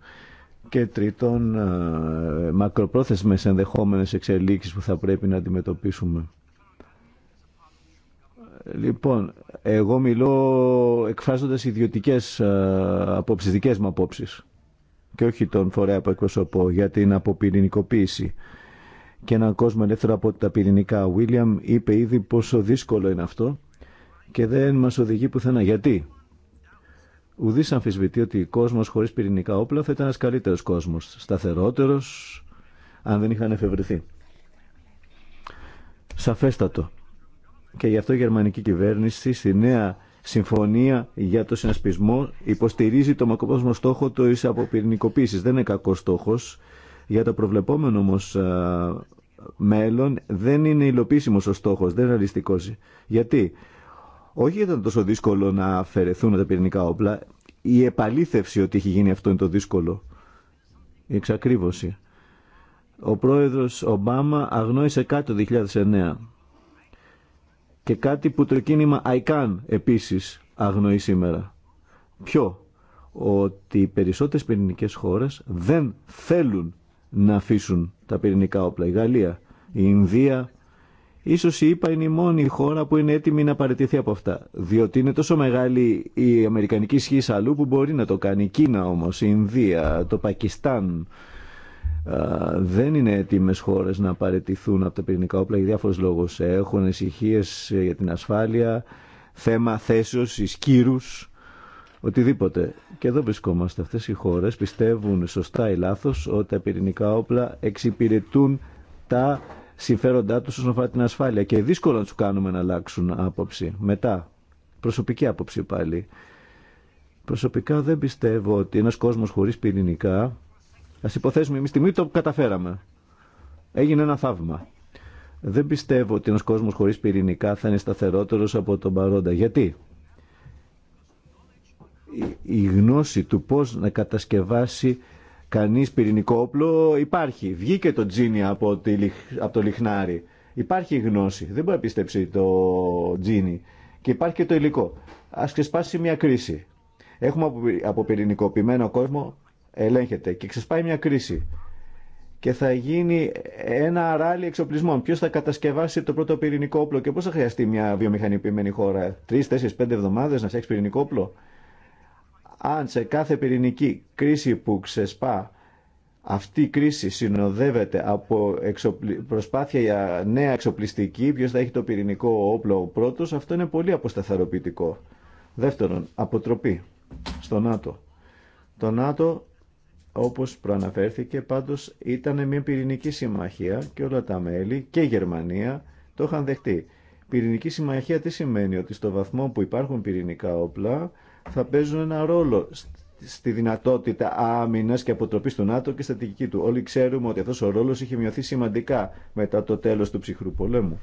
Και τρίτον, ε, μακροπρόθεσμες ενδεχόμενες εξελίξεις που θα πρέπει να αντιμετωπίσουμε. Λοιπόν, εγώ μιλώ εκφράζοντας ιδιωτικές ε, απόψεις, δικές μου απόψεις και όχι τον φορέα που εκπροσωπώ για την αποπυρηνικοποίηση και έναν κόσμο ελεύθερο από τα πυρηνικά. Ο Βίλιαμ είπε ήδη πόσο δύσκολο είναι αυτό και δεν μας οδηγεί πουθενά. Γιατί? Ουδή αμφισβητεί ότι ο κόσμο χωρί πυρηνικά όπλα θα ήταν ένα καλύτερο κόσμο. Σταθερότερο, αν δεν είχαν εφευρεθεί. Σαφέστατο. Και γι' αυτό η γερμανική κυβέρνηση στη νέα συμφωνία για το συνασπισμό υποστηρίζει το μακροπρόθεσμο στόχο τη αποπυρηνικοποίηση. Δεν είναι κακό στόχο. Για το προβλεπόμενο όμω μέλλον δεν είναι υλοποιήσιμο ο στόχο, δεν είναι ρεαλιστικό. Γιατί όχι ήταν τόσο δύσκολο να αφαιρεθούν τα πυρηνικά όπλα, η επαλήθευση ότι έχει γίνει αυτό είναι το δύσκολο. Η εξακρίβωση. Ο πρόεδρος Ομπάμα αγνόησε κάτι το 2009. Και κάτι που το κίνημα ICAN επίσης αγνοεί σήμερα. Ποιο? Ότι οι περισσότερες πυρηνικές χώρες δεν θέλουν να αφήσουν τα πυρηνικά όπλα. Η Γαλλία, η Ινδία, Ίσως η ΕΠΑ είναι η μόνη χώρα που είναι έτοιμη να παραιτηθεί από αυτά. Διότι είναι τόσο μεγάλη η αμερικανική ισχύ αλλού που μπορεί να το κάνει. Η Κίνα όμω, η Ινδία, το Πακιστάν δεν είναι έτοιμε χώρε να παραιτηθούν από τα πυρηνικά όπλα για διάφορου λόγου. Έχουν ανησυχίε για την ασφάλεια, θέμα θέσεω, ισχύρου, οτιδήποτε. Και εδώ βρισκόμαστε. Αυτέ οι χώρε πιστεύουν σωστά ή λάθο ότι τα πυρηνικά όπλα εξυπηρετούν τα συμφέροντά του όσον αφορά την ασφάλεια και δύσκολο να του κάνουμε να αλλάξουν άποψη. Μετά, προσωπική άποψη πάλι. Προσωπικά δεν πιστεύω ότι ένας κόσμος χωρίς πυρηνικά, Α υποθέσουμε εμείς στιγμή το καταφέραμε. Έγινε ένα θαύμα. Δεν πιστεύω ότι ένα κόσμος χωρίς πυρηνικά θα είναι σταθερότερο από τον παρόντα. Γιατί? Η γνώση του πώς να κατασκευάσει κανείς πυρηνικό όπλο υπάρχει. Βγήκε το τζίνι από, τη, από το λιχνάρι. Υπάρχει γνώση. Δεν μπορεί να πιστέψει το τζίνι. Και υπάρχει και το υλικό. Ας ξεσπάσει μια κρίση. Έχουμε από πυρηνικοποιημένο κόσμο, ελέγχεται και ξεσπάει μια κρίση. Και θα γίνει ένα ράλι εξοπλισμών. Ποιο θα κατασκευάσει το πρώτο πυρηνικό όπλο και πώ θα χρειαστεί μια βιομηχανοποιημένη χώρα. Τρει, τέσσερι, πέντε εβδομάδε να φτιάξει πυρηνικό όπλο. Αν σε κάθε πυρηνική κρίση που ξεσπά αυτή η κρίση συνοδεύεται από προσπάθεια για νέα εξοπλιστική, ποιος θα έχει το πυρηνικό όπλο ο πρώτος, αυτό είναι πολύ αποσταθεροποιητικό. Δεύτερον, αποτροπή στο ΝΑΤΟ. Το ΝΑΤΟ, όπως προαναφέρθηκε, πάντως ήταν μια πυρηνική συμμαχία και όλα τα μέλη και η Γερμανία το είχαν δεχτεί. Πυρηνική συμμαχία τι σημαίνει, ότι στο βαθμό που υπάρχουν πυρηνικά όπλα θα παίζουν ένα ρόλο στη δυνατότητα άμυνα και αποτροπή του ΝΑΤΟ και στρατηγική του. Όλοι ξέρουμε ότι αυτό ο ρόλο είχε μειωθεί σημαντικά μετά το τέλο του ψυχρού πολέμου.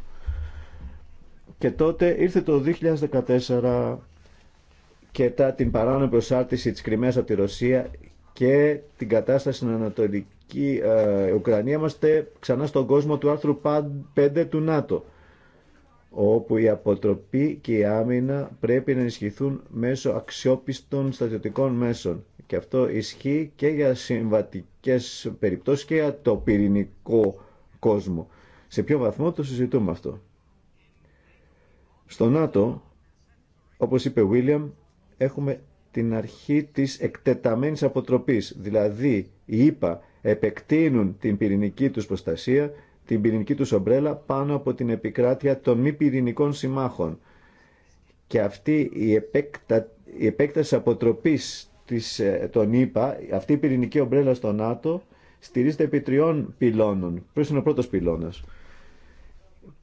Και τότε ήρθε το 2014 και τα, την παράνομη προσάρτηση της Κρυμαίας από τη Ρωσία και την κατάσταση στην Ανατολική ε, Ουκρανία είμαστε ξανά στον κόσμο του άρθρου 5 του ΝΑΤΟ όπου η αποτροπή και η άμυνα πρέπει να ενισχυθούν μέσω αξιόπιστων στατιωτικών μέσων. Και αυτό ισχύει και για συμβατικές περιπτώσεις και για το πυρηνικό κόσμο. Σε ποιο βαθμό το συζητούμε αυτό. Στο ΝΑΤΟ, όπως είπε ο Βίλιαμ, έχουμε την αρχή της εκτεταμένης αποτροπής. Δηλαδή, οι ΙΠΑ επεκτείνουν την πυρηνική τους προστασία την πυρηνική του ομπρέλα πάνω από την επικράτεια των μη πυρηνικών συμμάχων. Και αυτή η, επέκτα, επέκταση αποτροπής της, ε, των ΗΠΑ, αυτή η πυρηνική ομπρέλα στο ΝΑΤΟ, στηρίζεται επί τριών πυλώνων. Ποιος είναι ο πρώτος πυλώνας.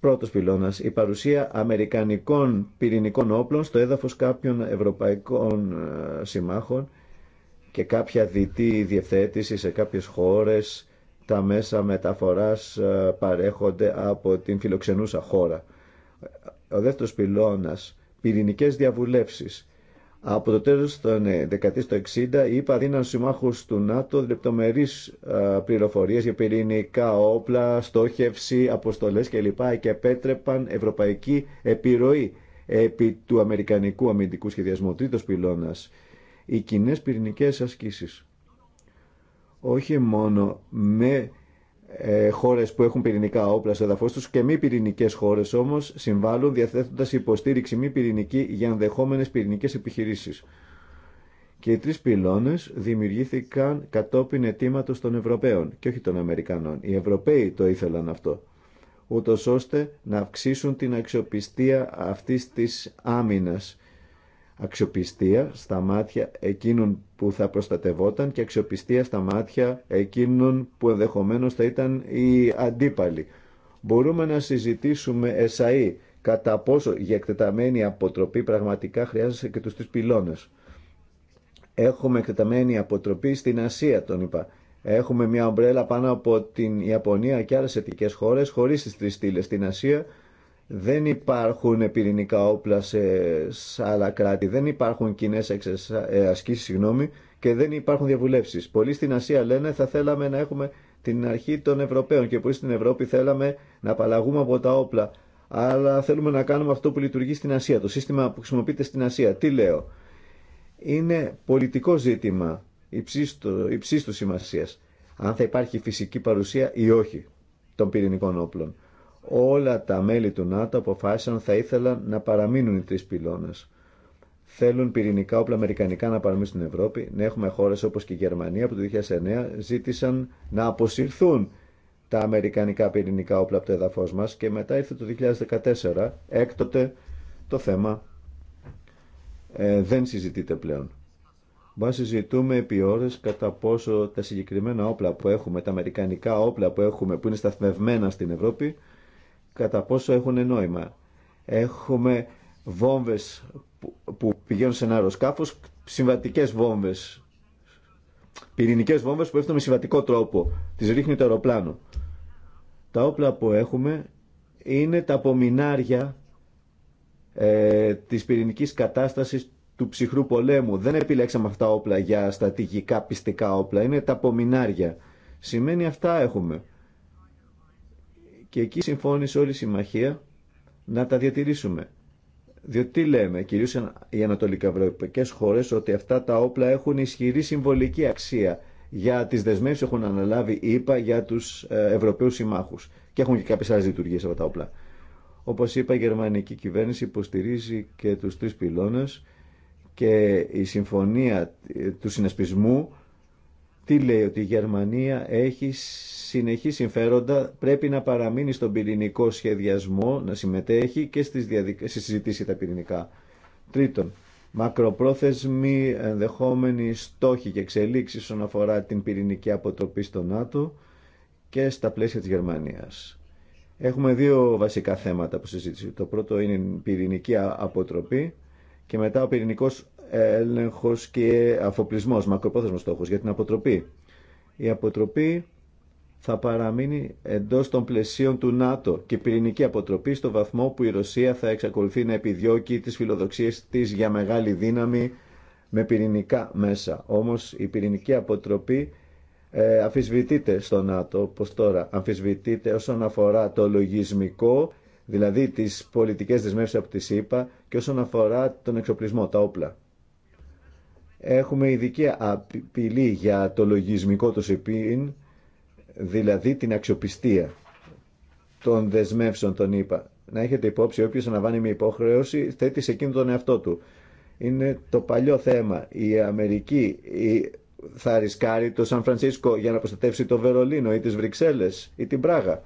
Πρώτος πυλώνας, η παρουσία αμερικανικών πυρηνικών όπλων στο έδαφος κάποιων ευρωπαϊκών ε, συμμάχων και κάποια διτή διευθέτηση σε κάποιες χώρες τα μέσα μεταφοράς ε, παρέχονται από την φιλοξενούσα χώρα. Ο δεύτερος πυλώνας, πυρηνικές διαβουλεύσεις. Από το τέλος των ε, του 1960 είπα δίναν συμμάχους του ΝΑΤΟ λεπτομερείς ε, πληροφορίες για πυρηνικά όπλα, στόχευση, αποστολές κλπ. και επέτρεπαν ευρωπαϊκή επιρροή επί του αμερικανικού αμυντικού σχεδιασμού. Τρίτος πυλώνας, οι κοινέ πυρηνικές ασκήσεις όχι μόνο με ε, χώρες που έχουν πυρηνικά όπλα στο εδαφό τους και μη πυρηνικές χώρες όμως συμβάλλουν διαθέτοντας υποστήριξη μη πυρηνική για ενδεχόμενες πυρηνικές επιχειρήσεις. Και οι τρεις πυλώνες δημιουργήθηκαν κατόπιν αιτήματο των Ευρωπαίων και όχι των Αμερικανών. Οι Ευρωπαίοι το ήθελαν αυτό, ούτω ώστε να αυξήσουν την αξιοπιστία αυτή της άμυνας αξιοπιστία στα μάτια εκείνων που θα προστατευόταν και αξιοπιστία στα μάτια εκείνων που ενδεχομένως θα ήταν οι αντίπαλοι. Μπορούμε να συζητήσουμε εσαΐ κατά πόσο για εκτεταμένη αποτροπή πραγματικά χρειάζεσαι και τους τρεις πυλώνες. Έχουμε εκτεταμένη αποτροπή στην Ασία, τον είπα. Έχουμε μια ομπρέλα πάνω από την Ιαπωνία και άλλες ετικές χώρες χωρίς τις τρεις στήλες στην Ασία δεν υπάρχουν πυρηνικά όπλα σε άλλα κράτη, δεν υπάρχουν κοινέ ε, ασκήσει συγγνώμη, και δεν υπάρχουν διαβουλεύσεις. Πολλοί στην Ασία λένε θα θέλαμε να έχουμε την αρχή των Ευρωπαίων και πολλοί στην Ευρώπη θέλαμε να απαλλαγούμε από τα όπλα. Αλλά θέλουμε να κάνουμε αυτό που λειτουργεί στην Ασία, το σύστημα που χρησιμοποιείται στην Ασία. Τι λέω. Είναι πολιτικό ζήτημα υψίστου σημασία. Αν θα υπάρχει φυσική παρουσία ή όχι των πυρηνικών όπλων όλα τα μέλη του ΝΑΤΟ αποφάσισαν θα ήθελαν να παραμείνουν οι τρεις πυλώνες. Θέλουν πυρηνικά όπλα αμερικανικά να παραμείνουν στην Ευρώπη. Να έχουμε χώρες όπως και η Γερμανία που το 2009 ζήτησαν να αποσυρθούν τα αμερικανικά πυρηνικά όπλα από το έδαφος μας και μετά ήρθε το 2014. Έκτοτε το θέμα ε, δεν συζητείται πλέον. Μα συζητούμε επί ώρες κατά πόσο τα συγκεκριμένα όπλα που έχουμε, τα αμερικανικά όπλα που έχουμε, που είναι σταθμευμένα στην Ευρώπη, κατά πόσο έχουν νόημα. Έχουμε βόμβες που πηγαίνουν σε ένα αεροσκάφο, συμβατικέ βόμβε, πυρηνικέ βόμβε που έρχονται με συμβατικό τρόπο. Τι ρίχνει το αεροπλάνο. Τα όπλα που έχουμε είναι τα απομεινάρια ε, της πυρηνικής κατάστασης του ψυχρού πολέμου. Δεν επιλέξαμε αυτά όπλα για στατηγικά πιστικά όπλα. Είναι τα απομεινάρια. Σημαίνει αυτά έχουμε. Και εκεί συμφώνησε όλη η συμμαχία να τα διατηρήσουμε. Διότι λέμε, κυρίως οι ανατολικαευρωπαϊκές χώρες, ότι αυτά τα όπλα έχουν ισχυρή συμβολική αξία για τις που έχουν αναλάβει η για τους ε, Ευρωπαίου συμμάχους και έχουν και κάποιες άλλες λειτουργίες από τα όπλα. Όπως είπα, η γερμανική κυβέρνηση υποστηρίζει και του τρει πυλώνε και η συμφωνία ε, του συνασπισμού τι λέει ότι η Γερμανία έχει συνεχή συμφέροντα, πρέπει να παραμείνει στον πυρηνικό σχεδιασμό, να συμμετέχει και στις διαδικα... συζητήσει τα πυρηνικά. Τρίτον, μακροπρόθεσμοι ενδεχόμενοι στόχοι και εξελίξεις όσον αφορά την πυρηνική αποτροπή στο ΝΑΤΟ και στα πλαίσια της Γερμανίας. Έχουμε δύο βασικά θέματα που συζήτησε. Το πρώτο είναι η πυρηνική αποτροπή και μετά ο πυρηνικός έλεγχος και αφοπλισμός, μακροπρόθεσμος στόχος για την αποτροπή. Η αποτροπή θα παραμείνει εντός των πλαισίων του ΝΑΤΟ και η πυρηνική αποτροπή στο βαθμό που η Ρωσία θα εξακολουθεί να επιδιώκει τις φιλοδοξίες της για μεγάλη δύναμη με πυρηνικά μέσα. Όμως η πυρηνική αποτροπή ε, αμφισβητείται στο ΝΑΤΟ, όπως τώρα αμφισβητείται όσον αφορά το λογισμικό, δηλαδή τις πολιτικές δεσμεύσεις από τη ΣΥΠΑ και όσον αφορά τον εξοπλισμό, τα όπλα. Έχουμε ειδική απειλή για το λογισμικό του ΣΥΠΗΝ, δηλαδή την αξιοπιστία των δεσμεύσεων τον είπα. Να έχετε υπόψη, όποιος αναβάνει μια υποχρέωση θέτει σε εκείνον τον εαυτό του. Είναι το παλιό θέμα. Η Αμερική θα ρισκάρει το Σαν Φρανσίσκο για να προστατεύσει το Βερολίνο ή τις Βρυξέλλες ή την Πράγα.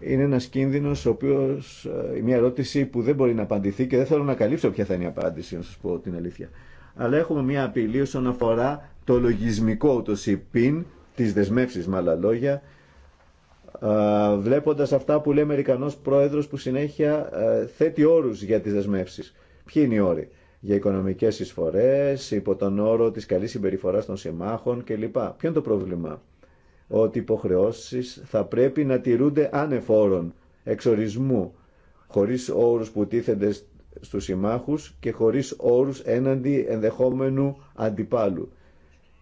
Είναι ένας κίνδυνος, ο οποίος, ε, μια ερώτηση που δεν μπορεί να απαντηθεί και δεν θέλω να καλύψω ποια θα είναι η απάντηση, να σας πω την αλήθεια αλλά έχουμε μια απειλή όσον αφορά το λογισμικό, το ΣΥΠΗΝ, τις δεσμεύσεις με άλλα λόγια, βλέποντας αυτά που λέει Αμερικανός Πρόεδρος που συνέχεια θέτει όρους για τις δεσμεύσεις. Ποιοι είναι οι όροι για οικονομικές εισφορές, υπό τον όρο της καλής συμπεριφοράς των συμμάχων κλπ. Ποιο είναι το πρόβλημα. Ότι οι υποχρεώσεις θα πρέπει να τηρούνται άνευ εξορισμού, χωρίς όρους που τίθενται στους συμμάχους και χωρίς όρους έναντι ενδεχόμενου αντιπάλου.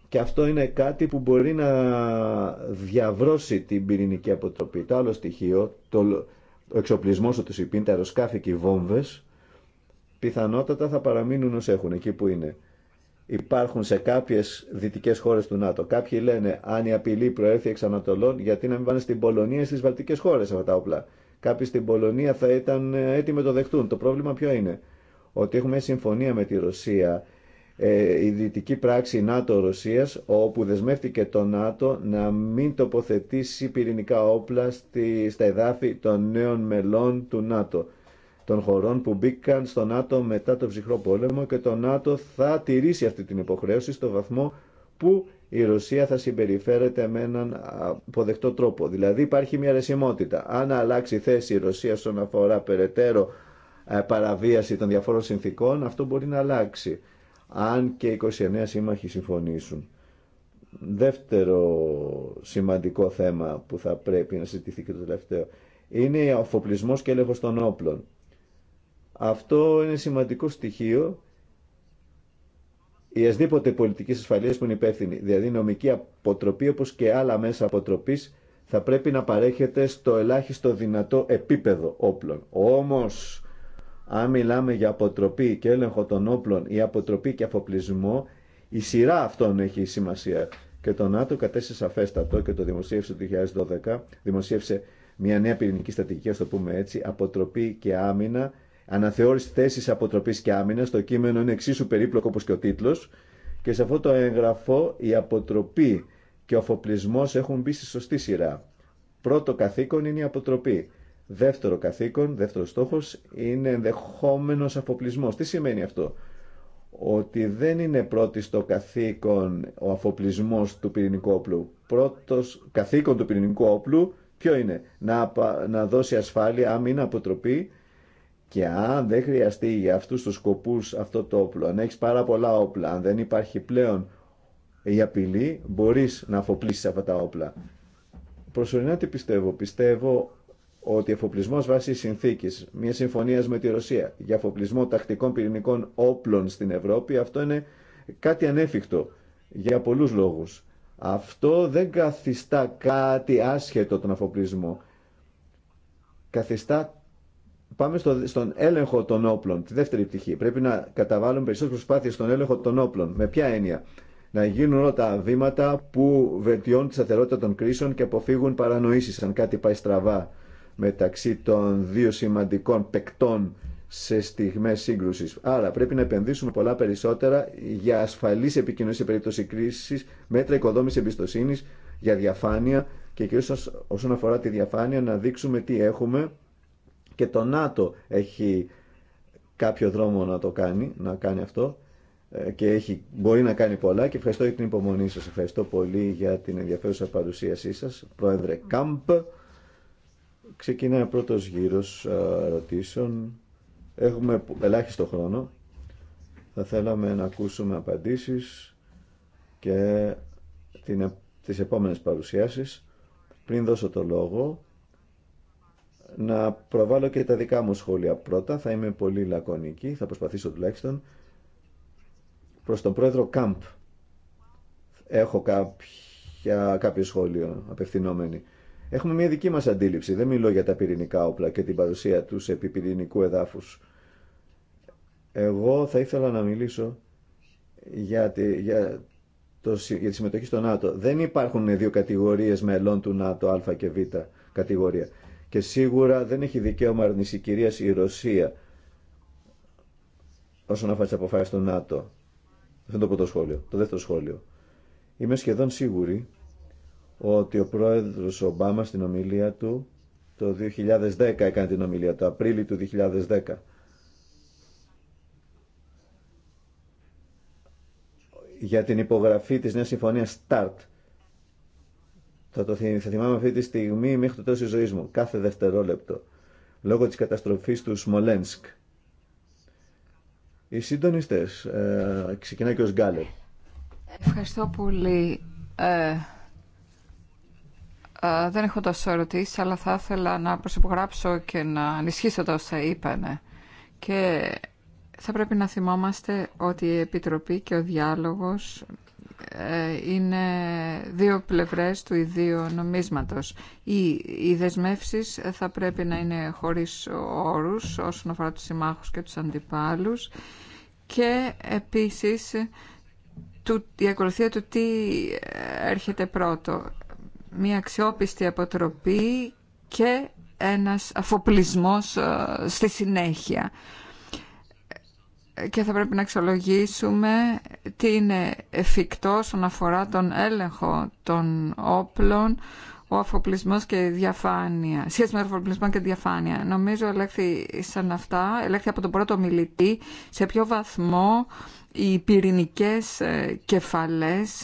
Και αυτό είναι κάτι που μπορεί να διαβρώσει την πυρηνική αποτροπή. Το άλλο στοιχείο, το, ο εξοπλισμός του ΣΥΠΗΝ, τα αεροσκάφη και οι βόμβες, πιθανότατα θα παραμείνουν ως έχουν εκεί που είναι. Υπάρχουν σε κάποιες δυτικές χώρες του ΝΑΤΟ. Κάποιοι λένε αν η απειλή προέρχεται εξ Ανατολών, γιατί να μην πάνε στην Πολωνία ή στις Βαλτικές χώρες αυτά τα όπλα κάποιοι στην Πολωνία θα ήταν ε, έτοιμοι να το δεχτούν. Το πρόβλημα ποιο είναι. Ότι έχουμε συμφωνία με τη Ρωσία, ε, η δυτική πράξη ΝΑΤΟ-Ρωσίας, όπου δεσμεύτηκε το ΝΑΤΟ να μην τοποθετήσει πυρηνικά όπλα στη, στα εδάφη των νέων μελών του ΝΑΤΟ των χωρών που μπήκαν στο ΝΑΤΟ μετά το ψυχρό πόλεμο και το ΝΑΤΟ θα τηρήσει αυτή την υποχρέωση στο βαθμό που η Ρωσία θα συμπεριφέρεται με έναν αποδεκτό τρόπο. Δηλαδή υπάρχει μια ρεσιμότητα. Αν αλλάξει θέση η Ρωσία στον αφορά περαιτέρω ε, παραβίαση των διαφόρων συνθήκων, αυτό μπορεί να αλλάξει. Αν και 29 σύμμαχοι συμφωνήσουν. Δεύτερο σημαντικό θέμα που θα πρέπει να συζητηθεί και το τελευταίο είναι ο φοπλισμός και έλεγχος των όπλων. Αυτό είναι σημαντικό στοιχείο η ασδήποτε πολιτική ασφαλεία που είναι υπεύθυνη, δηλαδή νομική αποτροπή όπω και άλλα μέσα αποτροπή, θα πρέπει να παρέχεται στο ελάχιστο δυνατό επίπεδο όπλων. Όμω, αν μιλάμε για αποτροπή και έλεγχο των όπλων ή αποτροπή και αφοπλισμό, η σειρά αυτών έχει σημασία. Και το ΝΑΤΟ κατέστησε σαφέστατο και το δημοσίευσε το 2012, δημοσίευσε μια νέα πυρηνική στρατηγική, α το πούμε έτσι, αποτροπή και άμυνα Αναθεώρηση θέση αποτροπή και άμυνα. Το κείμενο είναι εξίσου περίπλοκο όπω και ο τίτλο. Και σε αυτό το έγγραφο η αποτροπή και ο αφοπλισμό έχουν μπει στη σωστή σειρά. Πρώτο καθήκον είναι η αποτροπή. Δεύτερο καθήκον, δεύτερο στόχο είναι ενδεχόμενο αφοπλισμό. Τι σημαίνει αυτό, Ότι δεν είναι πρώτη στο καθήκον ο αφοπλισμό του πυρηνικού όπλου. Πρώτο καθήκον του πυρηνικού όπλου ποιο είναι, να, να δώσει ασφάλεια, άμυνα, αποτροπή και αν δεν χρειαστεί για αυτούς τους σκοπούς αυτό το όπλο, αν έχεις πάρα πολλά όπλα, αν δεν υπάρχει πλέον η απειλή, μπορείς να αφοπλίσεις αυτά τα όπλα. Προσωρινά τι πιστεύω. Πιστεύω ότι εφοπλισμός βάσει συνθήκης μια συμφωνίας με τη Ρωσία για εφοπλισμό τακτικών πυρηνικών όπλων στην Ευρώπη, αυτό είναι κάτι ανέφικτο για πολλούς λόγους. Αυτό δεν καθιστά κάτι άσχετο τον αφοπλισμό. Καθιστά Πάμε στο, στον έλεγχο των όπλων, τη δεύτερη πτυχή. Πρέπει να καταβάλουμε περισσότερε προσπάθειε στον έλεγχο των όπλων. Με ποια έννοια. Να γίνουν όλα τα βήματα που βελτιώνουν τη σταθερότητα των κρίσεων και αποφύγουν παρανοήσει αν κάτι πάει στραβά μεταξύ των δύο σημαντικών παικτών σε στιγμέ σύγκρουση. Άρα πρέπει να επενδύσουμε πολλά περισσότερα για ασφαλή επικοινωνία σε περίπτωση κρίση, μέτρα οικοδόμηση εμπιστοσύνη, για διαφάνεια και κυρίω όσον αφορά τη διαφάνεια να δείξουμε τι έχουμε και το ΝΑΤΟ έχει κάποιο δρόμο να το κάνει, να κάνει αυτό ε, και έχει, μπορεί να κάνει πολλά και ευχαριστώ για την υπομονή σας. Ευχαριστώ πολύ για την ενδιαφέρουσα παρουσίασή σας. Πρόεδρε Κάμπ, ξεκινάει ο πρώτος γύρος ε, ερωτήσεων. Έχουμε ελάχιστο χρόνο. Θα θέλαμε να ακούσουμε απαντήσεις και την, τις επόμενες παρουσιάσεις. Πριν δώσω το λόγο, να προβάλλω και τα δικά μου σχόλια πρώτα. Θα είμαι πολύ λακωνική, θα προσπαθήσω τουλάχιστον. Προς τον πρόεδρο Κάμπ έχω κάποια, κάποιο σχόλιο απευθυνόμενοι. Έχουμε μια δική μας αντίληψη. Δεν μιλώ για τα πυρηνικά όπλα και την παρουσία τους επί πυρηνικού εδάφους. Εγώ θα ήθελα να μιλήσω για τη, για το, για συμμετοχή στο ΝΑΤΟ. Δεν υπάρχουν δύο κατηγορίες μελών του ΝΑΤΟ, Α και Β κατηγορία και σίγουρα δεν έχει δικαίωμα αρνησή κυρία η Ρωσία όσον αφορά τι αποφάσει του ΝΑΤΟ. Αυτό είναι το πρώτο σχόλιο. Το δεύτερο σχόλιο. Είμαι σχεδόν σίγουρη ότι ο πρόεδρο Ομπάμα στην ομιλία του το 2010 έκανε την ομιλία, το Απρίλιο του 2010. για την υπογραφή της νέας συμφωνίας START θα το θυμάμαι αυτή τη στιγμή μέχρι το τέλος της ζωής μου, κάθε δευτερόλεπτο, λόγω της καταστροφής του Σμολένσκ. Οι συντονιστέ, ε, ξεκινάει και ο Σγκάλερ. Ευχαριστώ πολύ. Ε, ε δεν έχω τόσο ερωτήσει, αλλά θα ήθελα να προσυπογράψω και να ενισχύσω τα όσα είπανε. Και θα πρέπει να θυμόμαστε ότι η Επιτροπή και ο διάλογος ε, είναι δύο πλευρές του ιδίου νομίσματος. Οι, οι δεσμεύσει θα πρέπει να είναι χωρίς όρους όσον αφορά τους συμμάχους και τους αντιπάλους και επίσης του, η ακολουθία του τι έρχεται πρώτο. Μια αξιόπιστη αποτροπή και ένας αφοπλισμός ε, στη συνέχεια και θα πρέπει να εξολογήσουμε τι είναι εφικτό όσον αφορά τον έλεγχο των όπλων, ο αφοπλισμό και διαφάνεια, σχέση με αφοπλισμό και διαφάνεια. Νομίζω ελέγχθη σαν αυτά, ελέγχθη από τον πρώτο μιλητή, σε ποιο βαθμό οι πυρηνικές ε, κεφαλές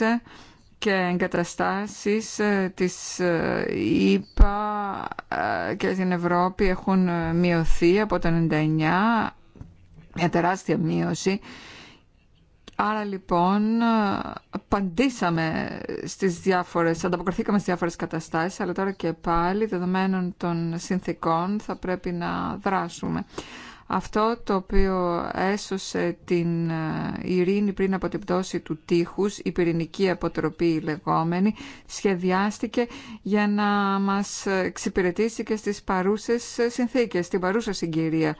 και εγκαταστάσεις ε, της ε, ΙΠΑ και στην Ευρώπη έχουν μειωθεί από το 99 μια τεράστια μείωση. Άρα λοιπόν απαντήσαμε στις διάφορες, ανταποκριθήκαμε στις διάφορες καταστάσεις, αλλά τώρα και πάλι δεδομένων των συνθήκων θα πρέπει να δράσουμε. Αυτό το οποίο έσωσε την ε, ειρήνη πριν από την πτώση του τείχους, η πυρηνική αποτροπή λεγόμενη, σχεδιάστηκε για να μας εξυπηρετήσει και στις παρούσες συνθήκες, στην παρούσα συγκυρία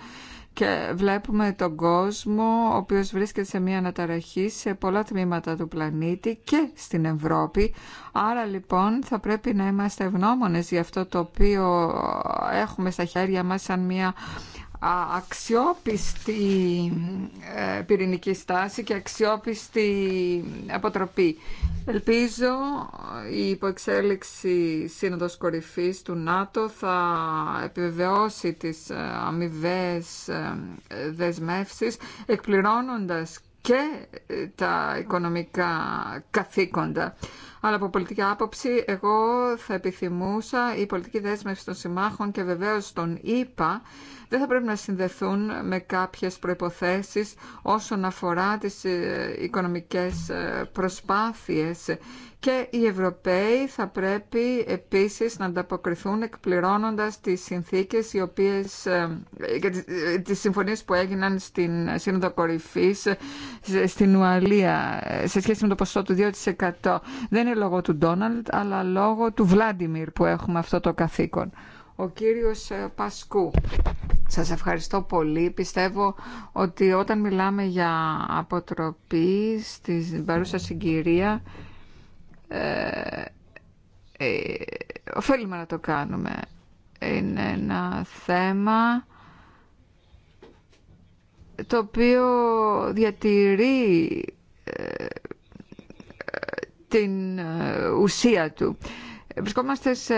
και βλέπουμε τον κόσμο ο οποίος βρίσκεται σε μια αναταραχή σε πολλά τμήματα του πλανήτη και στην Ευρώπη. Άρα λοιπόν θα πρέπει να είμαστε ευγνώμονες για αυτό το οποίο έχουμε στα χέρια μας σαν μια αξιόπιστη ε, πυρηνική στάση και αξιόπιστη αποτροπή. Ελπίζω η υποεξέλιξη σύνοδος κορυφής του ΝΑΤΟ θα επιβεβαιώσει τις ε, αμοιβέ ε, δεσμεύσεις εκπληρώνοντας και τα οικονομικά καθήκοντα. Αλλά από πολιτική άποψη εγώ θα επιθυμούσα η πολιτική δέσμευση των συμμάχων και βεβαίως των ΗΠΑ δεν θα πρέπει να συνδεθούν με κάποιες προϋποθέσεις όσον αφορά τις ε, οικονομικές ε, προσπάθειες και οι Ευρωπαίοι θα πρέπει επίσης να ανταποκριθούν εκπληρώνοντας τις συνθήκες οι οποίες, ε, τις συμφωνίες που έγιναν στην Σύνοδο Κορυφής στην Ουαλία σε σχέση με το ποσό του 2%. Δεν είναι λόγω του Ντόναλτ αλλά λόγω του Βλάντιμιρ που έχουμε αυτό το καθήκον. Ο κύριος Πασκού. Σας ευχαριστώ πολύ. Πιστεύω ότι όταν μιλάμε για αποτροπή στην παρούσα συγκυρία ε, οφείλουμε να το κάνουμε. Είναι ένα θέμα το οποίο διατηρεί ε, ε, την ε, ουσία του. Βρισκόμαστε σε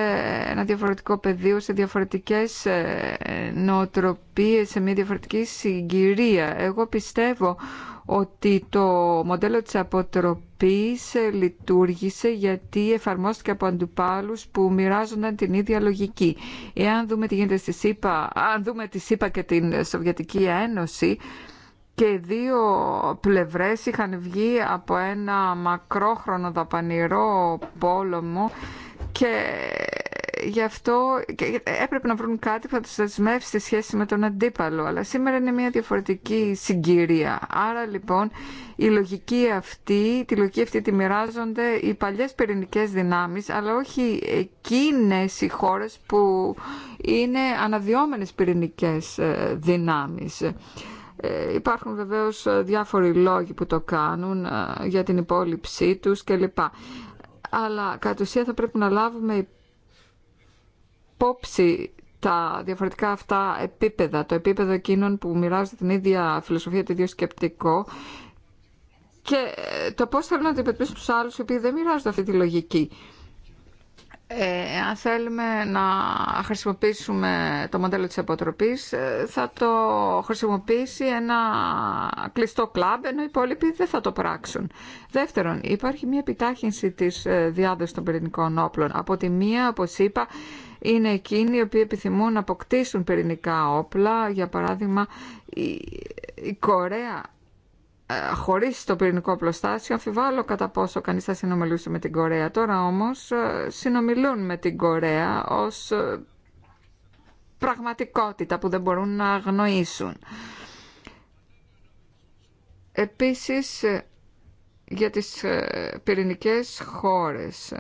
ένα διαφορετικό πεδίο, σε διαφορετικές ε, νοοτροπίες, σε μια διαφορετική συγκυρία. Εγώ πιστεύω ότι το μοντέλο της αποτροπής ε, λειτουργήσε γιατί εφαρμόστηκε από αντιπάλους που μοιράζονταν την ίδια λογική. Εάν δούμε τι γίνεται στη ΣΥΠΑ, αν δούμε τη ΣΥΠΑ και την Σοβιετική Ένωση, και δύο πλευρές είχαν βγει από ένα μακρόχρονο δαπανηρό πόλεμο και γι' αυτό έπρεπε να βρουν κάτι που θα του δεσμεύσει στη σχέση με τον αντίπαλο. Αλλά σήμερα είναι μια διαφορετική συγκυρία. Άρα λοιπόν η λογική αυτή, τη λογική αυτή τη μοιράζονται οι παλιές πυρηνικές δυνάμεις, αλλά όχι εκείνες οι χώρες που είναι αναδυόμενες πυρηνικές ε, δυνάμεις. Ε, υπάρχουν βεβαίως διάφοροι λόγοι που το κάνουν ε, για την υπόλοιψή τους κλπ αλλά κατ' ουσία θα πρέπει να λάβουμε υπόψη τα διαφορετικά αυτά επίπεδα, το επίπεδο εκείνων που μοιράζονται την ίδια φιλοσοφία, το ίδιο σκεπτικό και ε, το πώς θέλουν να αντιμετωπίσουν τους άλλους οι οποίοι δεν μοιράζονται αυτή τη λογική. Ε, αν θέλουμε να χρησιμοποιήσουμε το μοντέλο της αποτροπής, ε, θα το χρησιμοποιήσει ένα κλειστό κλαμπ, ενώ οι υπόλοιποι δεν θα το πράξουν. Δεύτερον, υπάρχει μια επιτάχυνση της ε, διάδοσης των πυρηνικών όπλων. Από τη μία, όπως είπα, είναι εκείνοι οι οποίοι επιθυμούν να αποκτήσουν πυρηνικά όπλα. Για παράδειγμα, η Κορέα ε, χωρίς το πυρηνικό πλωστάσιο αμφιβάλλω κατά πόσο κανείς θα συνομιλούσε με την Κορέα. Τώρα όμως ε, συνομιλούν με την Κορέα ως ε, πραγματικότητα που δεν μπορούν να αγνοήσουν. Επίσης για τις πυρηνικές χώρες.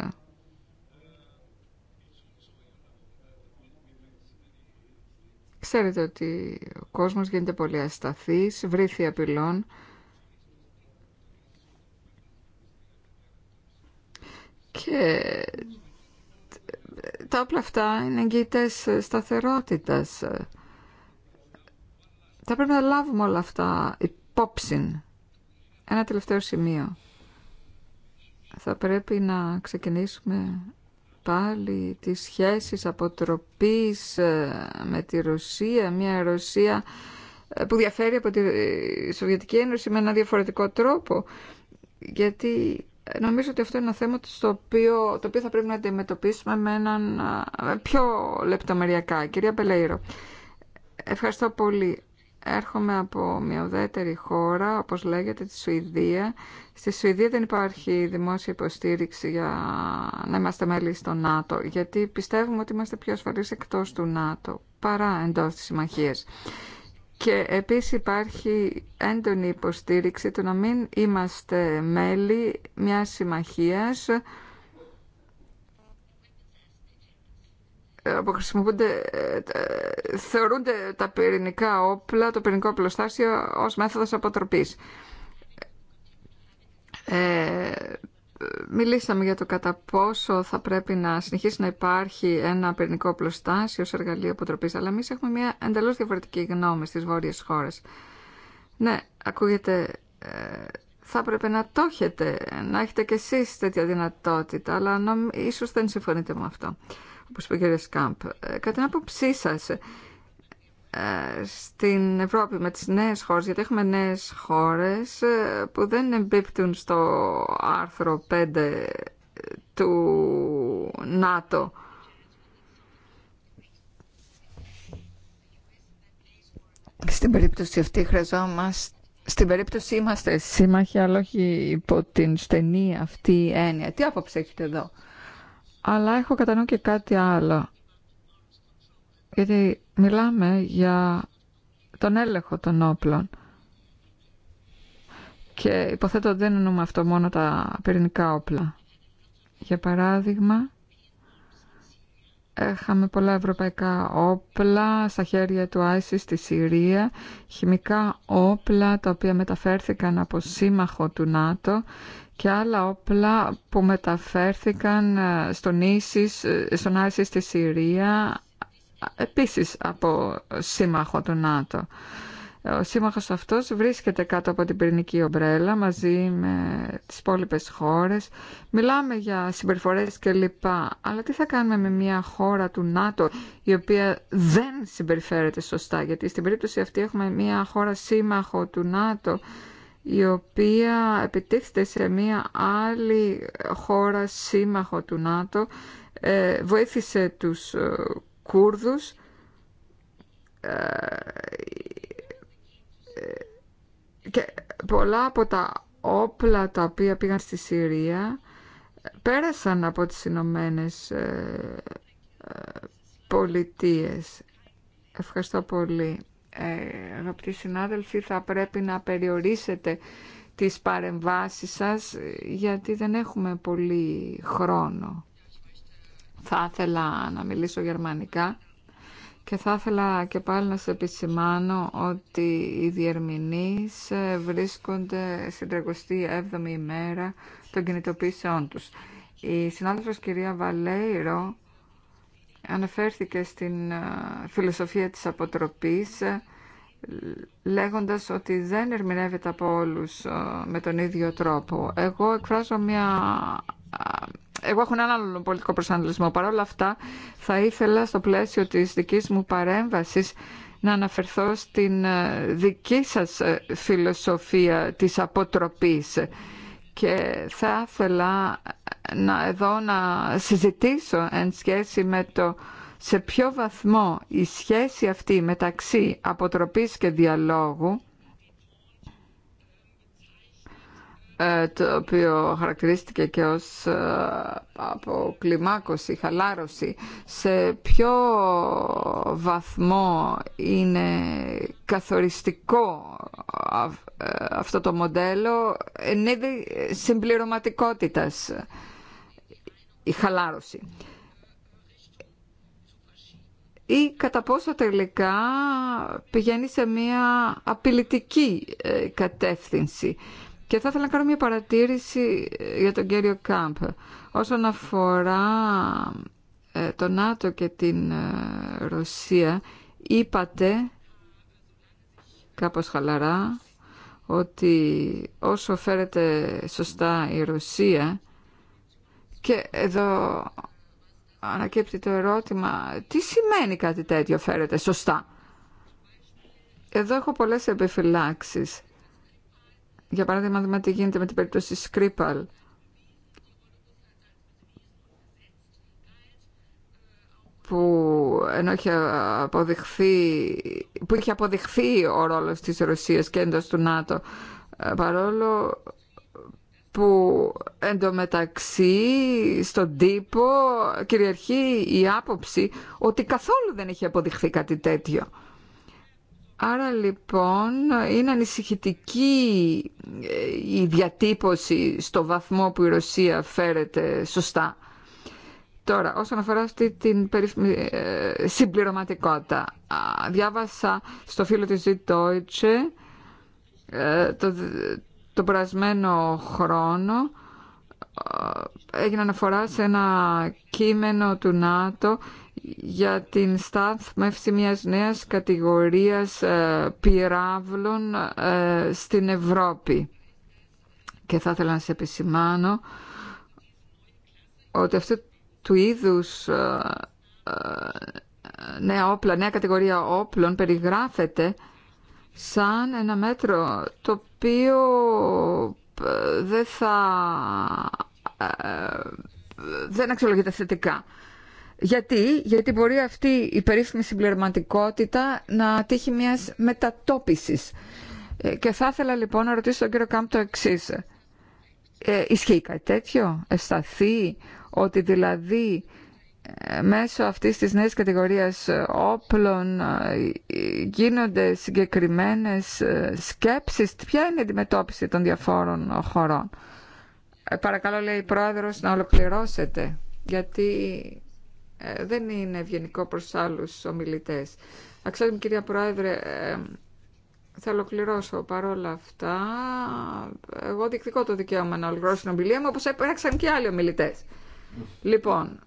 Ξέρετε ότι ο κόσμος γίνεται πολύ ασταθής, βρήθη απειλών Και τα όπλα αυτά είναι εγγυητές σταθερότητας. Θα πρέπει να λάβουμε όλα αυτά υπόψη. Ένα τελευταίο σημείο. Θα πρέπει να ξεκινήσουμε πάλι τις σχέσεις αποτροπής ε, με τη Ρωσία, μια Ρωσία ε, που διαφέρει από τη Σοβιετική Ένωση με ένα διαφορετικό τρόπο, γιατί νομίζω ότι αυτό είναι ένα θέμα στο οποίο, το οποίο θα πρέπει να αντιμετωπίσουμε με έναν ε, πιο λεπτομεριακά. Κυρία Πελέιρο, ευχαριστώ πολύ. Έρχομαι από μια ουδέτερη χώρα, όπως λέγεται, τη Σουηδία. Στη Σουηδία δεν υπάρχει δημόσια υποστήριξη για να είμαστε μέλη στο ΝΑΤΟ, γιατί πιστεύουμε ότι είμαστε πιο ασφαλείς εκτός του ΝΑΤΟ παρά εντός της συμμαχίας. Και επίσης υπάρχει έντονη υποστήριξη του να μην είμαστε μέλη μιας συμμαχίας ε, που χρησιμοποιούνται, ε, ε, θεωρούνται τα πυρηνικά όπλα, το πυρηνικό οπλοστάσιο ως μέθοδος αποτροπής. Ε, μιλήσαμε για το κατά πόσο θα πρέπει να συνεχίσει να υπάρχει ένα πυρηνικό πλωστάσιο ως εργαλείο αποτροπής, αλλά εμεί έχουμε μια εντελώς διαφορετική γνώμη στις βόρειες χώρες. Ναι, ακούγεται, ε, θα πρέπει να το έχετε, να έχετε κι εσείς τέτοια δυνατότητα, αλλά νομ, ίσως δεν συμφωνείτε με αυτό, όπως είπε ο κ. Σκάμπ. Ε, κατά την άποψή σας, ε, στην Ευρώπη με τις νέες χώρες, γιατί έχουμε νέες χώρες ε, που δεν εμπίπτουν στο άρθρο 5 του ΝΑΤΟ. Στην περίπτωση αυτή χρειαζόμαστε στην περίπτωση είμαστε σύμμαχοι, αλλά όχι υπό την στενή αυτή έννοια. Τι άποψη έχετε εδώ. Αλλά έχω κατά νου και κάτι άλλο γιατί μιλάμε για τον έλεγχο των όπλων και υποθέτω ότι δεν εννοούμε αυτό μόνο τα πυρηνικά όπλα. Για παράδειγμα, είχαμε πολλά ευρωπαϊκά όπλα στα χέρια του ISIS στη Συρία, χημικά όπλα τα οποία μεταφέρθηκαν από σύμμαχο του ΝΑΤΟ και άλλα όπλα που μεταφέρθηκαν ε, στον ISIS, ε, στον στη Συρία επίσης από σύμμαχο του ΝΑΤΟ. Ο σύμμαχος αυτός βρίσκεται κάτω από την πυρηνική ομπρέλα μαζί με τις υπόλοιπε χώρες. Μιλάμε για συμπεριφορές κλπ. Αλλά τι θα κάνουμε με μια χώρα του ΝΑΤΟ η οποία δεν συμπεριφέρεται σωστά. Γιατί στην περίπτωση αυτή έχουμε μια χώρα σύμμαχο του ΝΑΤΟ η οποία επιτίθεται σε μια άλλη χώρα σύμμαχο του ΝΑΤΟ. Ε, βοήθησε τους ε, Κούρδους ε, ε, και πολλά από τα όπλα τα οποία πήγαν στη Συρία πέρασαν από τις Ηνωμένε ε, Πολιτείες. Ευχαριστώ πολύ. Ε, αγαπητοί συνάδελφοι, θα πρέπει να περιορίσετε τις παρεμβάσεις σας γιατί δεν έχουμε πολύ χρόνο. Θα ήθελα να μιλήσω γερμανικά και θα ήθελα και πάλι να σε επισημάνω ότι οι διερμηνείς ε, βρίσκονται στην 37η ημέρα των κινητοποίησεών τους. Η συνάδελφος κυρία Βαλέιρο αναφέρθηκε στην ε, φιλοσοφία της αποτροπής ε, λέγοντας ότι δεν ερμηνεύεται από όλους με τον ίδιο τρόπο. Εγώ εκφράζω μια εγώ έχω έναν άλλο πολιτικό προσανατολισμό. Παρ' όλα αυτά θα ήθελα στο πλαίσιο της δικής μου παρέμβασης να αναφερθώ στην ε, δική σας ε, φιλοσοφία της αποτροπής και θα ήθελα ε, να, εδώ να συζητήσω εν σχέση με το σε ποιο βαθμό η σχέση αυτή μεταξύ αποτροπής και διαλόγου Ε, το οποίο χαρακτηρίστηκε και ως ε, αποκλιμάκωση, χαλάρωση, σε ποιο βαθμό είναι καθοριστικό ε, αυτό το μοντέλο εν ναι, είδη συμπληρωματικότητας η χαλάρωση ή κατά πόσο τελικά πηγαίνει σε μια απειλητική κατεύθυνση και θα ήθελα να κάνω μια παρατήρηση ε, για τον κύριο Κάμπ. Όσον αφορά ε, το ΝΑΤΟ και την ε, Ρωσία, είπατε κάπως χαλαρά ότι όσο φέρεται σωστά η Ρωσία και εδώ ανακύπτει το ερώτημα τι σημαίνει κάτι τέτοιο φέρεται σωστά. Εδώ έχω πολλές επιφυλάξεις για παράδειγμα, δούμε τι γίνεται με την περίπτωση Σκρίπαλ. που ενώ είχε αποδειχθεί, που είχε αποδειχθεί ο ρόλος της Ρωσίας και εντός του ΝΑΤΟ ε, παρόλο που εντωμεταξύ στον τύπο κυριαρχεί η άποψη ότι καθόλου δεν είχε αποδειχθεί κάτι τέτοιο. Άρα λοιπόν είναι ανησυχητική ε, η διατύπωση στο βαθμό που η Ρωσία φέρεται σωστά. Τώρα, όσον αφορά αυτή την ε, συμπληρωματικότητα, διάβασα στο φίλο της Deutsche ε, το, το περασμένο χρόνο έγινε αναφορά σε ένα κείμενο του ΝΑΤΟ για την στάθμευση μιας νέας κατηγορίας ε, πυράβλων ε, στην Ευρώπη. Και θα ήθελα να σε επισημάνω ότι αυτού του είδους ε, νέα όπλα, νέα κατηγορία όπλων περιγράφεται σαν ένα μέτρο το οποίο δεν θα δεν αξιολογείται θετικά. Γιατί, γιατί μπορεί αυτή η περίφημη συμπληρωματικότητα να τύχει μιας μετατόπισης. Ε, και θα ήθελα λοιπόν να ρωτήσω τον κύριο Κάμπ το εξή. Ε, ισχύει κάτι τέτοιο, σταθεί ότι δηλαδή ε, μέσω αυτής της νέας κατηγορίας ε, όπλων γίνονται συγκεκριμένες σκέψεις. Ποια είναι η αντιμετώπιση των διαφόρων χωρών. παρακαλώ λέει η Πρόεδρος να ολοκληρώσετε γιατί ε, δεν είναι ευγενικό προς άλλους ομιλητές. Αξιότιμη κυρία Πρόεδρε, ε, θα ολοκληρώσω παρόλα αυτά. Εγώ διεκδικώ το δικαίωμα να ολοκληρώσω την ομιλία μου, όπως έπαιξαν και άλλοι ομιλητές. Λοιπόν,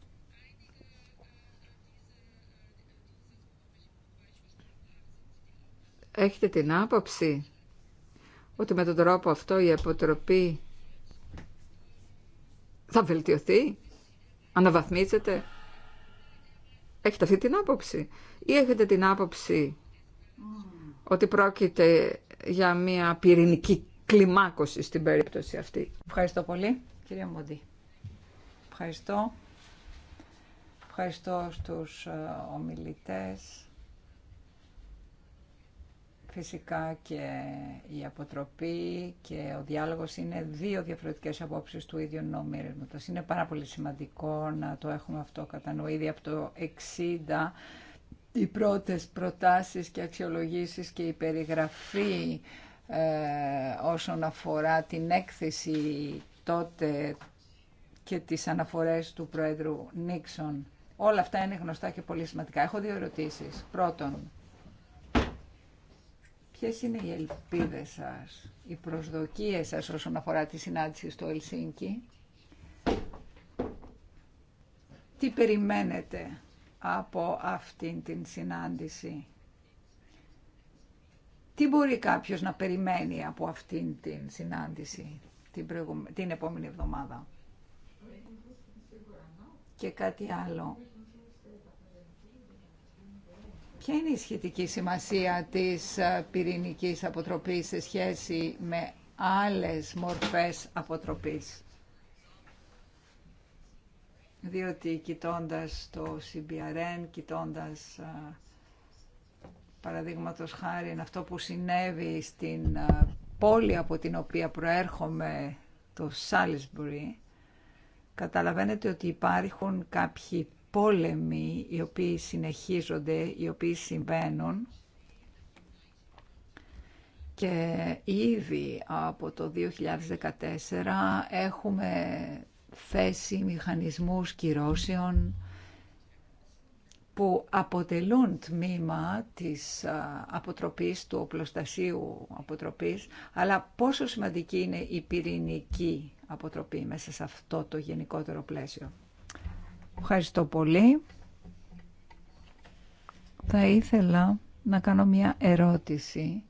έχετε την άποψη ότι με τον τρόπο αυτό η αποτροπή θα βελτιωθεί, αναβαθμίζεται. Έχετε αυτή την άποψη ή έχετε την άποψη ότι πρόκειται για μια πυρηνική κλιμάκωση στην περίπτωση αυτή. Ευχαριστώ πολύ, κυρία Μοντή. Ευχαριστώ. Ευχαριστώ στους ε, ομιλητές. Φυσικά και η αποτροπή και ο διάλογος είναι δύο διαφορετικές απόψεις του ίδιου νομίρευματος. Είναι πάρα πολύ σημαντικό να το έχουμε αυτό κατά νου. Ήδη από το 60 οι πρώτες προτάσεις και αξιολογήσεις και η περιγραφή ε, όσον αφορά την έκθεση τότε και τις αναφορές του Πρόεδρου Νίξον. Όλα αυτά είναι γνωστά και πολύ σημαντικά. Έχω δύο ερωτήσεις. Πρώτον, Ποιες είναι οι ελπίδες σας, οι προσδοκίες σας όσον αφορά τη συνάντηση στο Ελσίνκι. Τι περιμένετε από αυτήν την συνάντηση. Τι μπορεί κάποιος να περιμένει από αυτήν την συνάντηση την, την επόμενη εβδομάδα. Και κάτι άλλο. Ποια είναι η σχετική σημασία της ε, πυρηνικής αποτροπής σε σχέση με άλλες μορφές αποτροπής. Διότι κοιτώντας το CBRN, κοιτώντας ε, παραδείγματος χάρη αυτό που συνέβη στην ε, πόλη από την οποία προέρχομαι, το Σάλισμπουρι, καταλαβαίνετε ότι υπάρχουν κάποιοι πόλεμοι οι οποίοι συνεχίζονται, οι οποίοι συμβαίνουν και ήδη από το 2014 έχουμε θέσει μηχανισμούς κυρώσεων που αποτελούν τμήμα της αποτροπής, του οπλοστασίου αποτροπής, αλλά πόσο σημαντική είναι η πυρηνική αποτροπή μέσα σε αυτό το γενικότερο πλαίσιο. Ευχαριστώ πολύ. Θα ήθελα να κάνω μια ερώτηση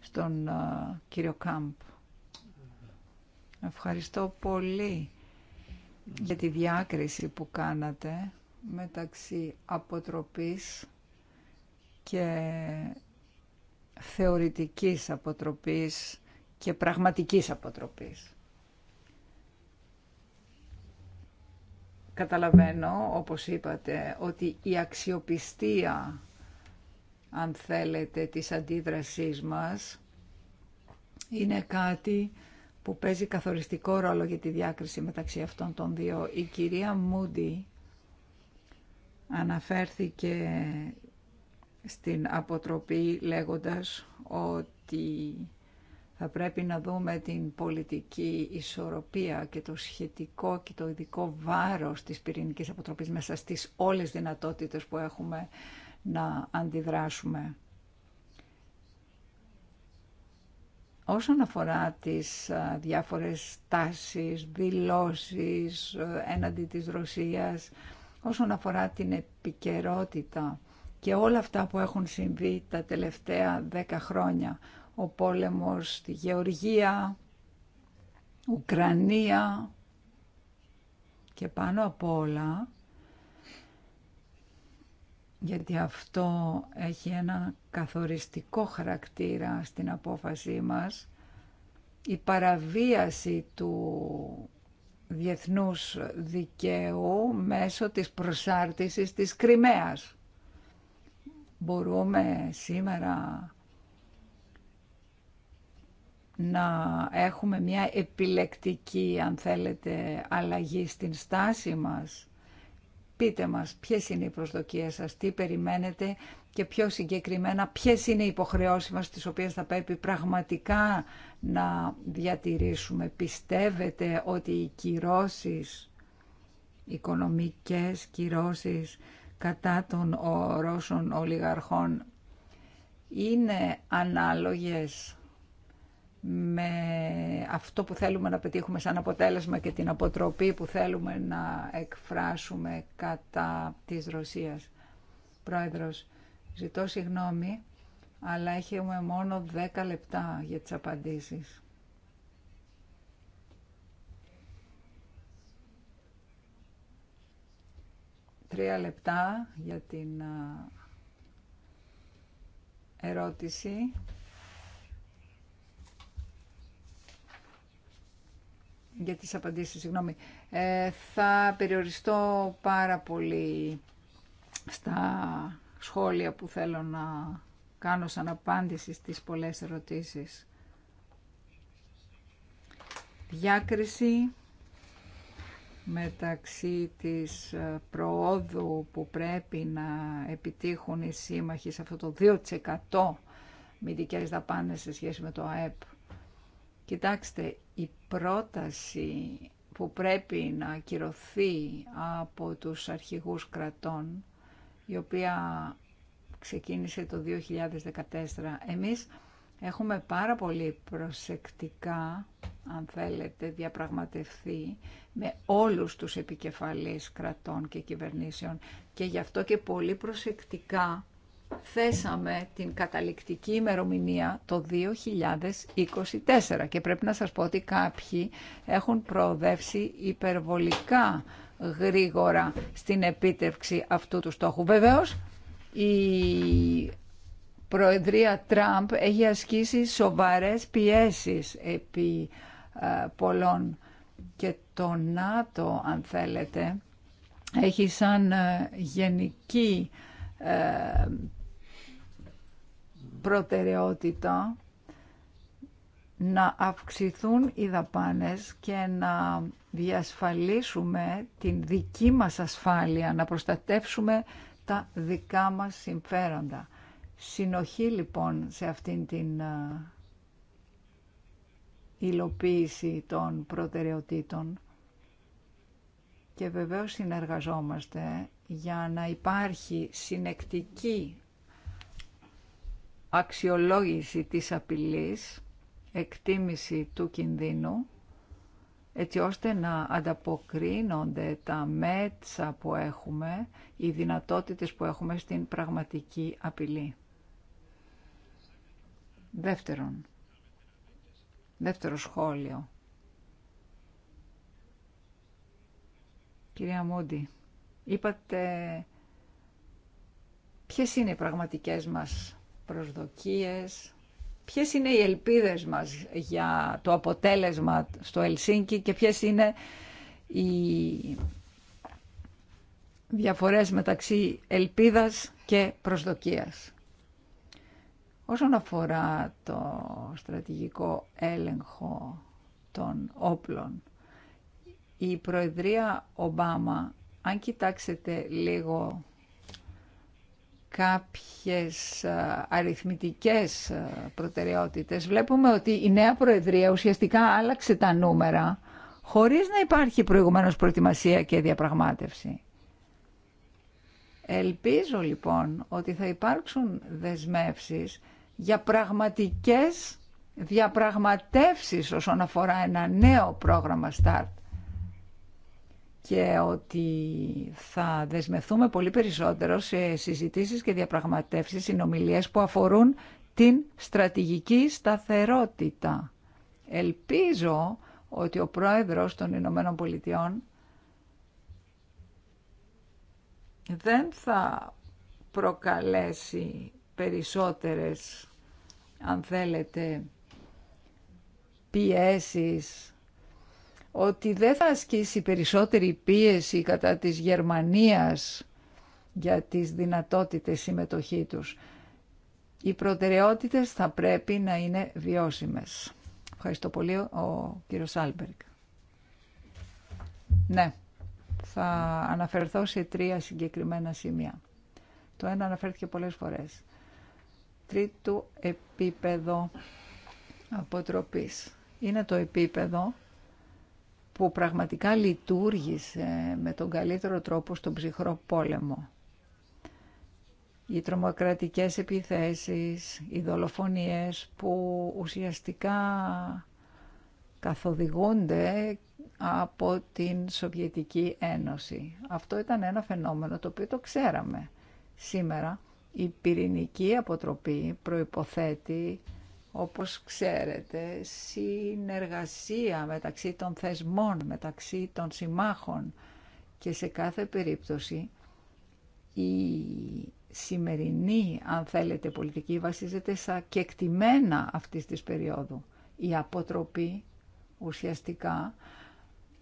στον κύριο Κάμπ. Ευχαριστώ πολύ για τη διάκριση που κάνατε μεταξύ αποτροπής και θεωρητικής αποτροπής και πραγματικής αποτροπής. Καταλαβαίνω, όπως είπατε, ότι η αξιοπιστία, αν θέλετε, της αντίδρασής μας είναι κάτι που παίζει καθοριστικό ρόλο για τη διάκριση μεταξύ αυτών των δύο. Η κυρία Μούντι αναφέρθηκε στην αποτροπή λέγοντας ότι θα πρέπει να δούμε την πολιτική ισορροπία και το σχετικό και το ειδικό βάρος της πυρηνικής αποτροπής μέσα στις όλες δυνατότητες που έχουμε να αντιδράσουμε. Όσον αφορά τις διάφορες τάσεις, δηλώσεις ε, έναντι της Ρωσίας, όσον αφορά την επικαιρότητα και όλα αυτά που έχουν συμβεί τα τελευταία δέκα χρόνια, ο πόλεμος στη Γεωργία, Ουκρανία και πάνω απ' όλα, γιατί αυτό έχει ένα καθοριστικό χαρακτήρα στην απόφασή μας, η παραβίαση του διεθνούς δικαίου μέσω της προσάρτησης της Κρυμαίας. Μπορούμε σήμερα να έχουμε μια επιλεκτική, αν θέλετε, αλλαγή στην στάση μας. Πείτε μας ποιες είναι οι προσδοκίες σας, τι περιμένετε και πιο συγκεκριμένα ποιες είναι οι υποχρεώσεις μας τις οποίες θα πρέπει πραγματικά να διατηρήσουμε. Πιστεύετε ότι οι κυρώσεις, οικονομικές κυρώσεις κατά των Ρώσων ολιγαρχών είναι ανάλογες με αυτό που θέλουμε να πετύχουμε σαν αποτέλεσμα και την αποτροπή που θέλουμε να εκφράσουμε κατά της Ρωσίας. Πρόεδρος, ζητώ συγγνώμη, αλλά έχουμε μόνο 10 λεπτά για τις απαντήσεις. Τρία λεπτά για την ερώτηση. για τις απαντήσεις, συγγνώμη. Ε, θα περιοριστώ πάρα πολύ στα σχόλια που θέλω να κάνω σαν απάντηση στις πολλές ερωτήσεις. Διάκριση μεταξύ της ε, προόδου που πρέπει να επιτύχουν οι σύμμαχοι σε αυτό το 2% μηδικές δαπάνες σε σχέση με το ΑΕΠ. Κοιτάξτε, η πρόταση που πρέπει να ακυρωθεί από τους αρχηγούς κρατών, η οποία ξεκίνησε το 2014. Εμείς έχουμε πάρα πολύ προσεκτικά, αν θέλετε, διαπραγματευθεί με όλους τους επικεφαλής κρατών και κυβερνήσεων και γι' αυτό και πολύ προσεκτικά θέσαμε την καταληκτική ημερομηνία το 2024 και πρέπει να σας πω ότι κάποιοι έχουν προοδεύσει υπερβολικά γρήγορα στην επίτευξη αυτού του στόχου. Βεβαίως, η Προεδρία Τραμπ έχει ασκήσει σοβαρές πιέσεις επί ε, πολλών και το ΝΑΤΟ, αν θέλετε, έχει σαν ε, γενική ε, προτεραιότητα να αυξηθούν οι δαπάνες και να διασφαλίσουμε την δική μας ασφάλεια, να προστατεύσουμε τα δικά μας συμφέροντα. Συνοχή λοιπόν σε αυτήν την υλοποίηση των προτεραιοτήτων και βεβαίως συνεργαζόμαστε για να υπάρχει συνεκτική αξιολόγηση της απειλής, εκτίμηση του κινδύνου, έτσι ώστε να ανταποκρίνονται τα μέτσα που έχουμε, οι δυνατότητες που έχουμε στην πραγματική απειλή. Δεύτερον, δεύτερο σχόλιο. Κυρία Μούντι, είπατε ποιες είναι οι πραγματικές μας προσδοκίες. Ποιες είναι οι ελπίδες μας για το αποτέλεσμα στο Ελσίνκι και ποιες είναι οι διαφορές μεταξύ ελπίδας και προσδοκίας. Όσον αφορά το στρατηγικό έλεγχο των όπλων, η Προεδρία Ομπάμα, αν κοιτάξετε λίγο κάποιες ε, αριθμητικές ε, προτεραιότητες βλέπουμε ότι η νέα Προεδρία ουσιαστικά άλλαξε τα νούμερα χωρίς να υπάρχει προηγουμένως προετοιμασία και διαπραγμάτευση. Ελπίζω λοιπόν ότι θα υπάρξουν δεσμεύσεις για πραγματικές διαπραγματεύσεις όσον αφορά ένα νέο πρόγραμμα START και ότι θα δεσμευτούμε πολύ περισσότερο σε συζητήσεις και διαπραγματεύσεις, συνομιλίες που αφορούν την στρατηγική σταθερότητα. Ελπίζω ότι ο πρόεδρος των Ηνωμένων Πολιτειών δεν θα προκαλέσει περισσότερες, αν θέλετε, πιέσεις ότι δεν θα ασκήσει περισσότερη πίεση κατά της Γερμανίας για τις δυνατότητες συμμετοχή τους. Οι προτεραιότητες θα πρέπει να είναι βιώσιμες. Ευχαριστώ πολύ ο κύριος Άλμπεργκ. Ναι, θα αναφερθώ σε τρία συγκεκριμένα σημεία. Το ένα αναφέρθηκε πολλές φορές. Τρίτο επίπεδο αποτροπής. Είναι το επίπεδο που πραγματικά λειτουργήσε με τον καλύτερο τρόπο στον ψυχρό πόλεμο. Οι τρομοκρατικές επιθέσεις, οι δολοφονίες που ουσιαστικά καθοδηγούνται από την Σοβιετική Ένωση. Αυτό ήταν ένα φαινόμενο το οποίο το ξέραμε. Σήμερα η πυρηνική αποτροπή προϋποθέτει όπως ξέρετε, συνεργασία μεταξύ των θεσμών, μεταξύ των συμμάχων και σε κάθε περίπτωση η σημερινή, αν θέλετε, πολιτική βασίζεται στα κεκτημένα αυτής της περίοδου. Η αποτροπή ουσιαστικά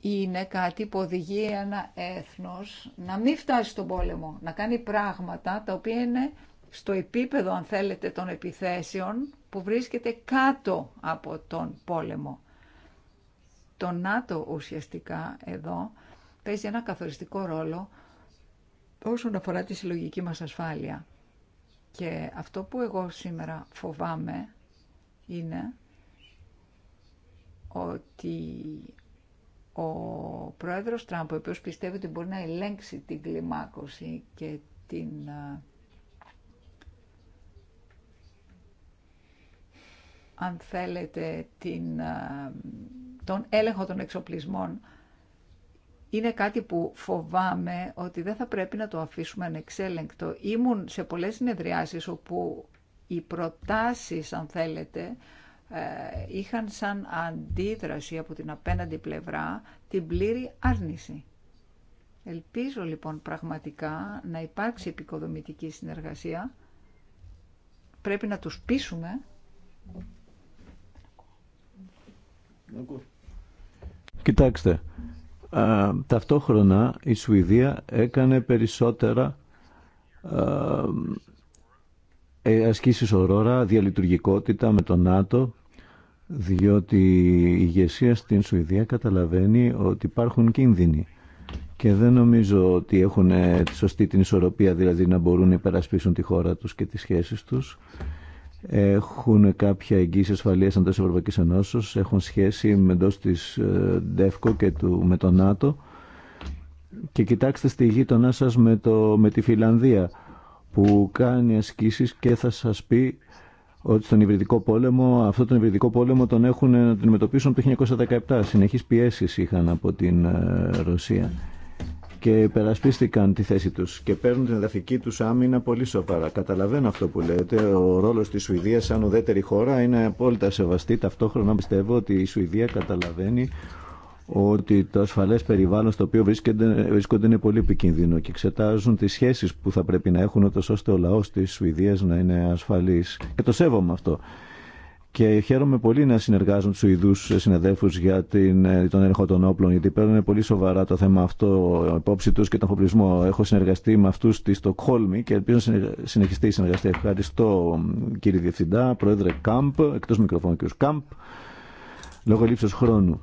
είναι κάτι που οδηγεί ένα έθνος να μην φτάσει στον πόλεμο, να κάνει πράγματα τα οποία είναι στο επίπεδο, αν θέλετε, των επιθέσεων που βρίσκεται κάτω από τον πόλεμο. Το ΝΑΤΟ ουσιαστικά εδώ παίζει ένα καθοριστικό ρόλο όσον αφορά τη συλλογική μας ασφάλεια. Και αυτό που εγώ σήμερα φοβάμαι είναι ότι ο πρόεδρος Τραμπ, ο οποίος πιστεύει ότι μπορεί να ελέγξει την κλιμάκωση και την αν θέλετε, την, τον έλεγχο των εξοπλισμών είναι κάτι που φοβάμαι ότι δεν θα πρέπει να το αφήσουμε ανεξέλεγκτο. Ήμουν σε πολλές συνεδριάσεις όπου οι προτάσεις, αν θέλετε, ε, είχαν σαν αντίδραση από την απέναντι πλευρά την πλήρη άρνηση. Ελπίζω λοιπόν πραγματικά να υπάρξει επικοδομητική συνεργασία. Πρέπει να τους πείσουμε Κοιτάξτε, ταυτόχρονα η Σουηδία έκανε περισσότερα α, ε, ασκήσεις ορόρα, διαλειτουργικότητα με το ΝΑΤΟ, διότι η ηγεσία στην Σουηδία καταλαβαίνει ότι υπάρχουν κίνδυνοι και δεν νομίζω ότι έχουν τη ε, σωστή την ισορροπία, δηλαδή να μπορούν να υπερασπίσουν τη χώρα τους και τις σχέσεις τους έχουν κάποια εγγύηση ασφαλεία εντό Ευρωπαϊκή Ενώσεω, έχουν σχέση με εντό τη ΔΕΦΚΟ και του, με το ΝΑΤΟ. Και κοιτάξτε στη γείτονά σα με, με τη Φιλανδία που κάνει ασκήσεις και θα σας πει ότι στον υβριδικό πόλεμο, αυτό τον υβριδικό πόλεμο τον έχουν να αντιμετωπίσουν από το 1917. Συνεχείς πιέσεις είχαν από την ε, Ρωσία και υπερασπίστηκαν τη θέση τους και παίρνουν την εδαφική τους άμυνα πολύ σοβαρά. Καταλαβαίνω αυτό που λέτε. Ο ρόλος της Σουηδίας σαν ουδέτερη χώρα είναι απόλυτα σεβαστή. Ταυτόχρονα πιστεύω ότι η Σουηδία καταλαβαίνει ότι το ασφαλές περιβάλλον στο οποίο βρίσκονται, βρίσκονται είναι πολύ επικίνδυνο και εξετάζουν τις σχέσεις που θα πρέπει να έχουν ώστε ο λαός της Σουηδίας να είναι ασφαλής. Και το σέβομαι αυτό. Και χαίρομαι πολύ να συνεργάζουν του Ιδού συναδέλφου για την, ε, τον έλεγχο των όπλων, γιατί παίρνουν πολύ σοβαρά το θέμα αυτό υπόψη του και τον φοπλισμό. Έχω συνεργαστεί με αυτού στη Στοκχόλμη και ελπίζω να συνεχιστεί η συνεργασία. Ευχαριστώ κύριε Διευθυντά, Πρόεδρε Κάμπ, εκτό μικροφώνου ως Κάμπ, λόγω λήψεω χρόνου.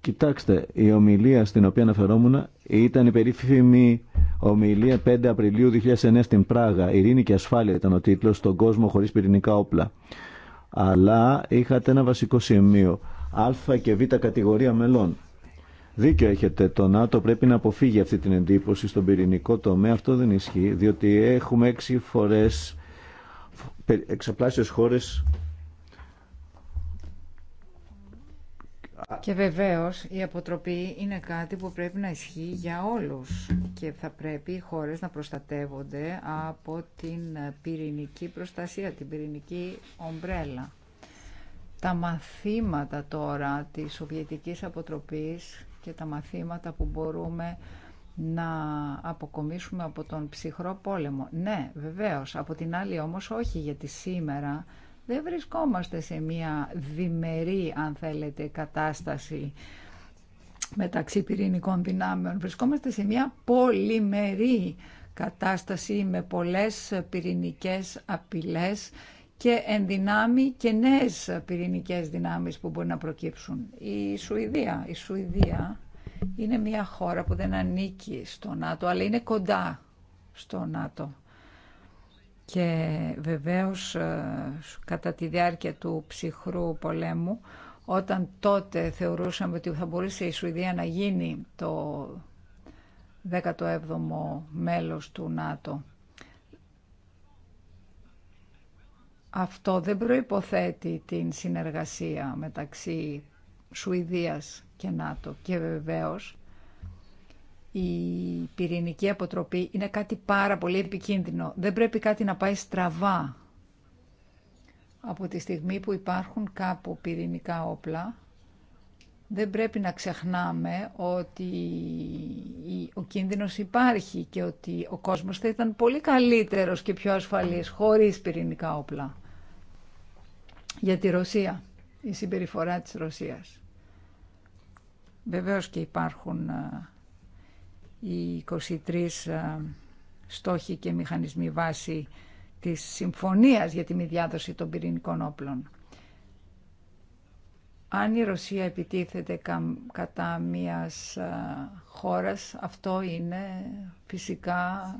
Κοιτάξτε, η ομιλία στην οποία αναφερόμουν ήταν η περίφημη ομιλία 5 Απριλίου 2009 στην Πράγα. Ειρήνη και ασφάλεια ήταν ο τίτλο «Στον κόσμο χωρίς πυρηνικά όπλα». Αλλά είχατε ένα βασικό σημείο. Α και Β κατηγορία μελών. Δίκιο έχετε. Το ΝΑΤΟ πρέπει να αποφύγει αυτή την εντύπωση στον πυρηνικό τομέα. Αυτό δεν ισχύει, διότι έχουμε έξι φορέ εξαπλάσιε χώρε. Και βεβαίως η αποτροπή είναι κάτι που πρέπει να ισχύει για όλους και θα πρέπει οι χώρες να προστατεύονται από την πυρηνική προστασία, την πυρηνική ομπρέλα. Τα μαθήματα τώρα της Σοβιετικής αποτροπής και τα μαθήματα που μπορούμε να αποκομίσουμε από τον ψυχρό πόλεμο. Ναι, βεβαίως. Από την άλλη όμως όχι, γιατί σήμερα δεν βρισκόμαστε σε μια διμερή, αν θέλετε, κατάσταση μεταξύ πυρηνικών δυνάμεων. Βρισκόμαστε σε μια πολυμερή κατάσταση με πολλές πυρηνικές απειλές και ενδυνάμει και νέες πυρηνικές δυνάμεις που μπορεί να προκύψουν. Η Σουηδία, η Σουηδία είναι μια χώρα που δεν ανήκει στο ΝΑΤΟ, αλλά είναι κοντά στο ΝΑΤΟ. Και βεβαίως ε, κατά τη διάρκεια του ψυχρού πολέμου, όταν τότε θεωρούσαμε ότι θα μπορούσε η Σουηδία να γίνει το 17ο μέλος του ΝΑΤΟ. Αυτό δεν προϋποθέτει την συνεργασία μεταξύ Σουηδίας και ΝΑΤΟ και βεβαίως η πυρηνική αποτροπή είναι κάτι πάρα πολύ επικίνδυνο. Δεν πρέπει κάτι να πάει στραβά. Από τη στιγμή που υπάρχουν κάπου πυρηνικά όπλα, δεν πρέπει να ξεχνάμε ότι ο κίνδυνος υπάρχει και ότι ο κόσμος θα ήταν πολύ καλύτερος και πιο ασφαλής χωρίς πυρηνικά όπλα. Για τη Ρωσία, η συμπεριφορά της Ρωσίας. Βεβαίως και υπάρχουν ε, οι 23 ε, στόχοι και μηχανισμοί βάση της συμφωνίας για τη μη διάδοση των πυρηνικών όπλων. Αν η Ρωσία επιτίθεται κατά μιας ε, χώρας, αυτό είναι φυσικά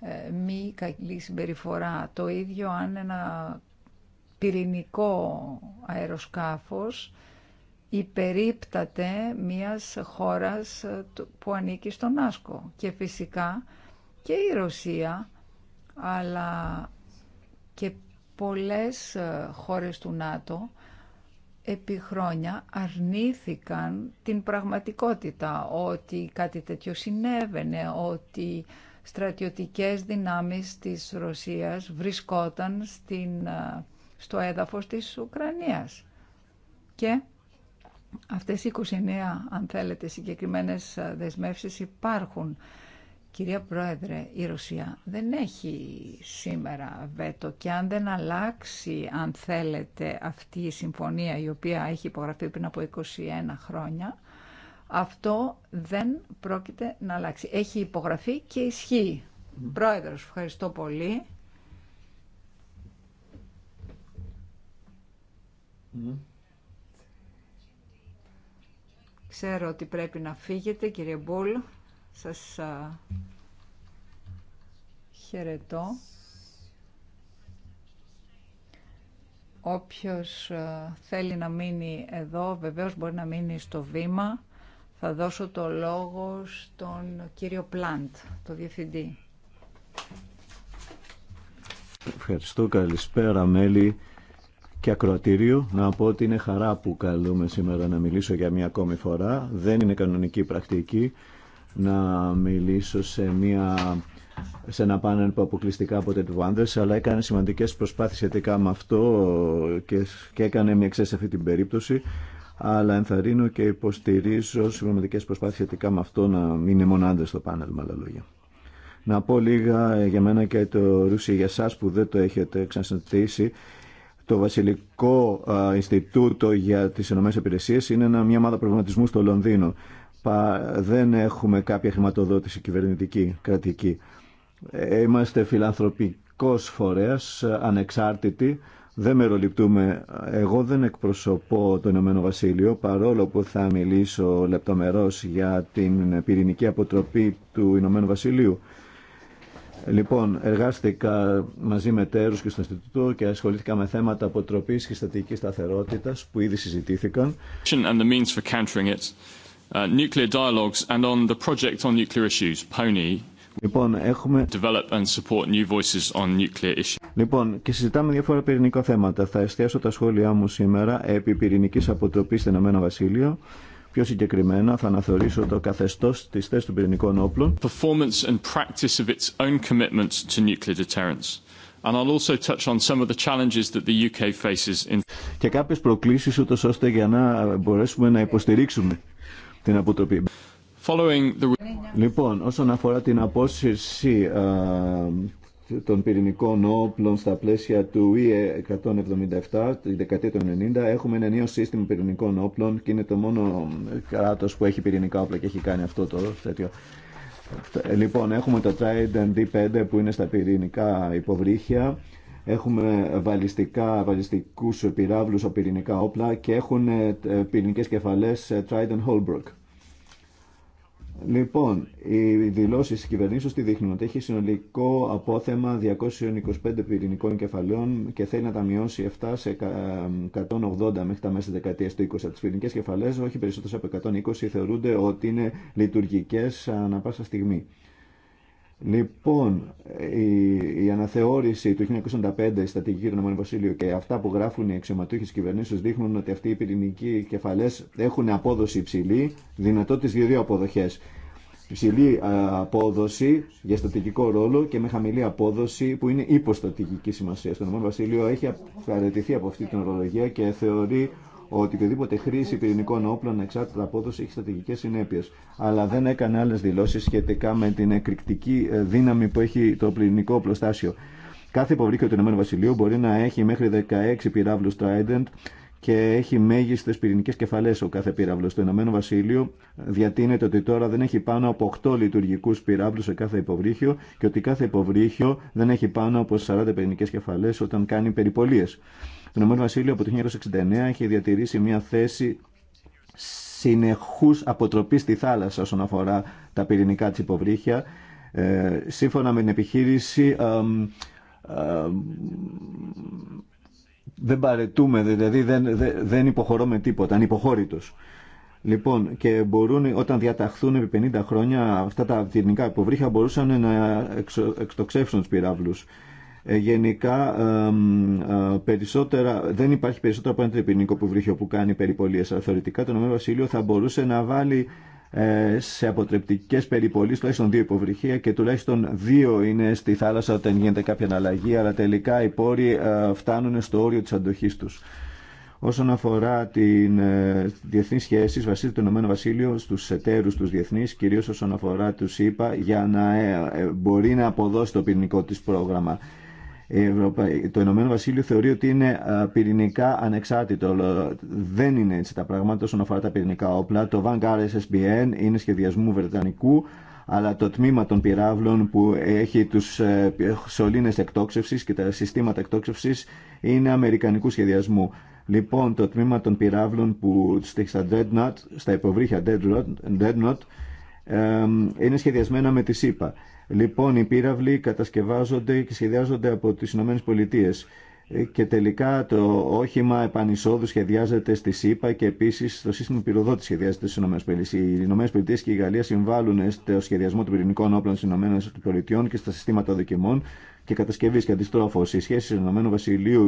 ε, μη καλή συμπεριφορά. Το ίδιο αν ένα πυρηνικό αεροσκάφος υπερίπταται μιας χώρας ε, που ανήκει στον Άσκο. Και φυσικά και η Ρωσία, αλλά και πολλές ε, χώρες του ΝΑΤΟ επί χρόνια αρνήθηκαν την πραγματικότητα ότι κάτι τέτοιο συνέβαινε, ότι στρατιωτικές δυνάμεις της Ρωσίας βρισκόταν στην, ε, στο έδαφος της Ουκρανίας. Και Αυτές οι 29, αν θέλετε, συγκεκριμένες δεσμεύσεις υπάρχουν. Κυρία Πρόεδρε, η Ρωσία δεν έχει σήμερα βέτο και αν δεν αλλάξει, αν θέλετε, αυτή η συμφωνία η οποία έχει υπογραφεί πριν από 21 χρόνια, αυτό δεν πρόκειται να αλλάξει. Έχει υπογραφεί και ισχύει. Mm. Πρόεδρος, ευχαριστώ πολύ. Ξέρω ότι πρέπει να φύγετε, κύριε Μπούλ. Σας χαιρετώ. Όποιος θέλει να μείνει εδώ, βεβαίως μπορεί να μείνει στο βήμα. Θα δώσω το λόγο στον κύριο Πλάντ, το διευθυντή. Ευχαριστώ. Καλησπέρα μέλη και ακροατήριο. να πω ότι είναι χαρά που καλούμε σήμερα να μιλήσω για μία ακόμη φορά. Δεν είναι κανονική πρακτική να μιλήσω σε, μια, σε ένα πάνελ που αποκλειστικά από Ted Wonders, αλλά έκανε σημαντικές προσπάθειες σχετικά με αυτό και, και έκανε μια εξαίρεση αυτή την περίπτωση αλλά ενθαρρύνω και υποστηρίζω σημαντικες προσπάθειες σχετικά με αυτό να μην είναι μόνο άντρες στο πάνελ με άλλα λόγια. Να πω λίγα για μένα και το Ρούσι για εσά που δεν το έχετε ξανασυντήσει. Το Βασιλικό Ινστιτούτο για τις Ηνωμένε Υπηρεσίες είναι μια μάδα προβληματισμού στο Λονδίνο. Δεν έχουμε κάποια χρηματοδότηση κυβερνητική, κρατική. Ε, είμαστε φιλανθρωπικός φορέας, ανεξάρτητοι. Δεν μεροληπτούμε. Εγώ δεν εκπροσωπώ το Ηνωμένο Βασίλειο, παρόλο που θα μιλήσω λεπτομερώς για την πυρηνική αποτροπή του Ηνωμένου Βασιλείου. Λοιπόν, εργάστηκα μαζί με τέρους και στο Ινστιτούτο και ασχολήθηκα με θέματα αποτροπής και στατικής σταθερότητας που ήδη συζητήθηκαν. And the means for countering it, uh, nuclear dialogues and on the project on nuclear issues, Λοιπόν, έχουμε... Develop and support new voices on nuclear issues. Λοιπόν, και συζητάμε διάφορα πυρηνικά θέματα. Θα εστιάσω τα σχόλιά μου σήμερα επί πυρηνικής αποτροπής στην Αμένα Βασίλειο Πιο συγκεκριμένα θα αναθεωρήσω το καθεστώς της θέσης των πυρηνικών όπλων. Performance and practice of its own commitments to nuclear deterrence. And I'll also touch on some of the challenges that the UK faces in... Και κάποιες προκλήσεις ούτως ώστε για να μπορέσουμε να υποστηρίξουμε την αποτροπή. Following the... Λοιπόν, όσον αφορά την απόσυρση των πυρηνικών όπλων στα πλαίσια του ΙΕ e 177, τη δεκαετία του 90, έχουμε ένα νέο σύστημα πυρηνικών όπλων και είναι το μόνο κράτο που έχει πυρηνικά όπλα και έχει κάνει αυτό το τέτοιο. Λοιπόν, έχουμε το Trident D5 που είναι στα πυρηνικά υποβρύχια, έχουμε βαλιστικά, βαλιστικούς πυράβλους από πυρηνικά όπλα και έχουν ε, πυρηνικές κεφαλές ε, Trident Holbrook. Λοιπόν, οι δηλώσει τη κυβερνήσεω τη δείχνουν ότι έχει συνολικό απόθεμα 225 πυρηνικών κεφαλαίων και θέλει να τα μειώσει 7 σε 180 μέχρι τα μέσα δεκαετία του 20. Τι πυρηνικέ κεφαλαίε, όχι περισσότερε από 120, θεωρούνται ότι είναι λειτουργικέ ανα πάσα στιγμή. Λοιπόν, η, αναθεώρηση του 1945 η στατική του Νομού Βασίλειου και αυτά που γράφουν οι αξιωματούχοι τη δείχνουν ότι αυτοί οι πυρηνικοί κεφαλες έχουν απόδοση υψηλή, δυνατότητε για δύο αποδοχέ. Υψηλή ε, απόδοση για στατικικό ρόλο και με χαμηλή απόδοση που είναι υποστατικική σημασία. Το Νομό Βασίλειο έχει αφαιρετηθεί από αυτή την ορολογία και θεωρεί ότι οτιδήποτε χρήση πυρηνικών όπλων εξάρτητα απόδοση έχει στρατηγικέ συνέπειε. Αλλά δεν έκανε άλλε δηλώσει σχετικά με την εκρηκτική ε, δύναμη που έχει το πυρηνικό οπλοστάσιο. Κάθε υποβρύχιο του Ηνωμένου Βασιλείου μπορεί να έχει μέχρι 16 πυράβλου Trident και έχει μέγιστε πυρηνικέ κεφαλέ ο κάθε πύραυλο. Το Ηνωμένο Βασίλειο ε, διατείνεται ότι τώρα δεν έχει πάνω από 8 λειτουργικού πυράβλου σε κάθε υποβρύχιο και ότι κάθε υποβρύχιο δεν έχει πάνω από 40 πυρηνικέ κεφαλέ όταν κάνει περιπολίε. Το Ηνωμένο Βασίλειο από το 1969 έχει διατηρήσει μια θέση συνεχούς αποτροπής στη θάλασσα όσον αφορά τα πυρηνικά τη υποβρύχια. Ε, σύμφωνα με την επιχείρηση, ε, δεν παρετούμε, δηλαδή δεν, δεν, δεν υποχωρούμε τίποτα, ανυποχώρητος. Λοιπόν, και μπορούν όταν διαταχθούν επί 50 χρόνια αυτά τα πυρηνικά υποβρύχια μπορούσαν να εξτοξεύσουν του πυράβλους. Ε, γενικά ε, περισσότερα, δεν υπάρχει περισσότερο από ένα τρεπινίκο που που κάνει περιπολίες. Αλλά θεωρητικά το Ηνωμένο Βασίλειο θα μπορούσε να βάλει ε, σε αποτρεπτικές περιπολίες τουλάχιστον δύο υποβρυχία και τουλάχιστον δύο είναι στη θάλασσα όταν γίνεται κάποια αναλλαγή αλλά τελικά οι πόροι φτάνουν στο όριο της αντοχής τους. Όσον αφορά την ε, διεθνείς σχέσεις, βασίζεται το Ηνωμένο Βασίλειο στους εταίρους τους διεθνείς, κυρίως όσον αφορά τους ΗΠΑ, για να μπορεί να αποδώσει το ποινικό τη πρόγραμμα. Το Ηνωμένο Βασίλειο θεωρεί ότι είναι πυρηνικά ανεξάρτητο. Δεν είναι έτσι τα πράγματα όσον αφορά τα πυρηνικά όπλα. Το Vanguard SSBN είναι σχεδιασμού Βρετανικού, αλλά το τμήμα των πυράβλων που έχει τους ε, σωλήνες εκτόξευσης και τα συστήματα εκτόξευσης είναι αμερικανικού σχεδιασμού. Λοιπόν, το τμήμα των πυράβλων που στα Dreadnought, στα υποβρύχια Dreadnought, είναι σχεδιασμένα με τη ΣΥΠΑ. Λοιπόν, οι πύραυλοι κατασκευάζονται και σχεδιάζονται από τις ΗΠΑ. Ε, και τελικά το όχημα επανεισόδου σχεδιάζεται στη ΣΥΠΑ και επίση το σύστημα πυροδότη σχεδιάζεται στι ΗΠΑ. Οι ΗΠΑ και η Γαλλία συμβάλλουν στο σχεδιασμό των πυρηνικών όπλων στι ΗΠΑ και στα συστήματα δοκιμών και κατασκευή και αντιστρόφω. Οι σχέσει Ηνωμένου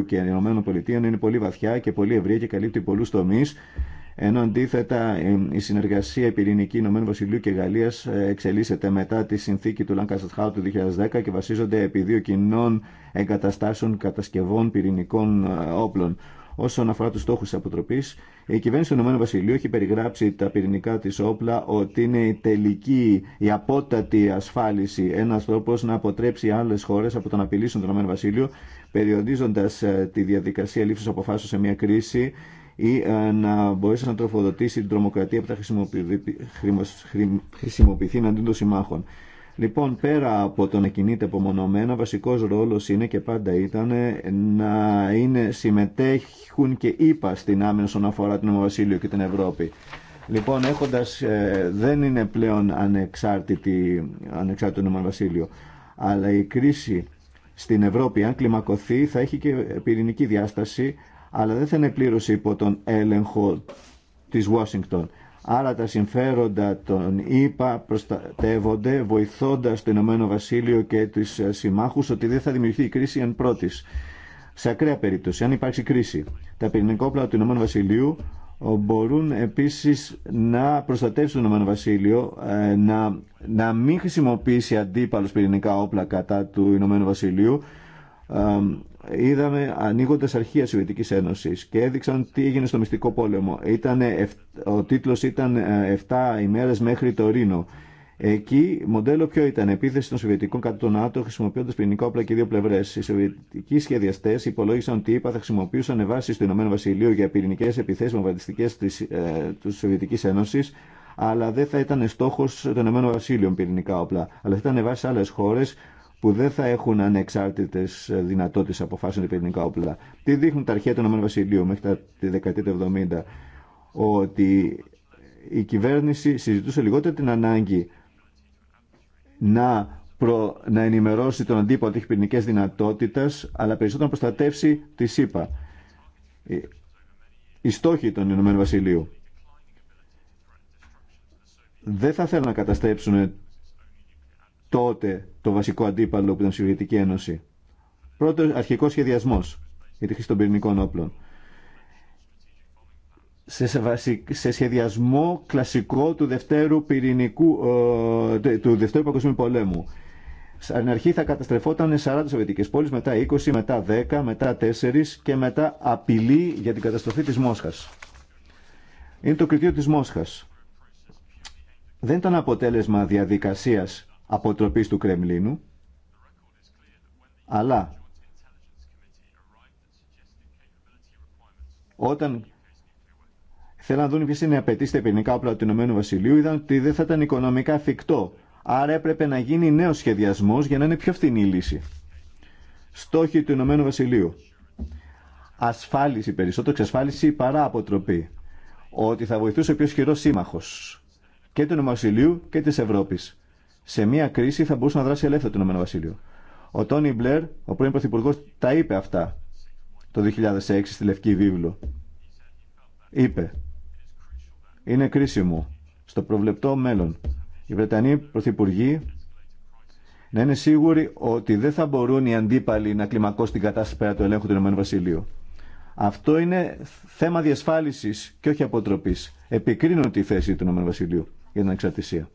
και ΗΠΑ είναι πολύ βαθιά και πολύ ευρεία και καλύπτει πολλού τομεί ενώ αντίθετα η συνεργασία πυρηνική Ηνωμένου Βασιλείου και Γαλλία ε, εξελίσσεται μετά τη συνθήκη του Λάγκαστ Χάου του 2010 και βασίζονται επί δύο κοινών εγκαταστάσεων κατασκευών πυρηνικών ε, όπλων. Όσον αφορά του στόχου τη αποτροπή, η κυβέρνηση του Ηνωμένου Βασιλείου έχει περιγράψει τα πυρηνικά τη όπλα ότι είναι η τελική, η απότατη ασφάλιση, ένα τρόπο να αποτρέψει άλλε χώρε από το να απειλήσουν το Ηνωμένο Βασίλειο, περιορίζοντα ε, τη διαδικασία λήψη αποφάσεων σε μια κρίση ή ε, να μπορέσει να τροφοδοτήσει την τρομοκρατία που θα χρησιμοποιηθεί εναντίον των συμμάχων. Λοιπόν, πέρα από το να κινείται απομονωμένα, βασικό ρόλο είναι και πάντα ήταν ε, να είναι, συμμετέχουν και είπα στην άμυνα όσον αφορά την Βασίλειο και την Ευρώπη. Λοιπόν, έχοντας, ε, δεν είναι πλέον ανεξάρτητη, ανεξάρτητο νομό βασίλειο, αλλά η κρίση στην Ευρώπη, αν κλιμακωθεί, θα έχει και πυρηνική διάσταση αλλά δεν θα είναι πλήρως υπό τον έλεγχο της Ουάσιγκτον. Άρα τα συμφέροντα των ΗΠΑ προστατεύονται βοηθώντας το Ηνωμένο Βασίλειο και τους ε, συμμάχους ότι δεν θα δημιουργηθεί η κρίση εν πρώτης. Σε ακραία περίπτωση, αν υπάρξει κρίση, τα όπλα του Ηνωμένου Βασιλείου μπορούν επίσης να προστατεύσουν το Ηνωμένο Βασίλειο, ε, να, να μην χρησιμοποιήσει αντίπαλους πυρηνικά όπλα κατά του Ηνωμένου Βασιλείου, ε, είδαμε ανοίγοντα αρχεία Σοβιετική Ένωση και έδειξαν τι έγινε στο μυστικό πόλεμο. Ήτανε, ο τίτλο ήταν 7 ε, ημέρε μέχρι το Ρήνο. Εκεί μοντέλο ποιο ήταν, επίθεση των Σοβιετικών κατά τον ΝΑΤΟ χρησιμοποιώντα πυρηνικά όπλα και δύο πλευρέ. Οι Σοβιετικοί σχεδιαστέ υπολόγισαν ότι είπα θα χρησιμοποιούσαν βάσει του Ηνωμένου Βασιλείου για πυρηνικέ επιθέσει βομβαρδιστικέ τη ε, Σοβιετική Ένωση, αλλά δεν θα ήταν στόχο των Ηνωμένων πυρηνικά όπλα. Αλλά θα ήταν βάσει άλλε χώρε που δεν θα έχουν ανεξάρτητε δυνατότητε αποφάσεων για πυρηνικά όπλα. Τι δείχνουν τα αρχαία του Ηνωμένου Βασιλείου μέχρι τη δεκαετία του 70, ότι η κυβέρνηση συζητούσε λιγότερο την ανάγκη να, να ενημερώσει τον αντίπαλο ότι έχει πυρηνικέ δυνατότητε, αλλά περισσότερο να προστατεύσει τη ΣΥΠΑ. Ε, οι στόχοι των Ηνωμένου Βασιλείου. Δεν θα θέλουν να καταστρέψουν τότε το βασικό αντίπαλο που ήταν η Σοβιετική Ένωση. Πρώτο, αρχικό σχεδιασμό για τη χρήση των πυρηνικών όπλων. Σε, σχεδιασμό κλασικό του Δευτέρου, πυρηνικού, ε, του Δευτέρου Παγκοσμίου Πολέμου. Στην αρχή θα καταστρεφόταν 40 Σοβιετικές πόλεις, μετά 20, μετά 10, μετά 4 και μετά απειλή για την καταστροφή της Μόσχας. Είναι το κριτήριο της Μόσχας. Δεν ήταν αποτέλεσμα διαδικασίας αποτροπής του Κρεμλίνου, αλλά όταν θέλαν να δουν ποιε είναι οι απαιτήσει πυρηνικά όπλα του Ηνωμένου Βασιλείου, είδαν ότι δεν θα ήταν οικονομικά εφικτό. Άρα έπρεπε να γίνει νέο σχεδιασμό για να είναι πιο φθηνή η λύση. Στόχοι του Ηνωμένου Βασιλείου. Ασφάλιση περισσότερο, εξασφάλιση παρά αποτροπή. Ότι θα βοηθούσε ο πιο ισχυρό σύμμαχο και του Ηνωμένου και τη Ευρώπη σε μια κρίση θα μπορούσε να δράσει ελεύθερο το Ηνωμένο Βασίλειο. Ο Τόνι Μπλερ, ο πρώην Πρωθυπουργό, τα είπε αυτά το 2006 στη Λευκή Βίβλο. Είπε, είναι κρίσιμο στο προβλεπτό μέλλον οι Βρετανοί Πρωθυπουργοί να είναι σίγουροι ότι δεν θα μπορούν οι αντίπαλοι να κλιμακώσουν την κατάσταση πέρα του ελέγχου του Ηνωμένου Βασιλείου. Αυτό είναι θέμα διασφάλισης και όχι αποτροπή. Επικρίνω τη θέση του Ηνωμένου Βασιλείου για την εξαρτησία.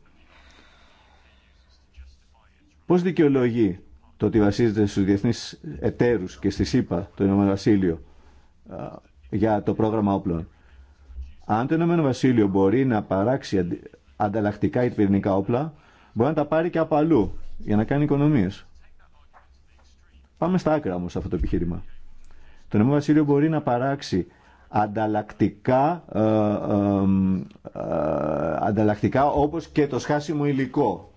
Πώς δικαιολογεί το ότι βασίζεται στους διεθνείς εταίρους και στη ΣΥΠΑ, το Ηνωμένο Βασίλειο, για το πρόγραμμα όπλων. Αν το Ηνωμένο Βασίλειο μπορεί να παράξει ανταλλακτικά ή πυρηνικά όπλα, μπορεί να τα πάρει και από αλλού για να κάνει οικονομίε. Πάμε στα άκρα όμω αυτό το επιχείρημα. Το Ηνωμένο Βασίλειο μπορεί να παράξει ανταλλακτικά, ε, ε, ε ανταλλακτικά όπως και το σχάσιμο υλικό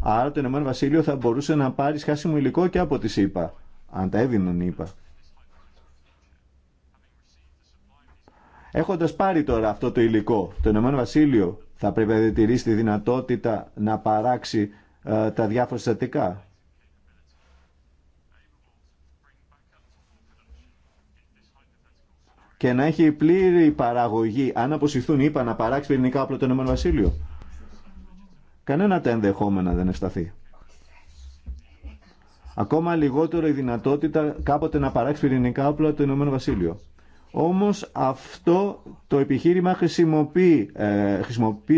Άρα το Ηνωμένο Βασίλειο θα μπορούσε να πάρει σχάσιμο υλικό και από τη ΣΥΠΑ, αν τα έδιναν ΗΠΑ. Έχοντας πάρει τώρα αυτό το υλικό, το Ηνωμένο Βασίλειο θα πρέπει να διατηρήσει τη δυνατότητα να παράξει ε, τα διάφορα συστατικά. Και να έχει πλήρη παραγωγή, αν αποσυρθούν, είπα, να παράξει πυρηνικά όπλα το Ηνωμένο Βασίλειο. Κανένα τα ενδεχόμενα δεν ευσταθεί. Ακόμα λιγότερο η δυνατότητα κάποτε να παράξει πυρηνικά όπλα το Ηνωμένο Βασίλειο. Όμως αυτό το επιχείρημα χρησιμοποιεί, ε,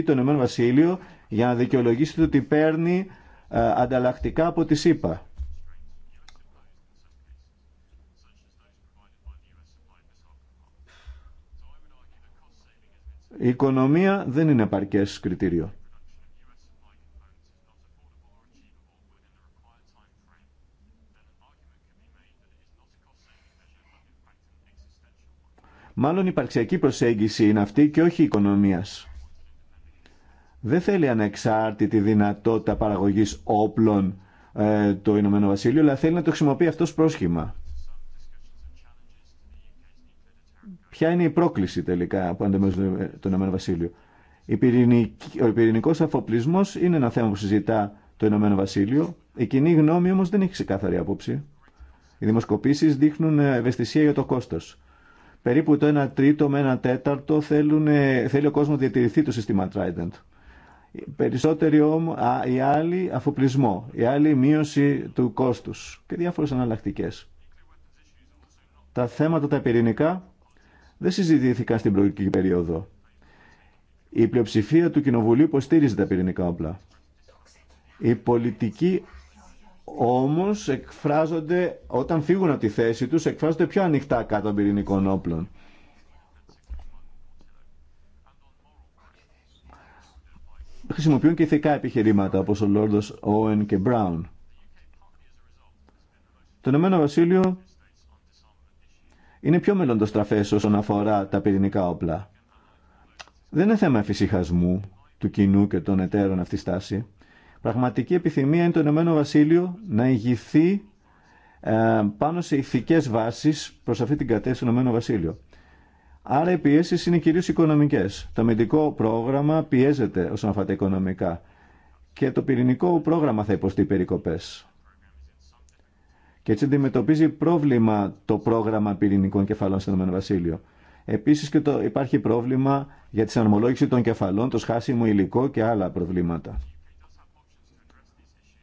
το Ηνωμένο Βασίλειο για να δικαιολογήσει το ότι παίρνει ε, ανταλλακτικά από τη ΣΥΠΑ. Η οικονομία δεν είναι παρκές κριτήριο. Μάλλον η υπαρξιακή προσέγγιση είναι αυτή και όχι η οικονομίας. Δεν θέλει ανεξάρτητη δυνατότητα παραγωγής όπλων ε, το Ηνωμένο Βασίλειο, αλλά θέλει να το χρησιμοποιεί αυτό πρόσχημα. Ποια είναι η πρόκληση τελικά που αντιμετωπίζει το Ηνωμένο Βασίλειο. Ο πυρηνικός αφοπλισμός είναι ένα θέμα που συζητά το Ηνωμένο Βασίλειο. Η κοινή γνώμη όμως δεν έχει ξεκάθαρη άποψη. Οι δημοσκοπήσεις δείχνουν ε, ευαισθησία για το κόστος περίπου το 1 τρίτο με 1 τέταρτο θέλουν, θέλει ο κόσμος να διατηρηθεί το σύστημα Trident. Περισσότεροι όμως, οι άλλοι αφοπλισμό, οι άλλοι μείωση του κόστους και διάφορες αναλλακτικέ. Τα θέματα τα πυρηνικά δεν συζητήθηκαν στην προηγούμενη περίοδο. Η πλειοψηφία του Κοινοβουλίου υποστήριζε τα πυρηνικά όπλα. Η πολιτική όμως εκφράζονται, όταν φύγουν από τη θέση τους, εκφράζονται πιο ανοιχτά κάτω των πυρηνικών όπλων. Χρησιμοποιούν και ηθικά επιχειρήματα όπως ο Λόρδος Όεν και Brown. Το Ηνωμένο Βασίλειο είναι πιο μελλοντοστραφές όσον αφορά τα πυρηνικά όπλα. Δεν είναι θέμα εφησυχασμού του κοινού και των εταίρων αυτή στάση. Πραγματική επιθυμία είναι το Ηνωμένο Βασίλειο να ηγηθεί ε, πάνω σε ηθικές βάσεις προς αυτή την κατεύθυνση του Ηνωμένου Βασίλειο. Άρα οι πιέσει είναι κυρίως οικονομικές. Το αμυντικό πρόγραμμα πιέζεται όσον αφορά τα οικονομικά και το πυρηνικό πρόγραμμα θα υποστεί περικοπές. Και έτσι αντιμετωπίζει πρόβλημα το πρόγραμμα πυρηνικών κεφαλών στο Ηνωμένο Βασίλειο. Επίσης και το, υπάρχει πρόβλημα για τη συναρμολόγηση των κεφαλών, το σχάσιμο υλικό και άλλα προβλήματα.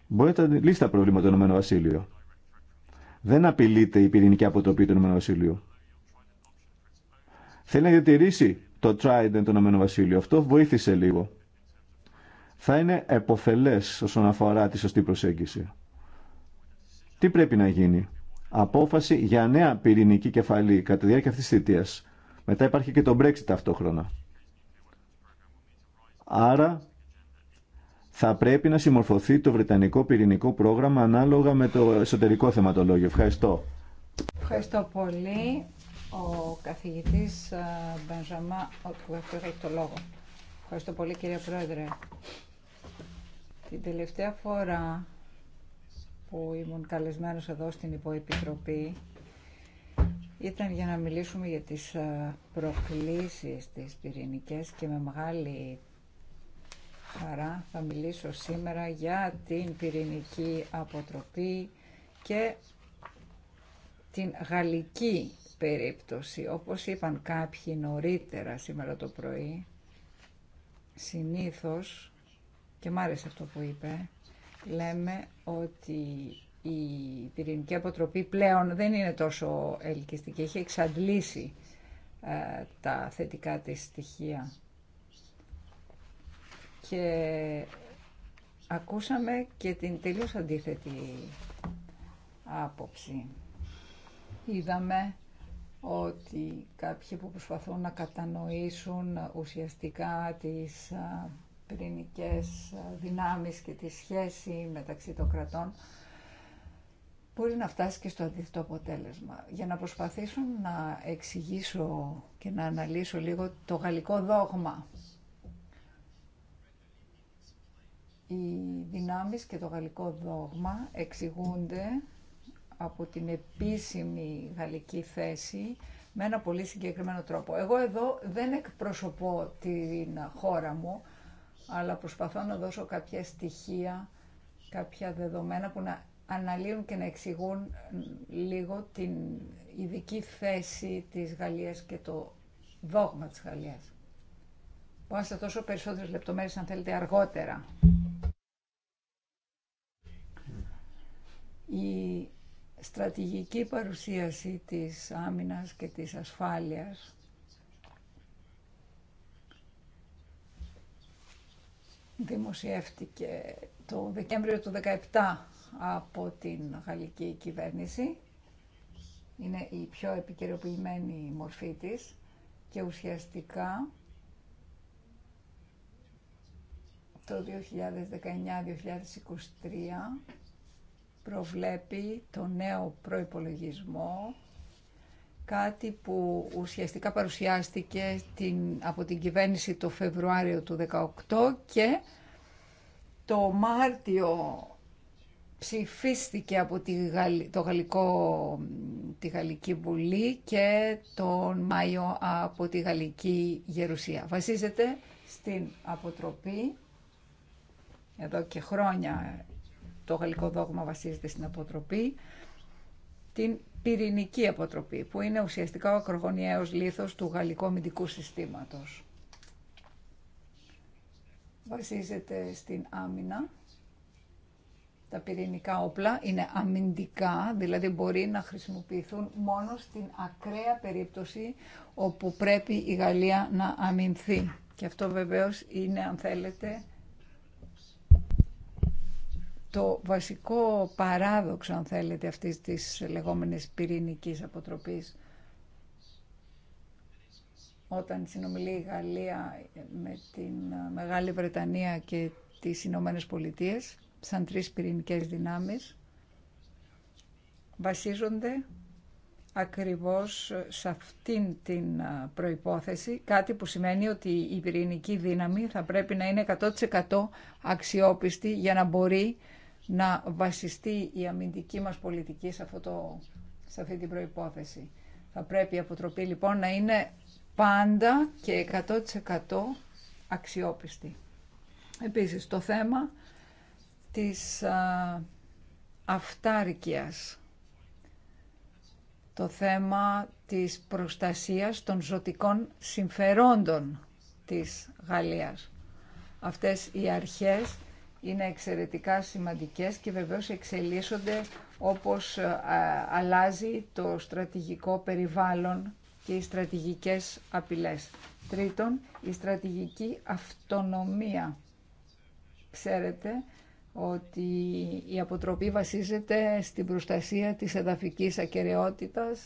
Μπορείτε να λύσετε τα προβλήματα του Ηνωμένου Βασίλειου. Δεν απειλείται η πυρηνική αποτροπή του Ηνωμένου Βασίλειου. Θέλει να διατηρήσει το Trident του Ηνωμένου Βασίλειου. Αυτό βοήθησε λίγο. Θα είναι εποφελέ όσον αφορά τη σωστή προσέγγιση. Τι πρέπει να γίνει. Απόφαση για νέα πυρηνική κεφαλή κατά τη διάρκεια αυτή τη θητεία. Μετά υπάρχει και το Brexit ταυτόχρονα. Άρα θα πρέπει να συμμορφωθεί το Βρετανικό πυρηνικό πρόγραμμα ανάλογα με το εσωτερικό θεματολόγιο. Ευχαριστώ. Ευχαριστώ πολύ. Ο καθηγητής ε, Μπενζαμά έχει το λόγο. πολύ κύριε Πρόεδρε. Την τελευταία φορά που ήμουν καλεσμένος εδώ στην Υποεπιτροπή ήταν για να μιλήσουμε για τις ε, προκλήσεις της πυρηνικές και με μεγάλη χαρά θα μιλήσω σήμερα για την πυρηνική αποτροπή και την γαλλική περίπτωση. Όπως είπαν κάποιοι νωρίτερα σήμερα το πρωί, συνήθως, και μ' άρεσε αυτό που είπε, λέμε ότι η πυρηνική αποτροπή πλέον δεν είναι τόσο ελκυστική, έχει εξαντλήσει ε, τα θετικά της στοιχεία και ακούσαμε και την τελείως αντίθετη άποψη. Είδαμε ότι κάποιοι που προσπαθούν να κατανοήσουν ουσιαστικά τις πυρηνικές δυνάμεις και τη σχέση μεταξύ των κρατών μπορεί να φτάσει και στο αντίθετο αποτέλεσμα. Για να προσπαθήσω να εξηγήσω και να αναλύσω λίγο το γαλλικό δόγμα Οι δυνάμεις και το γαλλικό δόγμα εξηγούνται από την επίσημη γαλλική θέση με ένα πολύ συγκεκριμένο τρόπο. Εγώ εδώ δεν εκπροσωπώ την χώρα μου, αλλά προσπαθώ να δώσω κάποια στοιχεία, κάποια δεδομένα που να αναλύουν και να εξηγούν λίγο την ειδική θέση της Γαλλίας και το δόγμα της Γαλλίας. Μπορώ να σας δώσω περισσότερες λεπτομέρειες αν θέλετε αργότερα. Η στρατηγική παρουσίαση της άμυνας και της ασφάλειας δημοσιεύτηκε το Δεκέμβριο του 2017 από την γαλλική κυβέρνηση. Είναι η πιο επικαιροποιημένη μορφή της και ουσιαστικά το 2019-2023 προβλέπει το νέο προϋπολογισμό, κάτι που ουσιαστικά παρουσιάστηκε από την κυβέρνηση το Φεβρουάριο του 2018 και το Μάρτιο ψηφίστηκε από τη το Γαλλικό... τη Γαλλική Βουλή και τον Μάιο από τη Γαλλική Γερουσία. Βασίζεται στην αποτροπή εδώ και χρόνια το γαλλικό δόγμα βασίζεται στην αποτροπή. Την πυρηνική αποτροπή, που είναι ουσιαστικά ο ακρογωνιαίος λίθος του γαλλικού αμυντικού συστήματος. Βασίζεται στην άμυνα. Τα πυρηνικά όπλα είναι αμυντικά, δηλαδή μπορεί να χρησιμοποιηθούν μόνο στην ακραία περίπτωση όπου πρέπει η Γαλλία να αμυνθεί. Και αυτό βεβαίως είναι, αν θέλετε, το βασικό παράδοξο, αν θέλετε, αυτής της λεγόμενης πυρηνικής αποτροπής. Όταν συνομιλεί η Γαλλία με την Μεγάλη Βρετανία και τις Ηνωμένε Πολιτείες, σαν τρεις πυρηνικές δυνάμεις, βασίζονται ακριβώς σε αυτήν την προϋπόθεση, κάτι που σημαίνει ότι η πυρηνική δύναμη θα πρέπει να είναι 100% αξιόπιστη για να μπορεί να βασιστεί η αμυντική μας πολιτική σε, το, αυτή την προϋπόθεση. Θα πρέπει η αποτροπή λοιπόν να είναι πάντα και 100% αξιόπιστη. Επίσης το θέμα της α, αυτάρκειας, το θέμα της προστασίας των ζωτικών συμφερόντων της Γαλλίας. Αυτές οι αρχές είναι εξαιρετικά σημαντικές και βεβαίως εξελίσσονται όπως ε, αλλάζει το στρατηγικό περιβάλλον και οι στρατηγικές απειλές. Τρίτον, η στρατηγική αυτονομία. Ξέρετε ότι η αποτροπή βασίζεται στην προστασία της εδαφικής ακεραιότητας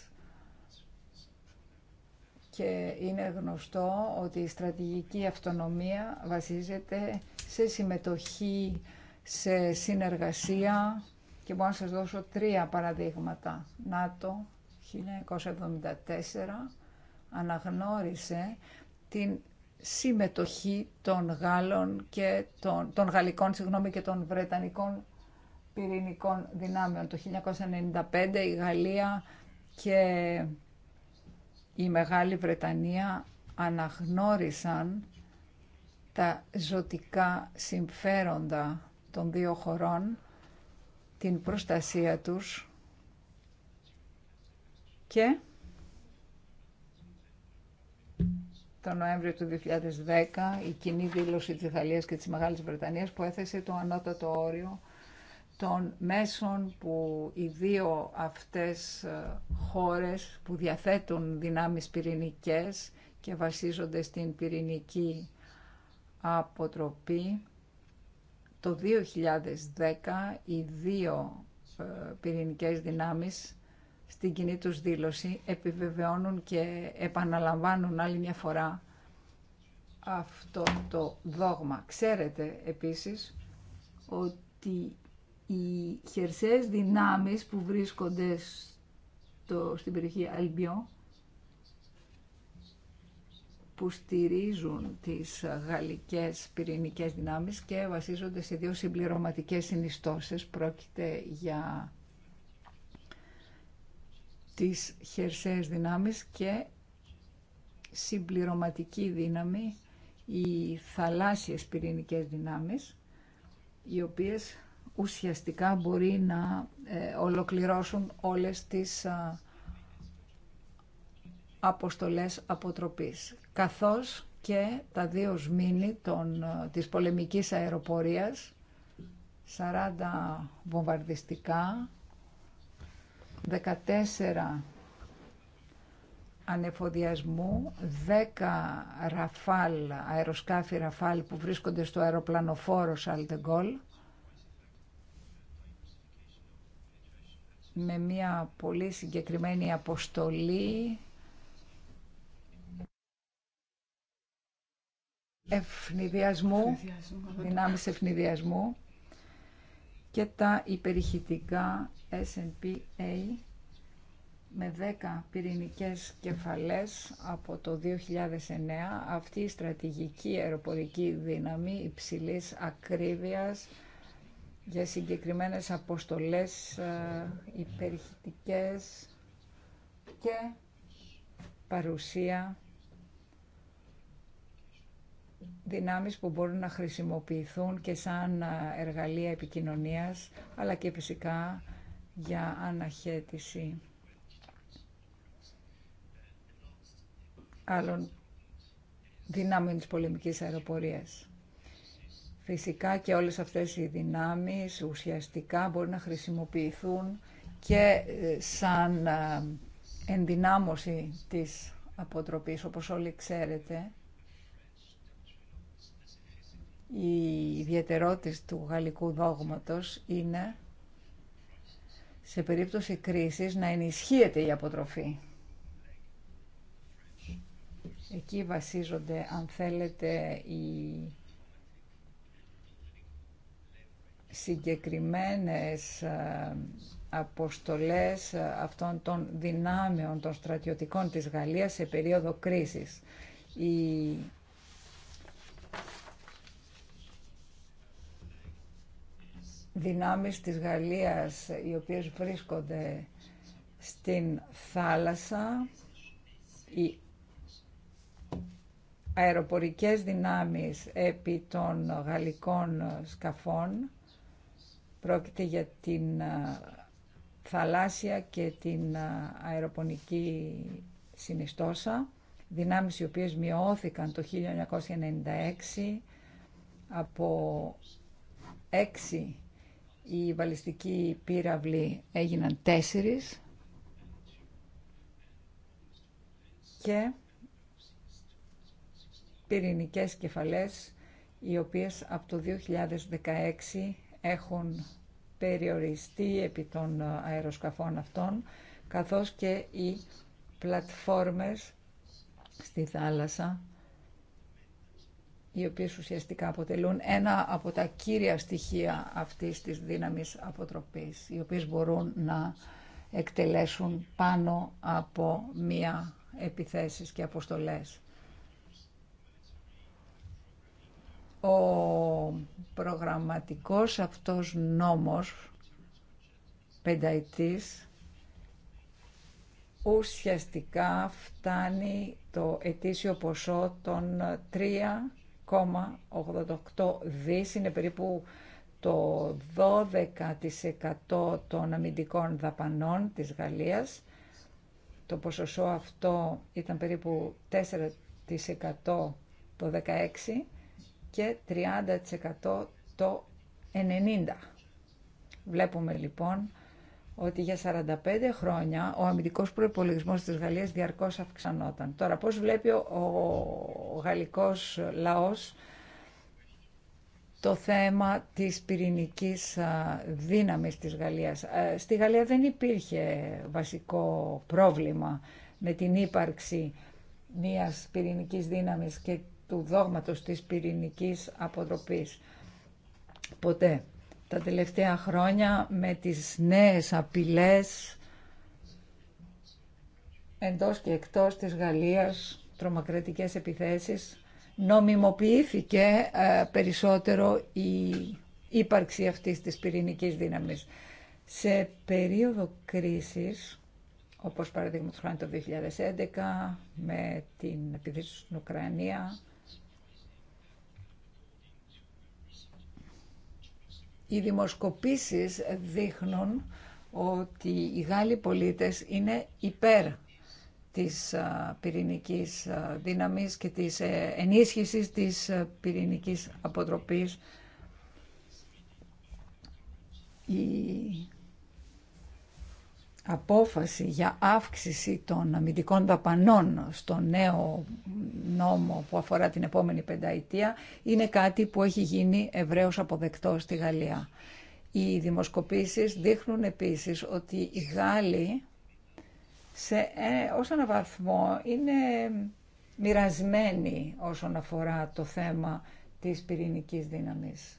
και είναι γνωστό ότι η στρατηγική αυτονομία βασίζεται σε συμμετοχή, σε συνεργασία και μπορώ να σας δώσω τρία παραδείγματα. ΝΑΤΟ 1974 αναγνώρισε την συμμετοχή των Γάλλων και των, Γαλλικών και των Βρετανικών πυρηνικών δυνάμεων. Το 1995 η Γαλλία και η Μεγάλη Βρετανία αναγνώρισαν τα ζωτικά συμφέροντα των δύο χωρών, την προστασία τους και το Νοέμβριο του 2010 η κοινή δήλωση της Ιταλίας και της Μεγάλης Βρετανίας που έθεσε το ανώτατο όριο των μέσων που οι δύο αυτές ε, χώρες που διαθέτουν δυνάμεις πυρηνικές και βασίζονται στην πυρηνική αποτροπή. Το 2010 οι δύο ε, πυρηνικές δυνάμεις στην κοινή τους δήλωση επιβεβαιώνουν και επαναλαμβάνουν άλλη μια φορά αυτό το δόγμα. Ξέρετε επίσης ότι οι χερσαίες δυνάμεις που βρίσκονται στο, στην περιοχή Αλμπιό που στηρίζουν τις γαλλικές πυρηνικές δυνάμεις και βασίζονται σε δύο συμπληρωματικές συνιστώσεις. Πρόκειται για τις χερσαίες δυνάμεις και συμπληρωματική δύναμη οι θαλάσσιες πυρηνικές δυνάμεις οι οποίες ουσιαστικά μπορεί να ε, ολοκληρώσουν όλες τις αποστολές αποτροπής, καθώς και τα δύο σμήνη των, ε, της πολεμικής αεροπορίας, 40 βομβαρδιστικά, 14 ανεφοδιασμού, 10 ραφάλ, αεροσκάφη ραφάλ που βρίσκονται στο αεροπλανοφόρο Σαλτεγκόλ, με μια πολύ συγκεκριμένη αποστολή ευνηδιασμού, δυνάμεις ευνηδιασμού και τα υπερηχητικά S&PA με 10 πυρηνικές κεφαλές από το 2009. Αυτή η στρατηγική αεροπορική δύναμη υψηλής ακρίβειας για συγκεκριμένες αποστολές ε, υπερηχητικές και παρουσία δυνάμεις που μπορούν να χρησιμοποιηθούν και σαν ε, εργαλεία επικοινωνίας, αλλά και φυσικά για αναχέτηση άλλων δυνάμεων της πολεμικής αεροπορίας. Φυσικά και όλες αυτές οι δυνάμεις ουσιαστικά μπορούν να χρησιμοποιηθούν και ε, σαν ε, ενδυνάμωση της αποτροπής, όπως όλοι ξέρετε. Η ιδιαιτερότητες του γαλλικού δόγματος είναι σε περίπτωση κρίσης να ενισχύεται η αποτροφή. Εκεί βασίζονται, αν θέλετε, οι συγκεκριμένες ε, αποστολές ε, αυτών των δυνάμεων των στρατιωτικών της Γαλλίας σε περίοδο κρίσης. Η δυνάμεις της Γαλλίας οι οποίες βρίσκονται στην θάλασσα, οι αεροπορικές δυνάμεις επί των γαλλικών σκαφών πρόκειται για την ε, θαλάσσια και την ε, αεροπονική συνιστόσα, δυνάμεις οι οποίες μειώθηκαν το 1996 από έξι οι βαλιστικοί πύραυλοι έγιναν τέσσερις και πυρηνικές κεφαλές οι οποίες από το 2016 έχουν περιοριστεί επί των αεροσκαφών αυτών καθώς και οι πλατφόρμες στη θάλασσα οι οποίες ουσιαστικά αποτελούν ένα από τα κύρια στοιχεία αυτής της δύναμης αποτροπής, οι οποίες μπορούν να εκτελέσουν πάνω από μία επιθέσεις και αποστολές. Ο προγραμματικός αυτός νόμος πενταετής ουσιαστικά φτάνει το ετήσιο ποσό των τρία... 1,88 δις, είναι περίπου το 12% των αμυντικών δαπανών της Γαλλίας. Το ποσοστό αυτό ήταν περίπου 4% το 16% και 30% το 90%. Βλέπουμε λοιπόν ότι για 45 χρόνια ο αμυντικός προϋπολογισμός της Γαλλίας διαρκώς αυξανόταν. Τώρα πώς βλέπει ο γαλλικός λαός το θέμα της πυρηνικής δύναμης της Γαλλίας. Στη Γαλλία δεν υπήρχε βασικό πρόβλημα με την ύπαρξη μιας πυρηνικής δύναμης και του δόγματος της πυρηνικής αποτροπής. Ποτέ τα τελευταία χρόνια με τις νέες απειλές εντός και εκτός της Γαλλίας, τρομακρατικές επιθέσεις, νομιμοποιήθηκε ε, περισσότερο η ύπαρξη αυτής της πυρηνικής δύναμης. Σε περίοδο κρίσης, όπως παραδείγματος χάρη το 2011 με την επίθεση στην Ουκρανία, Οι δημοσκοπήσεις δείχνουν ότι οι Γάλλοι πολίτες είναι υπέρ της πυρηνικής δύναμης και της ε, ενίσχυσης της πυρηνικής αποτροπής απόφαση για αύξηση των αμυντικών δαπανών στο νέο νόμο που αφορά την επόμενη πενταετία είναι κάτι που έχει γίνει ευρέως αποδεκτό στη Γαλλία. Οι δημοσκοπήσεις δείχνουν επίσης ότι οι Γάλλοι σε, ε, ως ένα βαθμό είναι μοιρασμένοι όσον αφορά το θέμα της πυρηνικής δύναμης.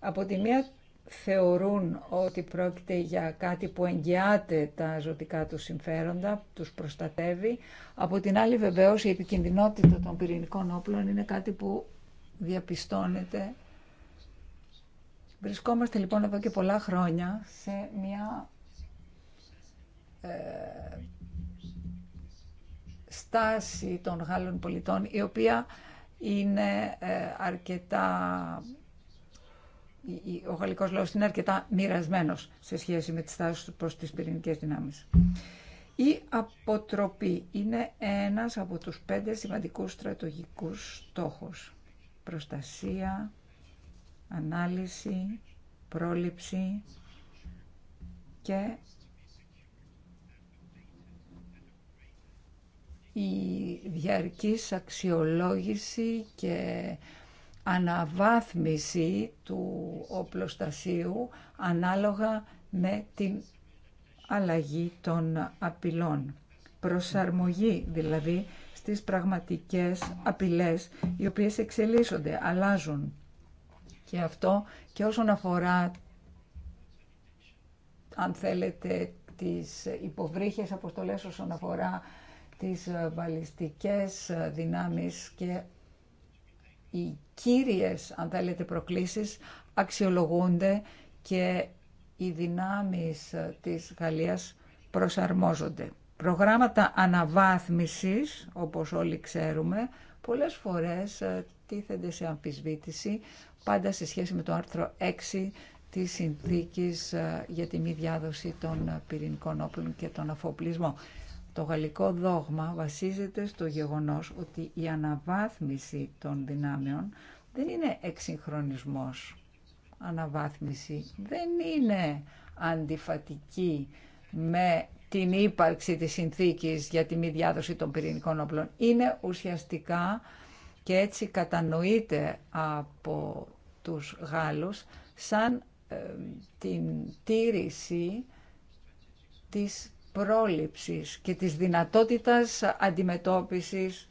Από τη μία θεωρούν ότι πρόκειται για κάτι που εγγυάται τα ζωτικά του συμφέροντα, τους προστατεύει. Από την άλλη βεβαίως η επικινδυνότητα των πυρηνικών όπλων είναι κάτι που διαπιστώνεται. Βρισκόμαστε λοιπόν εδώ και πολλά χρόνια σε μια ε, στάση των Γάλλων πολιτών η οποία είναι ε, αρκετά ο γαλλικός λαός είναι αρκετά μοιρασμένο σε σχέση με τις τάσει προς τις πυρηνικές δυνάμεις. Η αποτροπή είναι ένας από τους πέντε σημαντικούς στρατογικούς στόχους. Προστασία, ανάλυση, πρόληψη και η διαρκής αξιολόγηση και αναβάθμιση του οπλοστασίου ανάλογα με την αλλαγή των απειλών. Προσαρμογή δηλαδή στις πραγματικές απειλές οι οποίες εξελίσσονται, αλλάζουν. Και αυτό και όσον αφορά αν θέλετε τις υποβρύχες αποστολές όσον αφορά τις βαλιστικές δυνάμεις και οι κύριες, αν θέλετε, προκλήσεις αξιολογούνται και οι δυνάμεις της Γαλλίας προσαρμόζονται. Προγράμματα αναβάθμισης, όπως όλοι ξέρουμε, πολλές φορές ε, τίθενται σε αμφισβήτηση, πάντα σε σχέση με το άρθρο 6 της συνθήκης ε, για τη μη διάδοση των πυρηνικών όπλων και τον αφοπλισμό. Το γαλλικό δόγμα βασίζεται στο γεγονός ότι η αναβάθμιση των δυνάμεων δεν είναι εξυγχρονισμός. Αναβάθμιση δεν είναι αντιφατική με την ύπαρξη της συνθήκης για τη μη διάδοση των πυρηνικών όπλων. Είναι ουσιαστικά και έτσι κατανοείται από τους Γάλλους σαν ε, την τήρηση της πρόληψης και της δυνατότητας αντιμετώπισης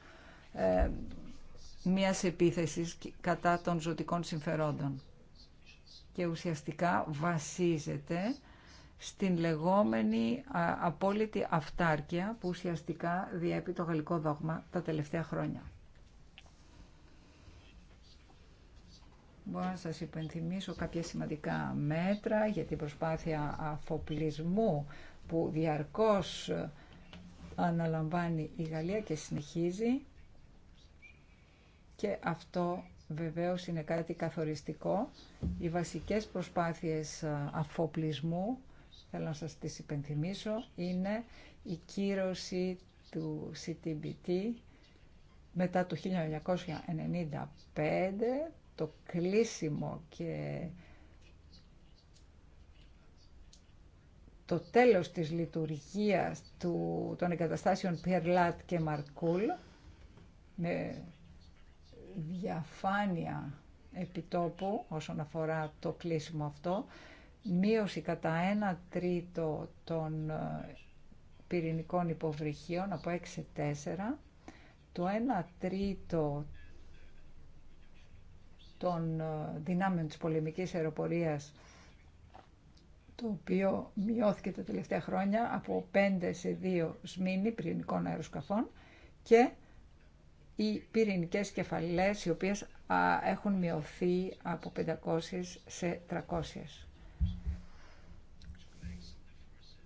ε, μιας επίθεσης κατά των ζωτικών συμφερόντων. Και ουσιαστικά βασίζεται στην λεγόμενη απόλυτη αυτάρκεια που ουσιαστικά διέπει το γαλλικό δόγμα τα τελευταία χρόνια. Μπορώ να σας υπενθυμίσω κάποια σημαντικά μέτρα για την προσπάθεια αφοπλισμού που διαρκώς αναλαμβάνει η Γαλλία και συνεχίζει και αυτό βεβαίως είναι κάτι καθοριστικό. Οι βασικές προσπάθειες αφοπλισμού, θέλω να σας τις υπενθυμίσω, είναι η κύρωση του CTBT μετά το 1995 το κλείσιμο και το τέλος της λειτουργίας του, των εγκαταστάσεων Πιερλάτ και Μαρκούλ με διαφάνεια επιτόπου όσον αφορά το κλείσιμο αυτό, μείωση κατά ένα τρίτο των ε, πυρηνικών υποβρυχίων από 6-4, το 1 τρίτο των ε, δυνάμεων της πολεμικής αεροπορίας το οποίο μειώθηκε τα τελευταία χρόνια από 5 σε 2 σμήνη πυρηνικών αεροσκαφών και οι πυρηνικές κεφαλές οι οποίες έχουν μειωθεί από 500 σε 300.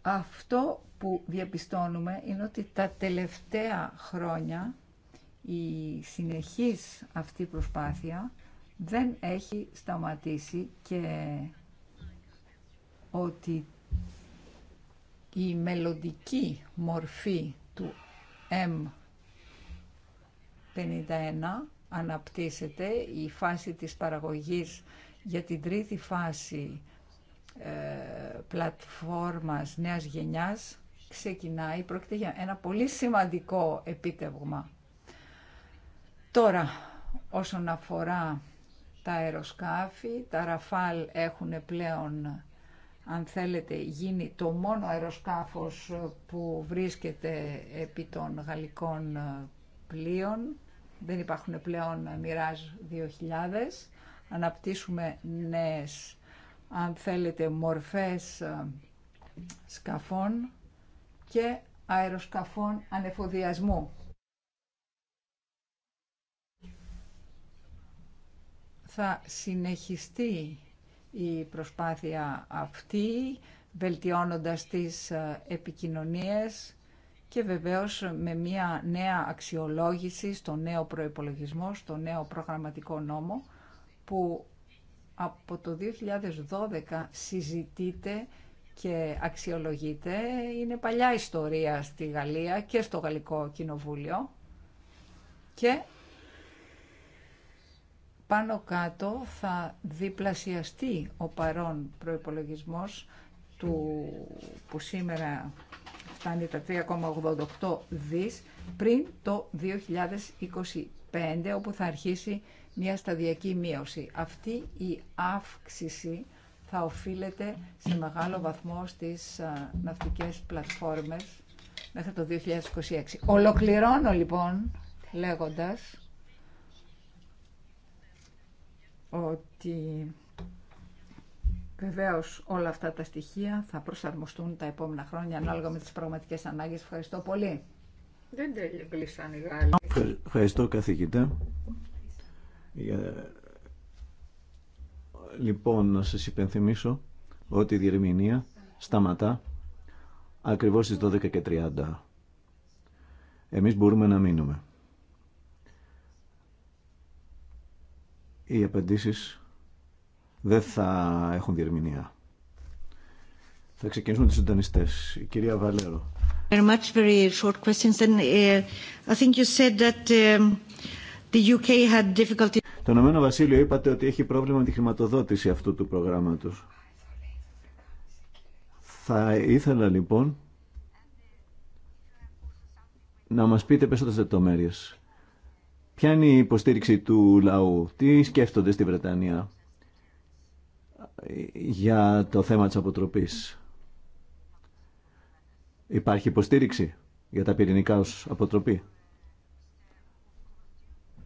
Αυτό που διαπιστώνουμε είναι ότι τα τελευταία χρόνια η συνεχής αυτή προσπάθεια δεν έχει σταματήσει και ότι η μελλοντική μορφή του M51 αναπτύσσεται, η φάση της παραγωγής για την τρίτη φάση ε, πλατφόρμας νέας γενιάς ξεκινάει, πρόκειται για ένα πολύ σημαντικό επίτευγμα. Τώρα, όσον αφορά τα αεροσκάφη. Τα Ραφάλ έχουν πλέον, αν θέλετε, γίνει το μόνο αεροσκάφος που βρίσκεται επί των γαλλικών ε, πλοίων. Δεν υπάρχουν πλέον μοιράζ 2000. Αναπτύσσουμε νέες, αν θέλετε, μορφές ε, σκαφών και αεροσκαφών ανεφοδιασμού. θα συνεχιστεί η προσπάθεια αυτή, βελτιώνοντας τις ε, επικοινωνίες και βεβαίως με μια νέα αξιολόγηση στο νέο προϋπολογισμό, στο νέο προγραμματικό νόμο, που από το 2012 συζητείται και αξιολογείται. Είναι παλιά ιστορία στη Γαλλία και στο Γαλλικό Κοινοβούλιο. Και πάνω κάτω θα διπλασιαστεί ο παρόν προϋπολογισμός του, που σήμερα φτάνει τα 3,88 δις πριν το 2025 όπου θα αρχίσει μια σταδιακή μείωση. Αυτή η αύξηση θα οφείλεται σε μεγάλο βαθμό στις ναυτικές πλατφόρμες μέχρι το 2026. Ολοκληρώνω λοιπόν λέγοντας ότι βεβαίως όλα αυτά τα στοιχεία θα προσαρμοστούν τα επόμενα χρόνια ανάλογα με τις πραγματικές ανάγκες. Ευχαριστώ πολύ. Δεν οι Γάλλοι. Ευχαριστώ καθηγητά. Λοιπόν, να σας υπενθυμίσω ότι η διερμηνία σταματά ακριβώς στις 12.30. Εμείς μπορούμε να μείνουμε. οι απαντήσεις δεν θα έχουν διερμηνία. Θα ξεκινήσουμε τις συντονιστές. Η κυρία Βαλέρο. Very much, very short questions. And uh, I think you said that uh, the UK had difficulty. Το Ηνωμένο Βασίλειο είπατε ότι έχει πρόβλημα με τη χρηματοδότηση αυτού του προγράμματος. Θα ήθελα λοιπόν να μας πείτε περισσότερες λεπτομέρειες. Ποια είναι η υποστήριξη του λαού, τι σκέφτονται στη Βρετανία για το θέμα της αποτροπής. Υπάρχει υποστήριξη για τα πυρηνικά ως αποτροπή.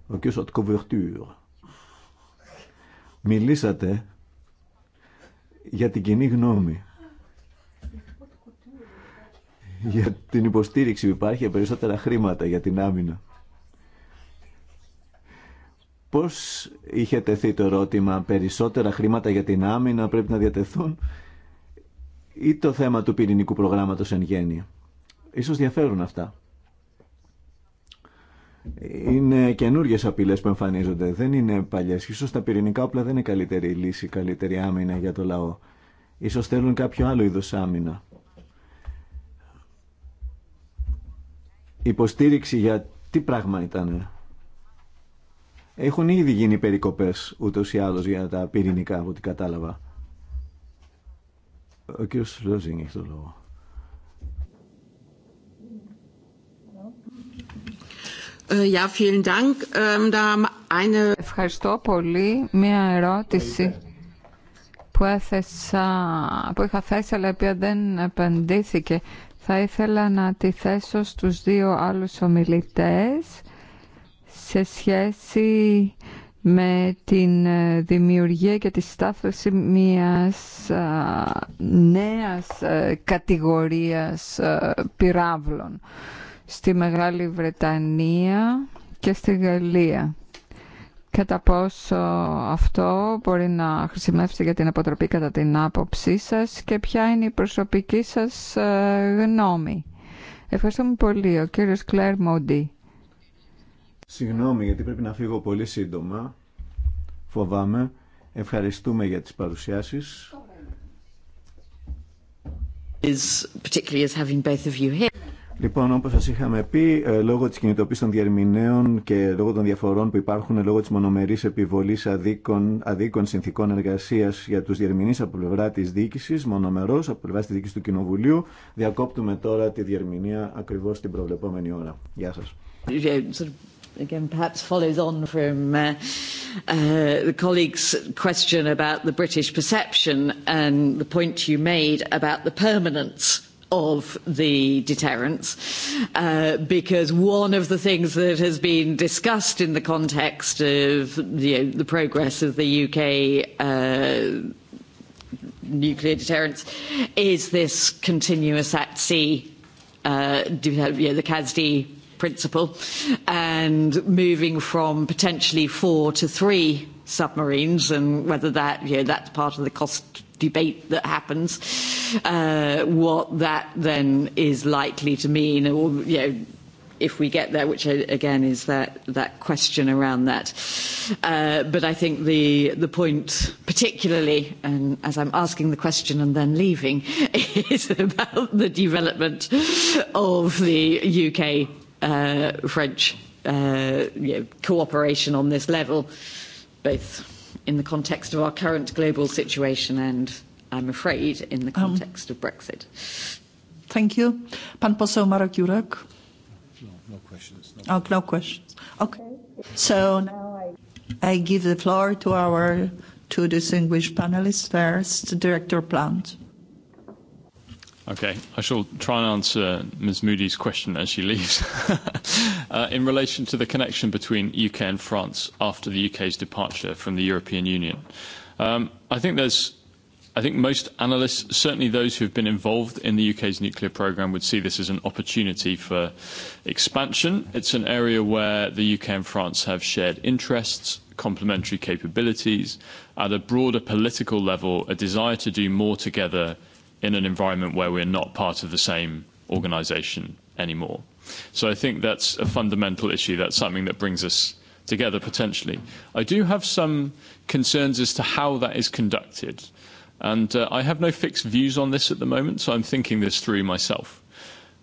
Ο κ. Σοτκοβερτούρ. Μιλήσατε για την κοινή γνώμη. Για την υποστήριξη που υπάρχει για περισσότερα χρήματα για την άμυνα. Πώς είχε τεθεί το ερώτημα, περισσότερα χρήματα για την άμυνα πρέπει να διατεθούν ή το θέμα του πυρηνικού προγράμματος εν γέννη. Ίσως διαφέρουν αυτά. Είναι καινούριε απειλέ που εμφανίζονται, δεν είναι παλιέ. σω τα πυρηνικά όπλα δεν είναι καλύτερη λύση, καλύτερη άμυνα για το λαό. Ίσως θέλουν κάποιο άλλο είδο άμυνα. Υποστήριξη για τι πράγμα ήταν έχουν ήδη γίνει περικοπέ ούτω ή άλλω για τα πυρηνικά από ό,τι κατάλαβα. Ο κ. Λόζινγκ έχει το λόγο. Ε, ähm, Ευχαριστώ πολύ. Μία ερώτηση που, έθεσα, που είχα θέσει αλλά η οποία δεν επενδύθηκε. Θα ήθελα να τη θέσω στους δύο άλλους ομιλητές σε σχέση με την ε, δημιουργία και τη στάθωση μιας ε, νέας ε, κατηγορίας πυράβλων στη Μεγάλη Βρετανία και στη Γαλλία. Κατά πόσο αυτό μπορεί να χρησιμεύσει για την αποτροπή κατά την άποψή σας και ποια είναι η προσωπική σας γνώμη. Ευχαριστούμε πολύ. Ο κύριος Κλέρ Μοντή. Συγγνώμη γιατί πρέπει να φύγω πολύ σύντομα. Φοβάμαι. Ευχαριστούμε για τις παρουσιάσεις. Λοιπόν, όπως σας είχαμε πει, ε, λόγω της κινητοποίησης των διερμηνέων και λόγω των διαφορών που υπάρχουν λόγω της μονομερής επιβολής αδίκων, αδίκων συνθήκων εργασίας για τους διερμηνείς από πλευρά της διοίκησης, μονομερός από πλευρά της διοίκησης του Κοινοβουλίου, διακόπτουμε τώρα τη διερμηνία ακριβώς την προβλεπόμενη ώρα. Γεια σας again perhaps follows on from the colleague's question about the British perception and the point you made about the permanence of the deterrence because one of the things that has been discussed in the context of the progress of the UK nuclear deterrence is this continuous at sea the CASD principle and moving from potentially four to three submarines and whether that you that's part of the cost debate that happens what that then is likely to mean or you know if we get there which again is that that question around that but i think the the point particularly and as i'm asking the question and then leaving is about the development of the uk French cooperation on this level, both in the context of our current global situation and, I'm afraid, in the context of Brexit. Thank you. Pan poseł No questions. no questions. Okay. So now I give the floor to our two distinguished panelists. First, Director Plant. Okay, I shall try and answer Ms. Moody's question as she leaves. In relation to the connection between UK and France after the UK's departure from the European Union, I think there's, I think most analysts, certainly those who have been involved in the UK's nuclear programme, would see this as an opportunity for expansion. It's an area where the UK and France have shared interests, complementary capabilities, at a broader political level, a desire to do more together in an environment where we're not part of the same organization anymore. So I think that's a fundamental issue. That's something that brings us together potentially. I do have some concerns as to how that is conducted. And I have no fixed views on this at the moment, so I'm thinking this through myself.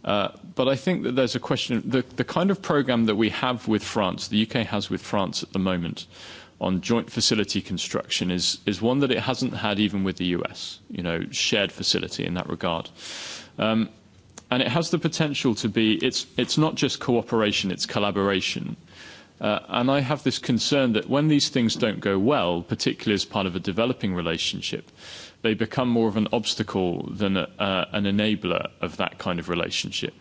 But I think that there's a question, the kind of program that we have with France, the UK has with France at the moment, on joint facility construction is is one that it hasn't had even with the US, you know, shared facility in that regard. and it has the potential to be, it's, it's not just cooperation, it's collaboration. and I have this concern that when these things don't go well, particularly as part of a developing relationship, they become more of an obstacle than an enabler of that kind of relationship.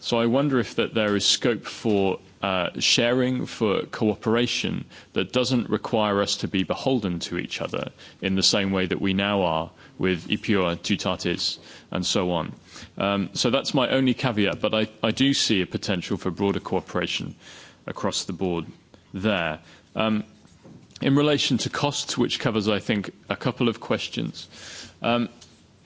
So I wonder if that there is scope for sharing, for cooperation that doesn't require us to be beholden to each other in the same way that we now are with Ipua, Tutatis, and so on. So that's my only caveat, but I, I do see a potential for broader cooperation across the board there. Um, in relation to costs, which covers, I think, a couple of questions, um,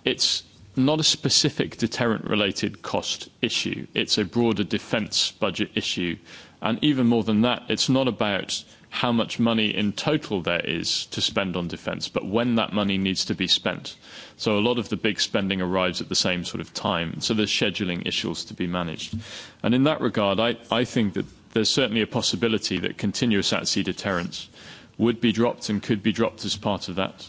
it's not a specific deterrent related cost issue. It's a broader defence budget issue. And even more than that, it's not about how much money in total there is to spend on defence, but when that money needs to be spent. So a lot of the big spending arrives at the same sort of time. So there's scheduling issues to be managed. And in that regard, I, I think that there's certainly a possibility that continuous at-sea deterrence would be dropped and could be dropped as part of that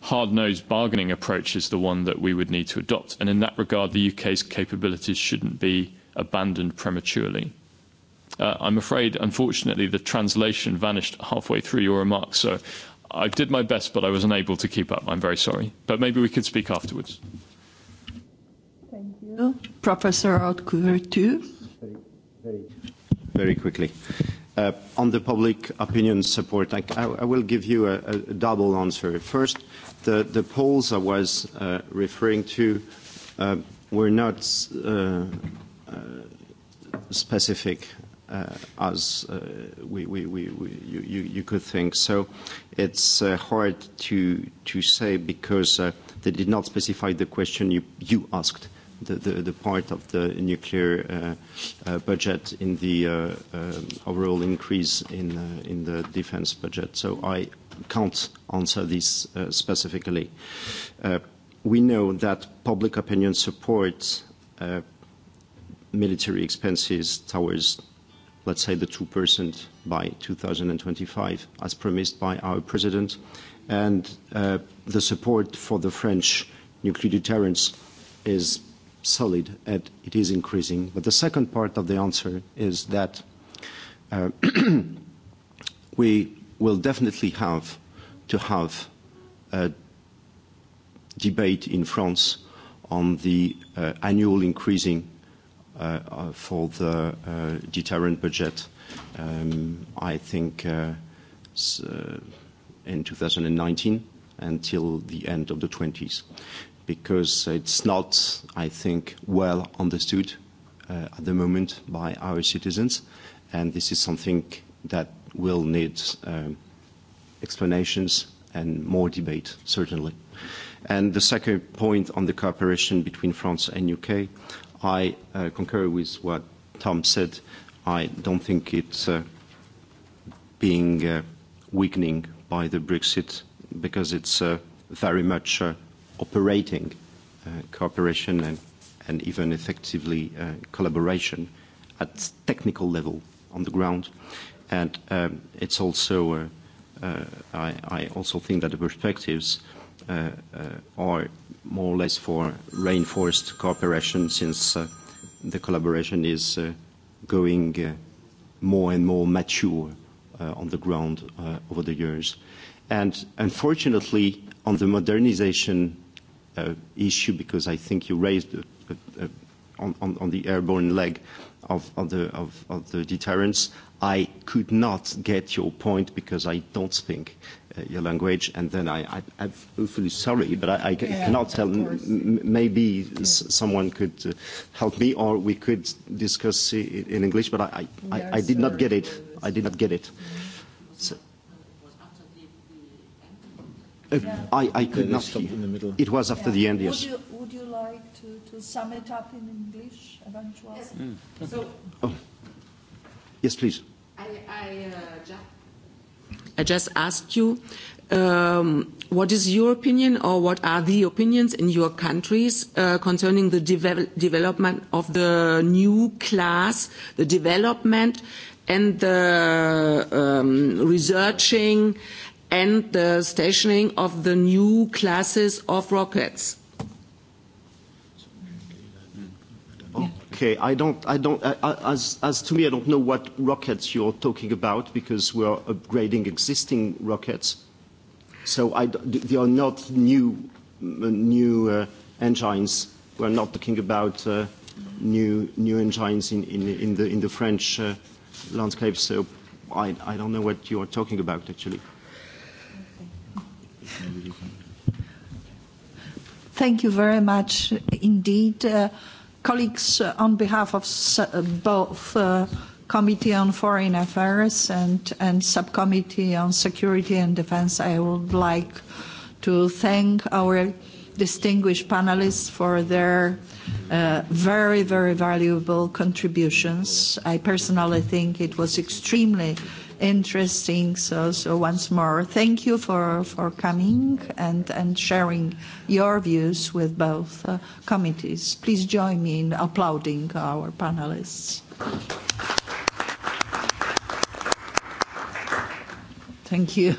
hard-nosed bargaining approach is the one that we would need to adopt. And in that regard, the UK's capabilities shouldn't be abandoned prematurely. I'm afraid, unfortunately, the translation vanished halfway through your remarks, so I did my best, but I was unable to keep up. I'm very sorry. But maybe we could speak afterwards. Thank you. Professor Outcourt, too. Very quickly. On the public opinion support, I will give you a double answer. First, The polls I was referring to were not specific as you could think. So it's hard to to say because they did not specify the question you asked the part of the nuclear budget in the overall increase in in the defense budget. So I can't answer this specifically. We know that public opinion supports military expenses towards, let's say, the 2% by 2025, as promised by our president, and the support for the French nuclear deterrence is solid and it is increasing. But the second part of the answer is that we will definitely have to have a debate in France on the annual increasing for the deterrent budget. I think in 2019 until the end of the 20s, because it's not, I think, well understood at the moment by our citizens, and this is something that will need explanations and more debate, certainly. And the second point on the cooperation between France and UK, I concur with what Tom said. I don't think it's being weakening by the Brexit because it's very much operating cooperation and and even effectively collaboration at technical level on the ground And it's also, I also think that the perspectives are more or less for reinforced cooperation since the collaboration is going more and more mature on the ground over the years. And unfortunately, on the modernization issue, because I think you raised on the airborne leg of the deterrence, I could not get your point because I don't speak your language, and then I, I'm awfully sorry, but I, cannot tell. Maybe someone could help me, or we could discuss in English. But I, did not get it. I did not get it. I, I could not. It was after the end, yes. Would you, like to, sum it up in English eventually? Yes, please. I just asked you um what is your opinion or what are the opinions in your countries concerning the development of the new class, the development and the researching and the stationing of the new classes of rockets. Okay, I don't, I don't, as, as to me, I don't know what rockets you're talking about because we're upgrading existing rockets. So I, they are not new, new engines. We're not talking about new, new engines in, in, in the, in the French landscape. So I, I don't know what you are talking about actually. Thank you very much indeed. Colleagues, on behalf of both Committee on Foreign Affairs and Subcommittee on Security and Defence, I would like to thank our distinguished panelists for their very, very valuable contributions. I personally think it was extremely interesting. So, once more, thank you for, for coming and, and sharing your views with both committees. Please join me in applauding our panelists. Thank you.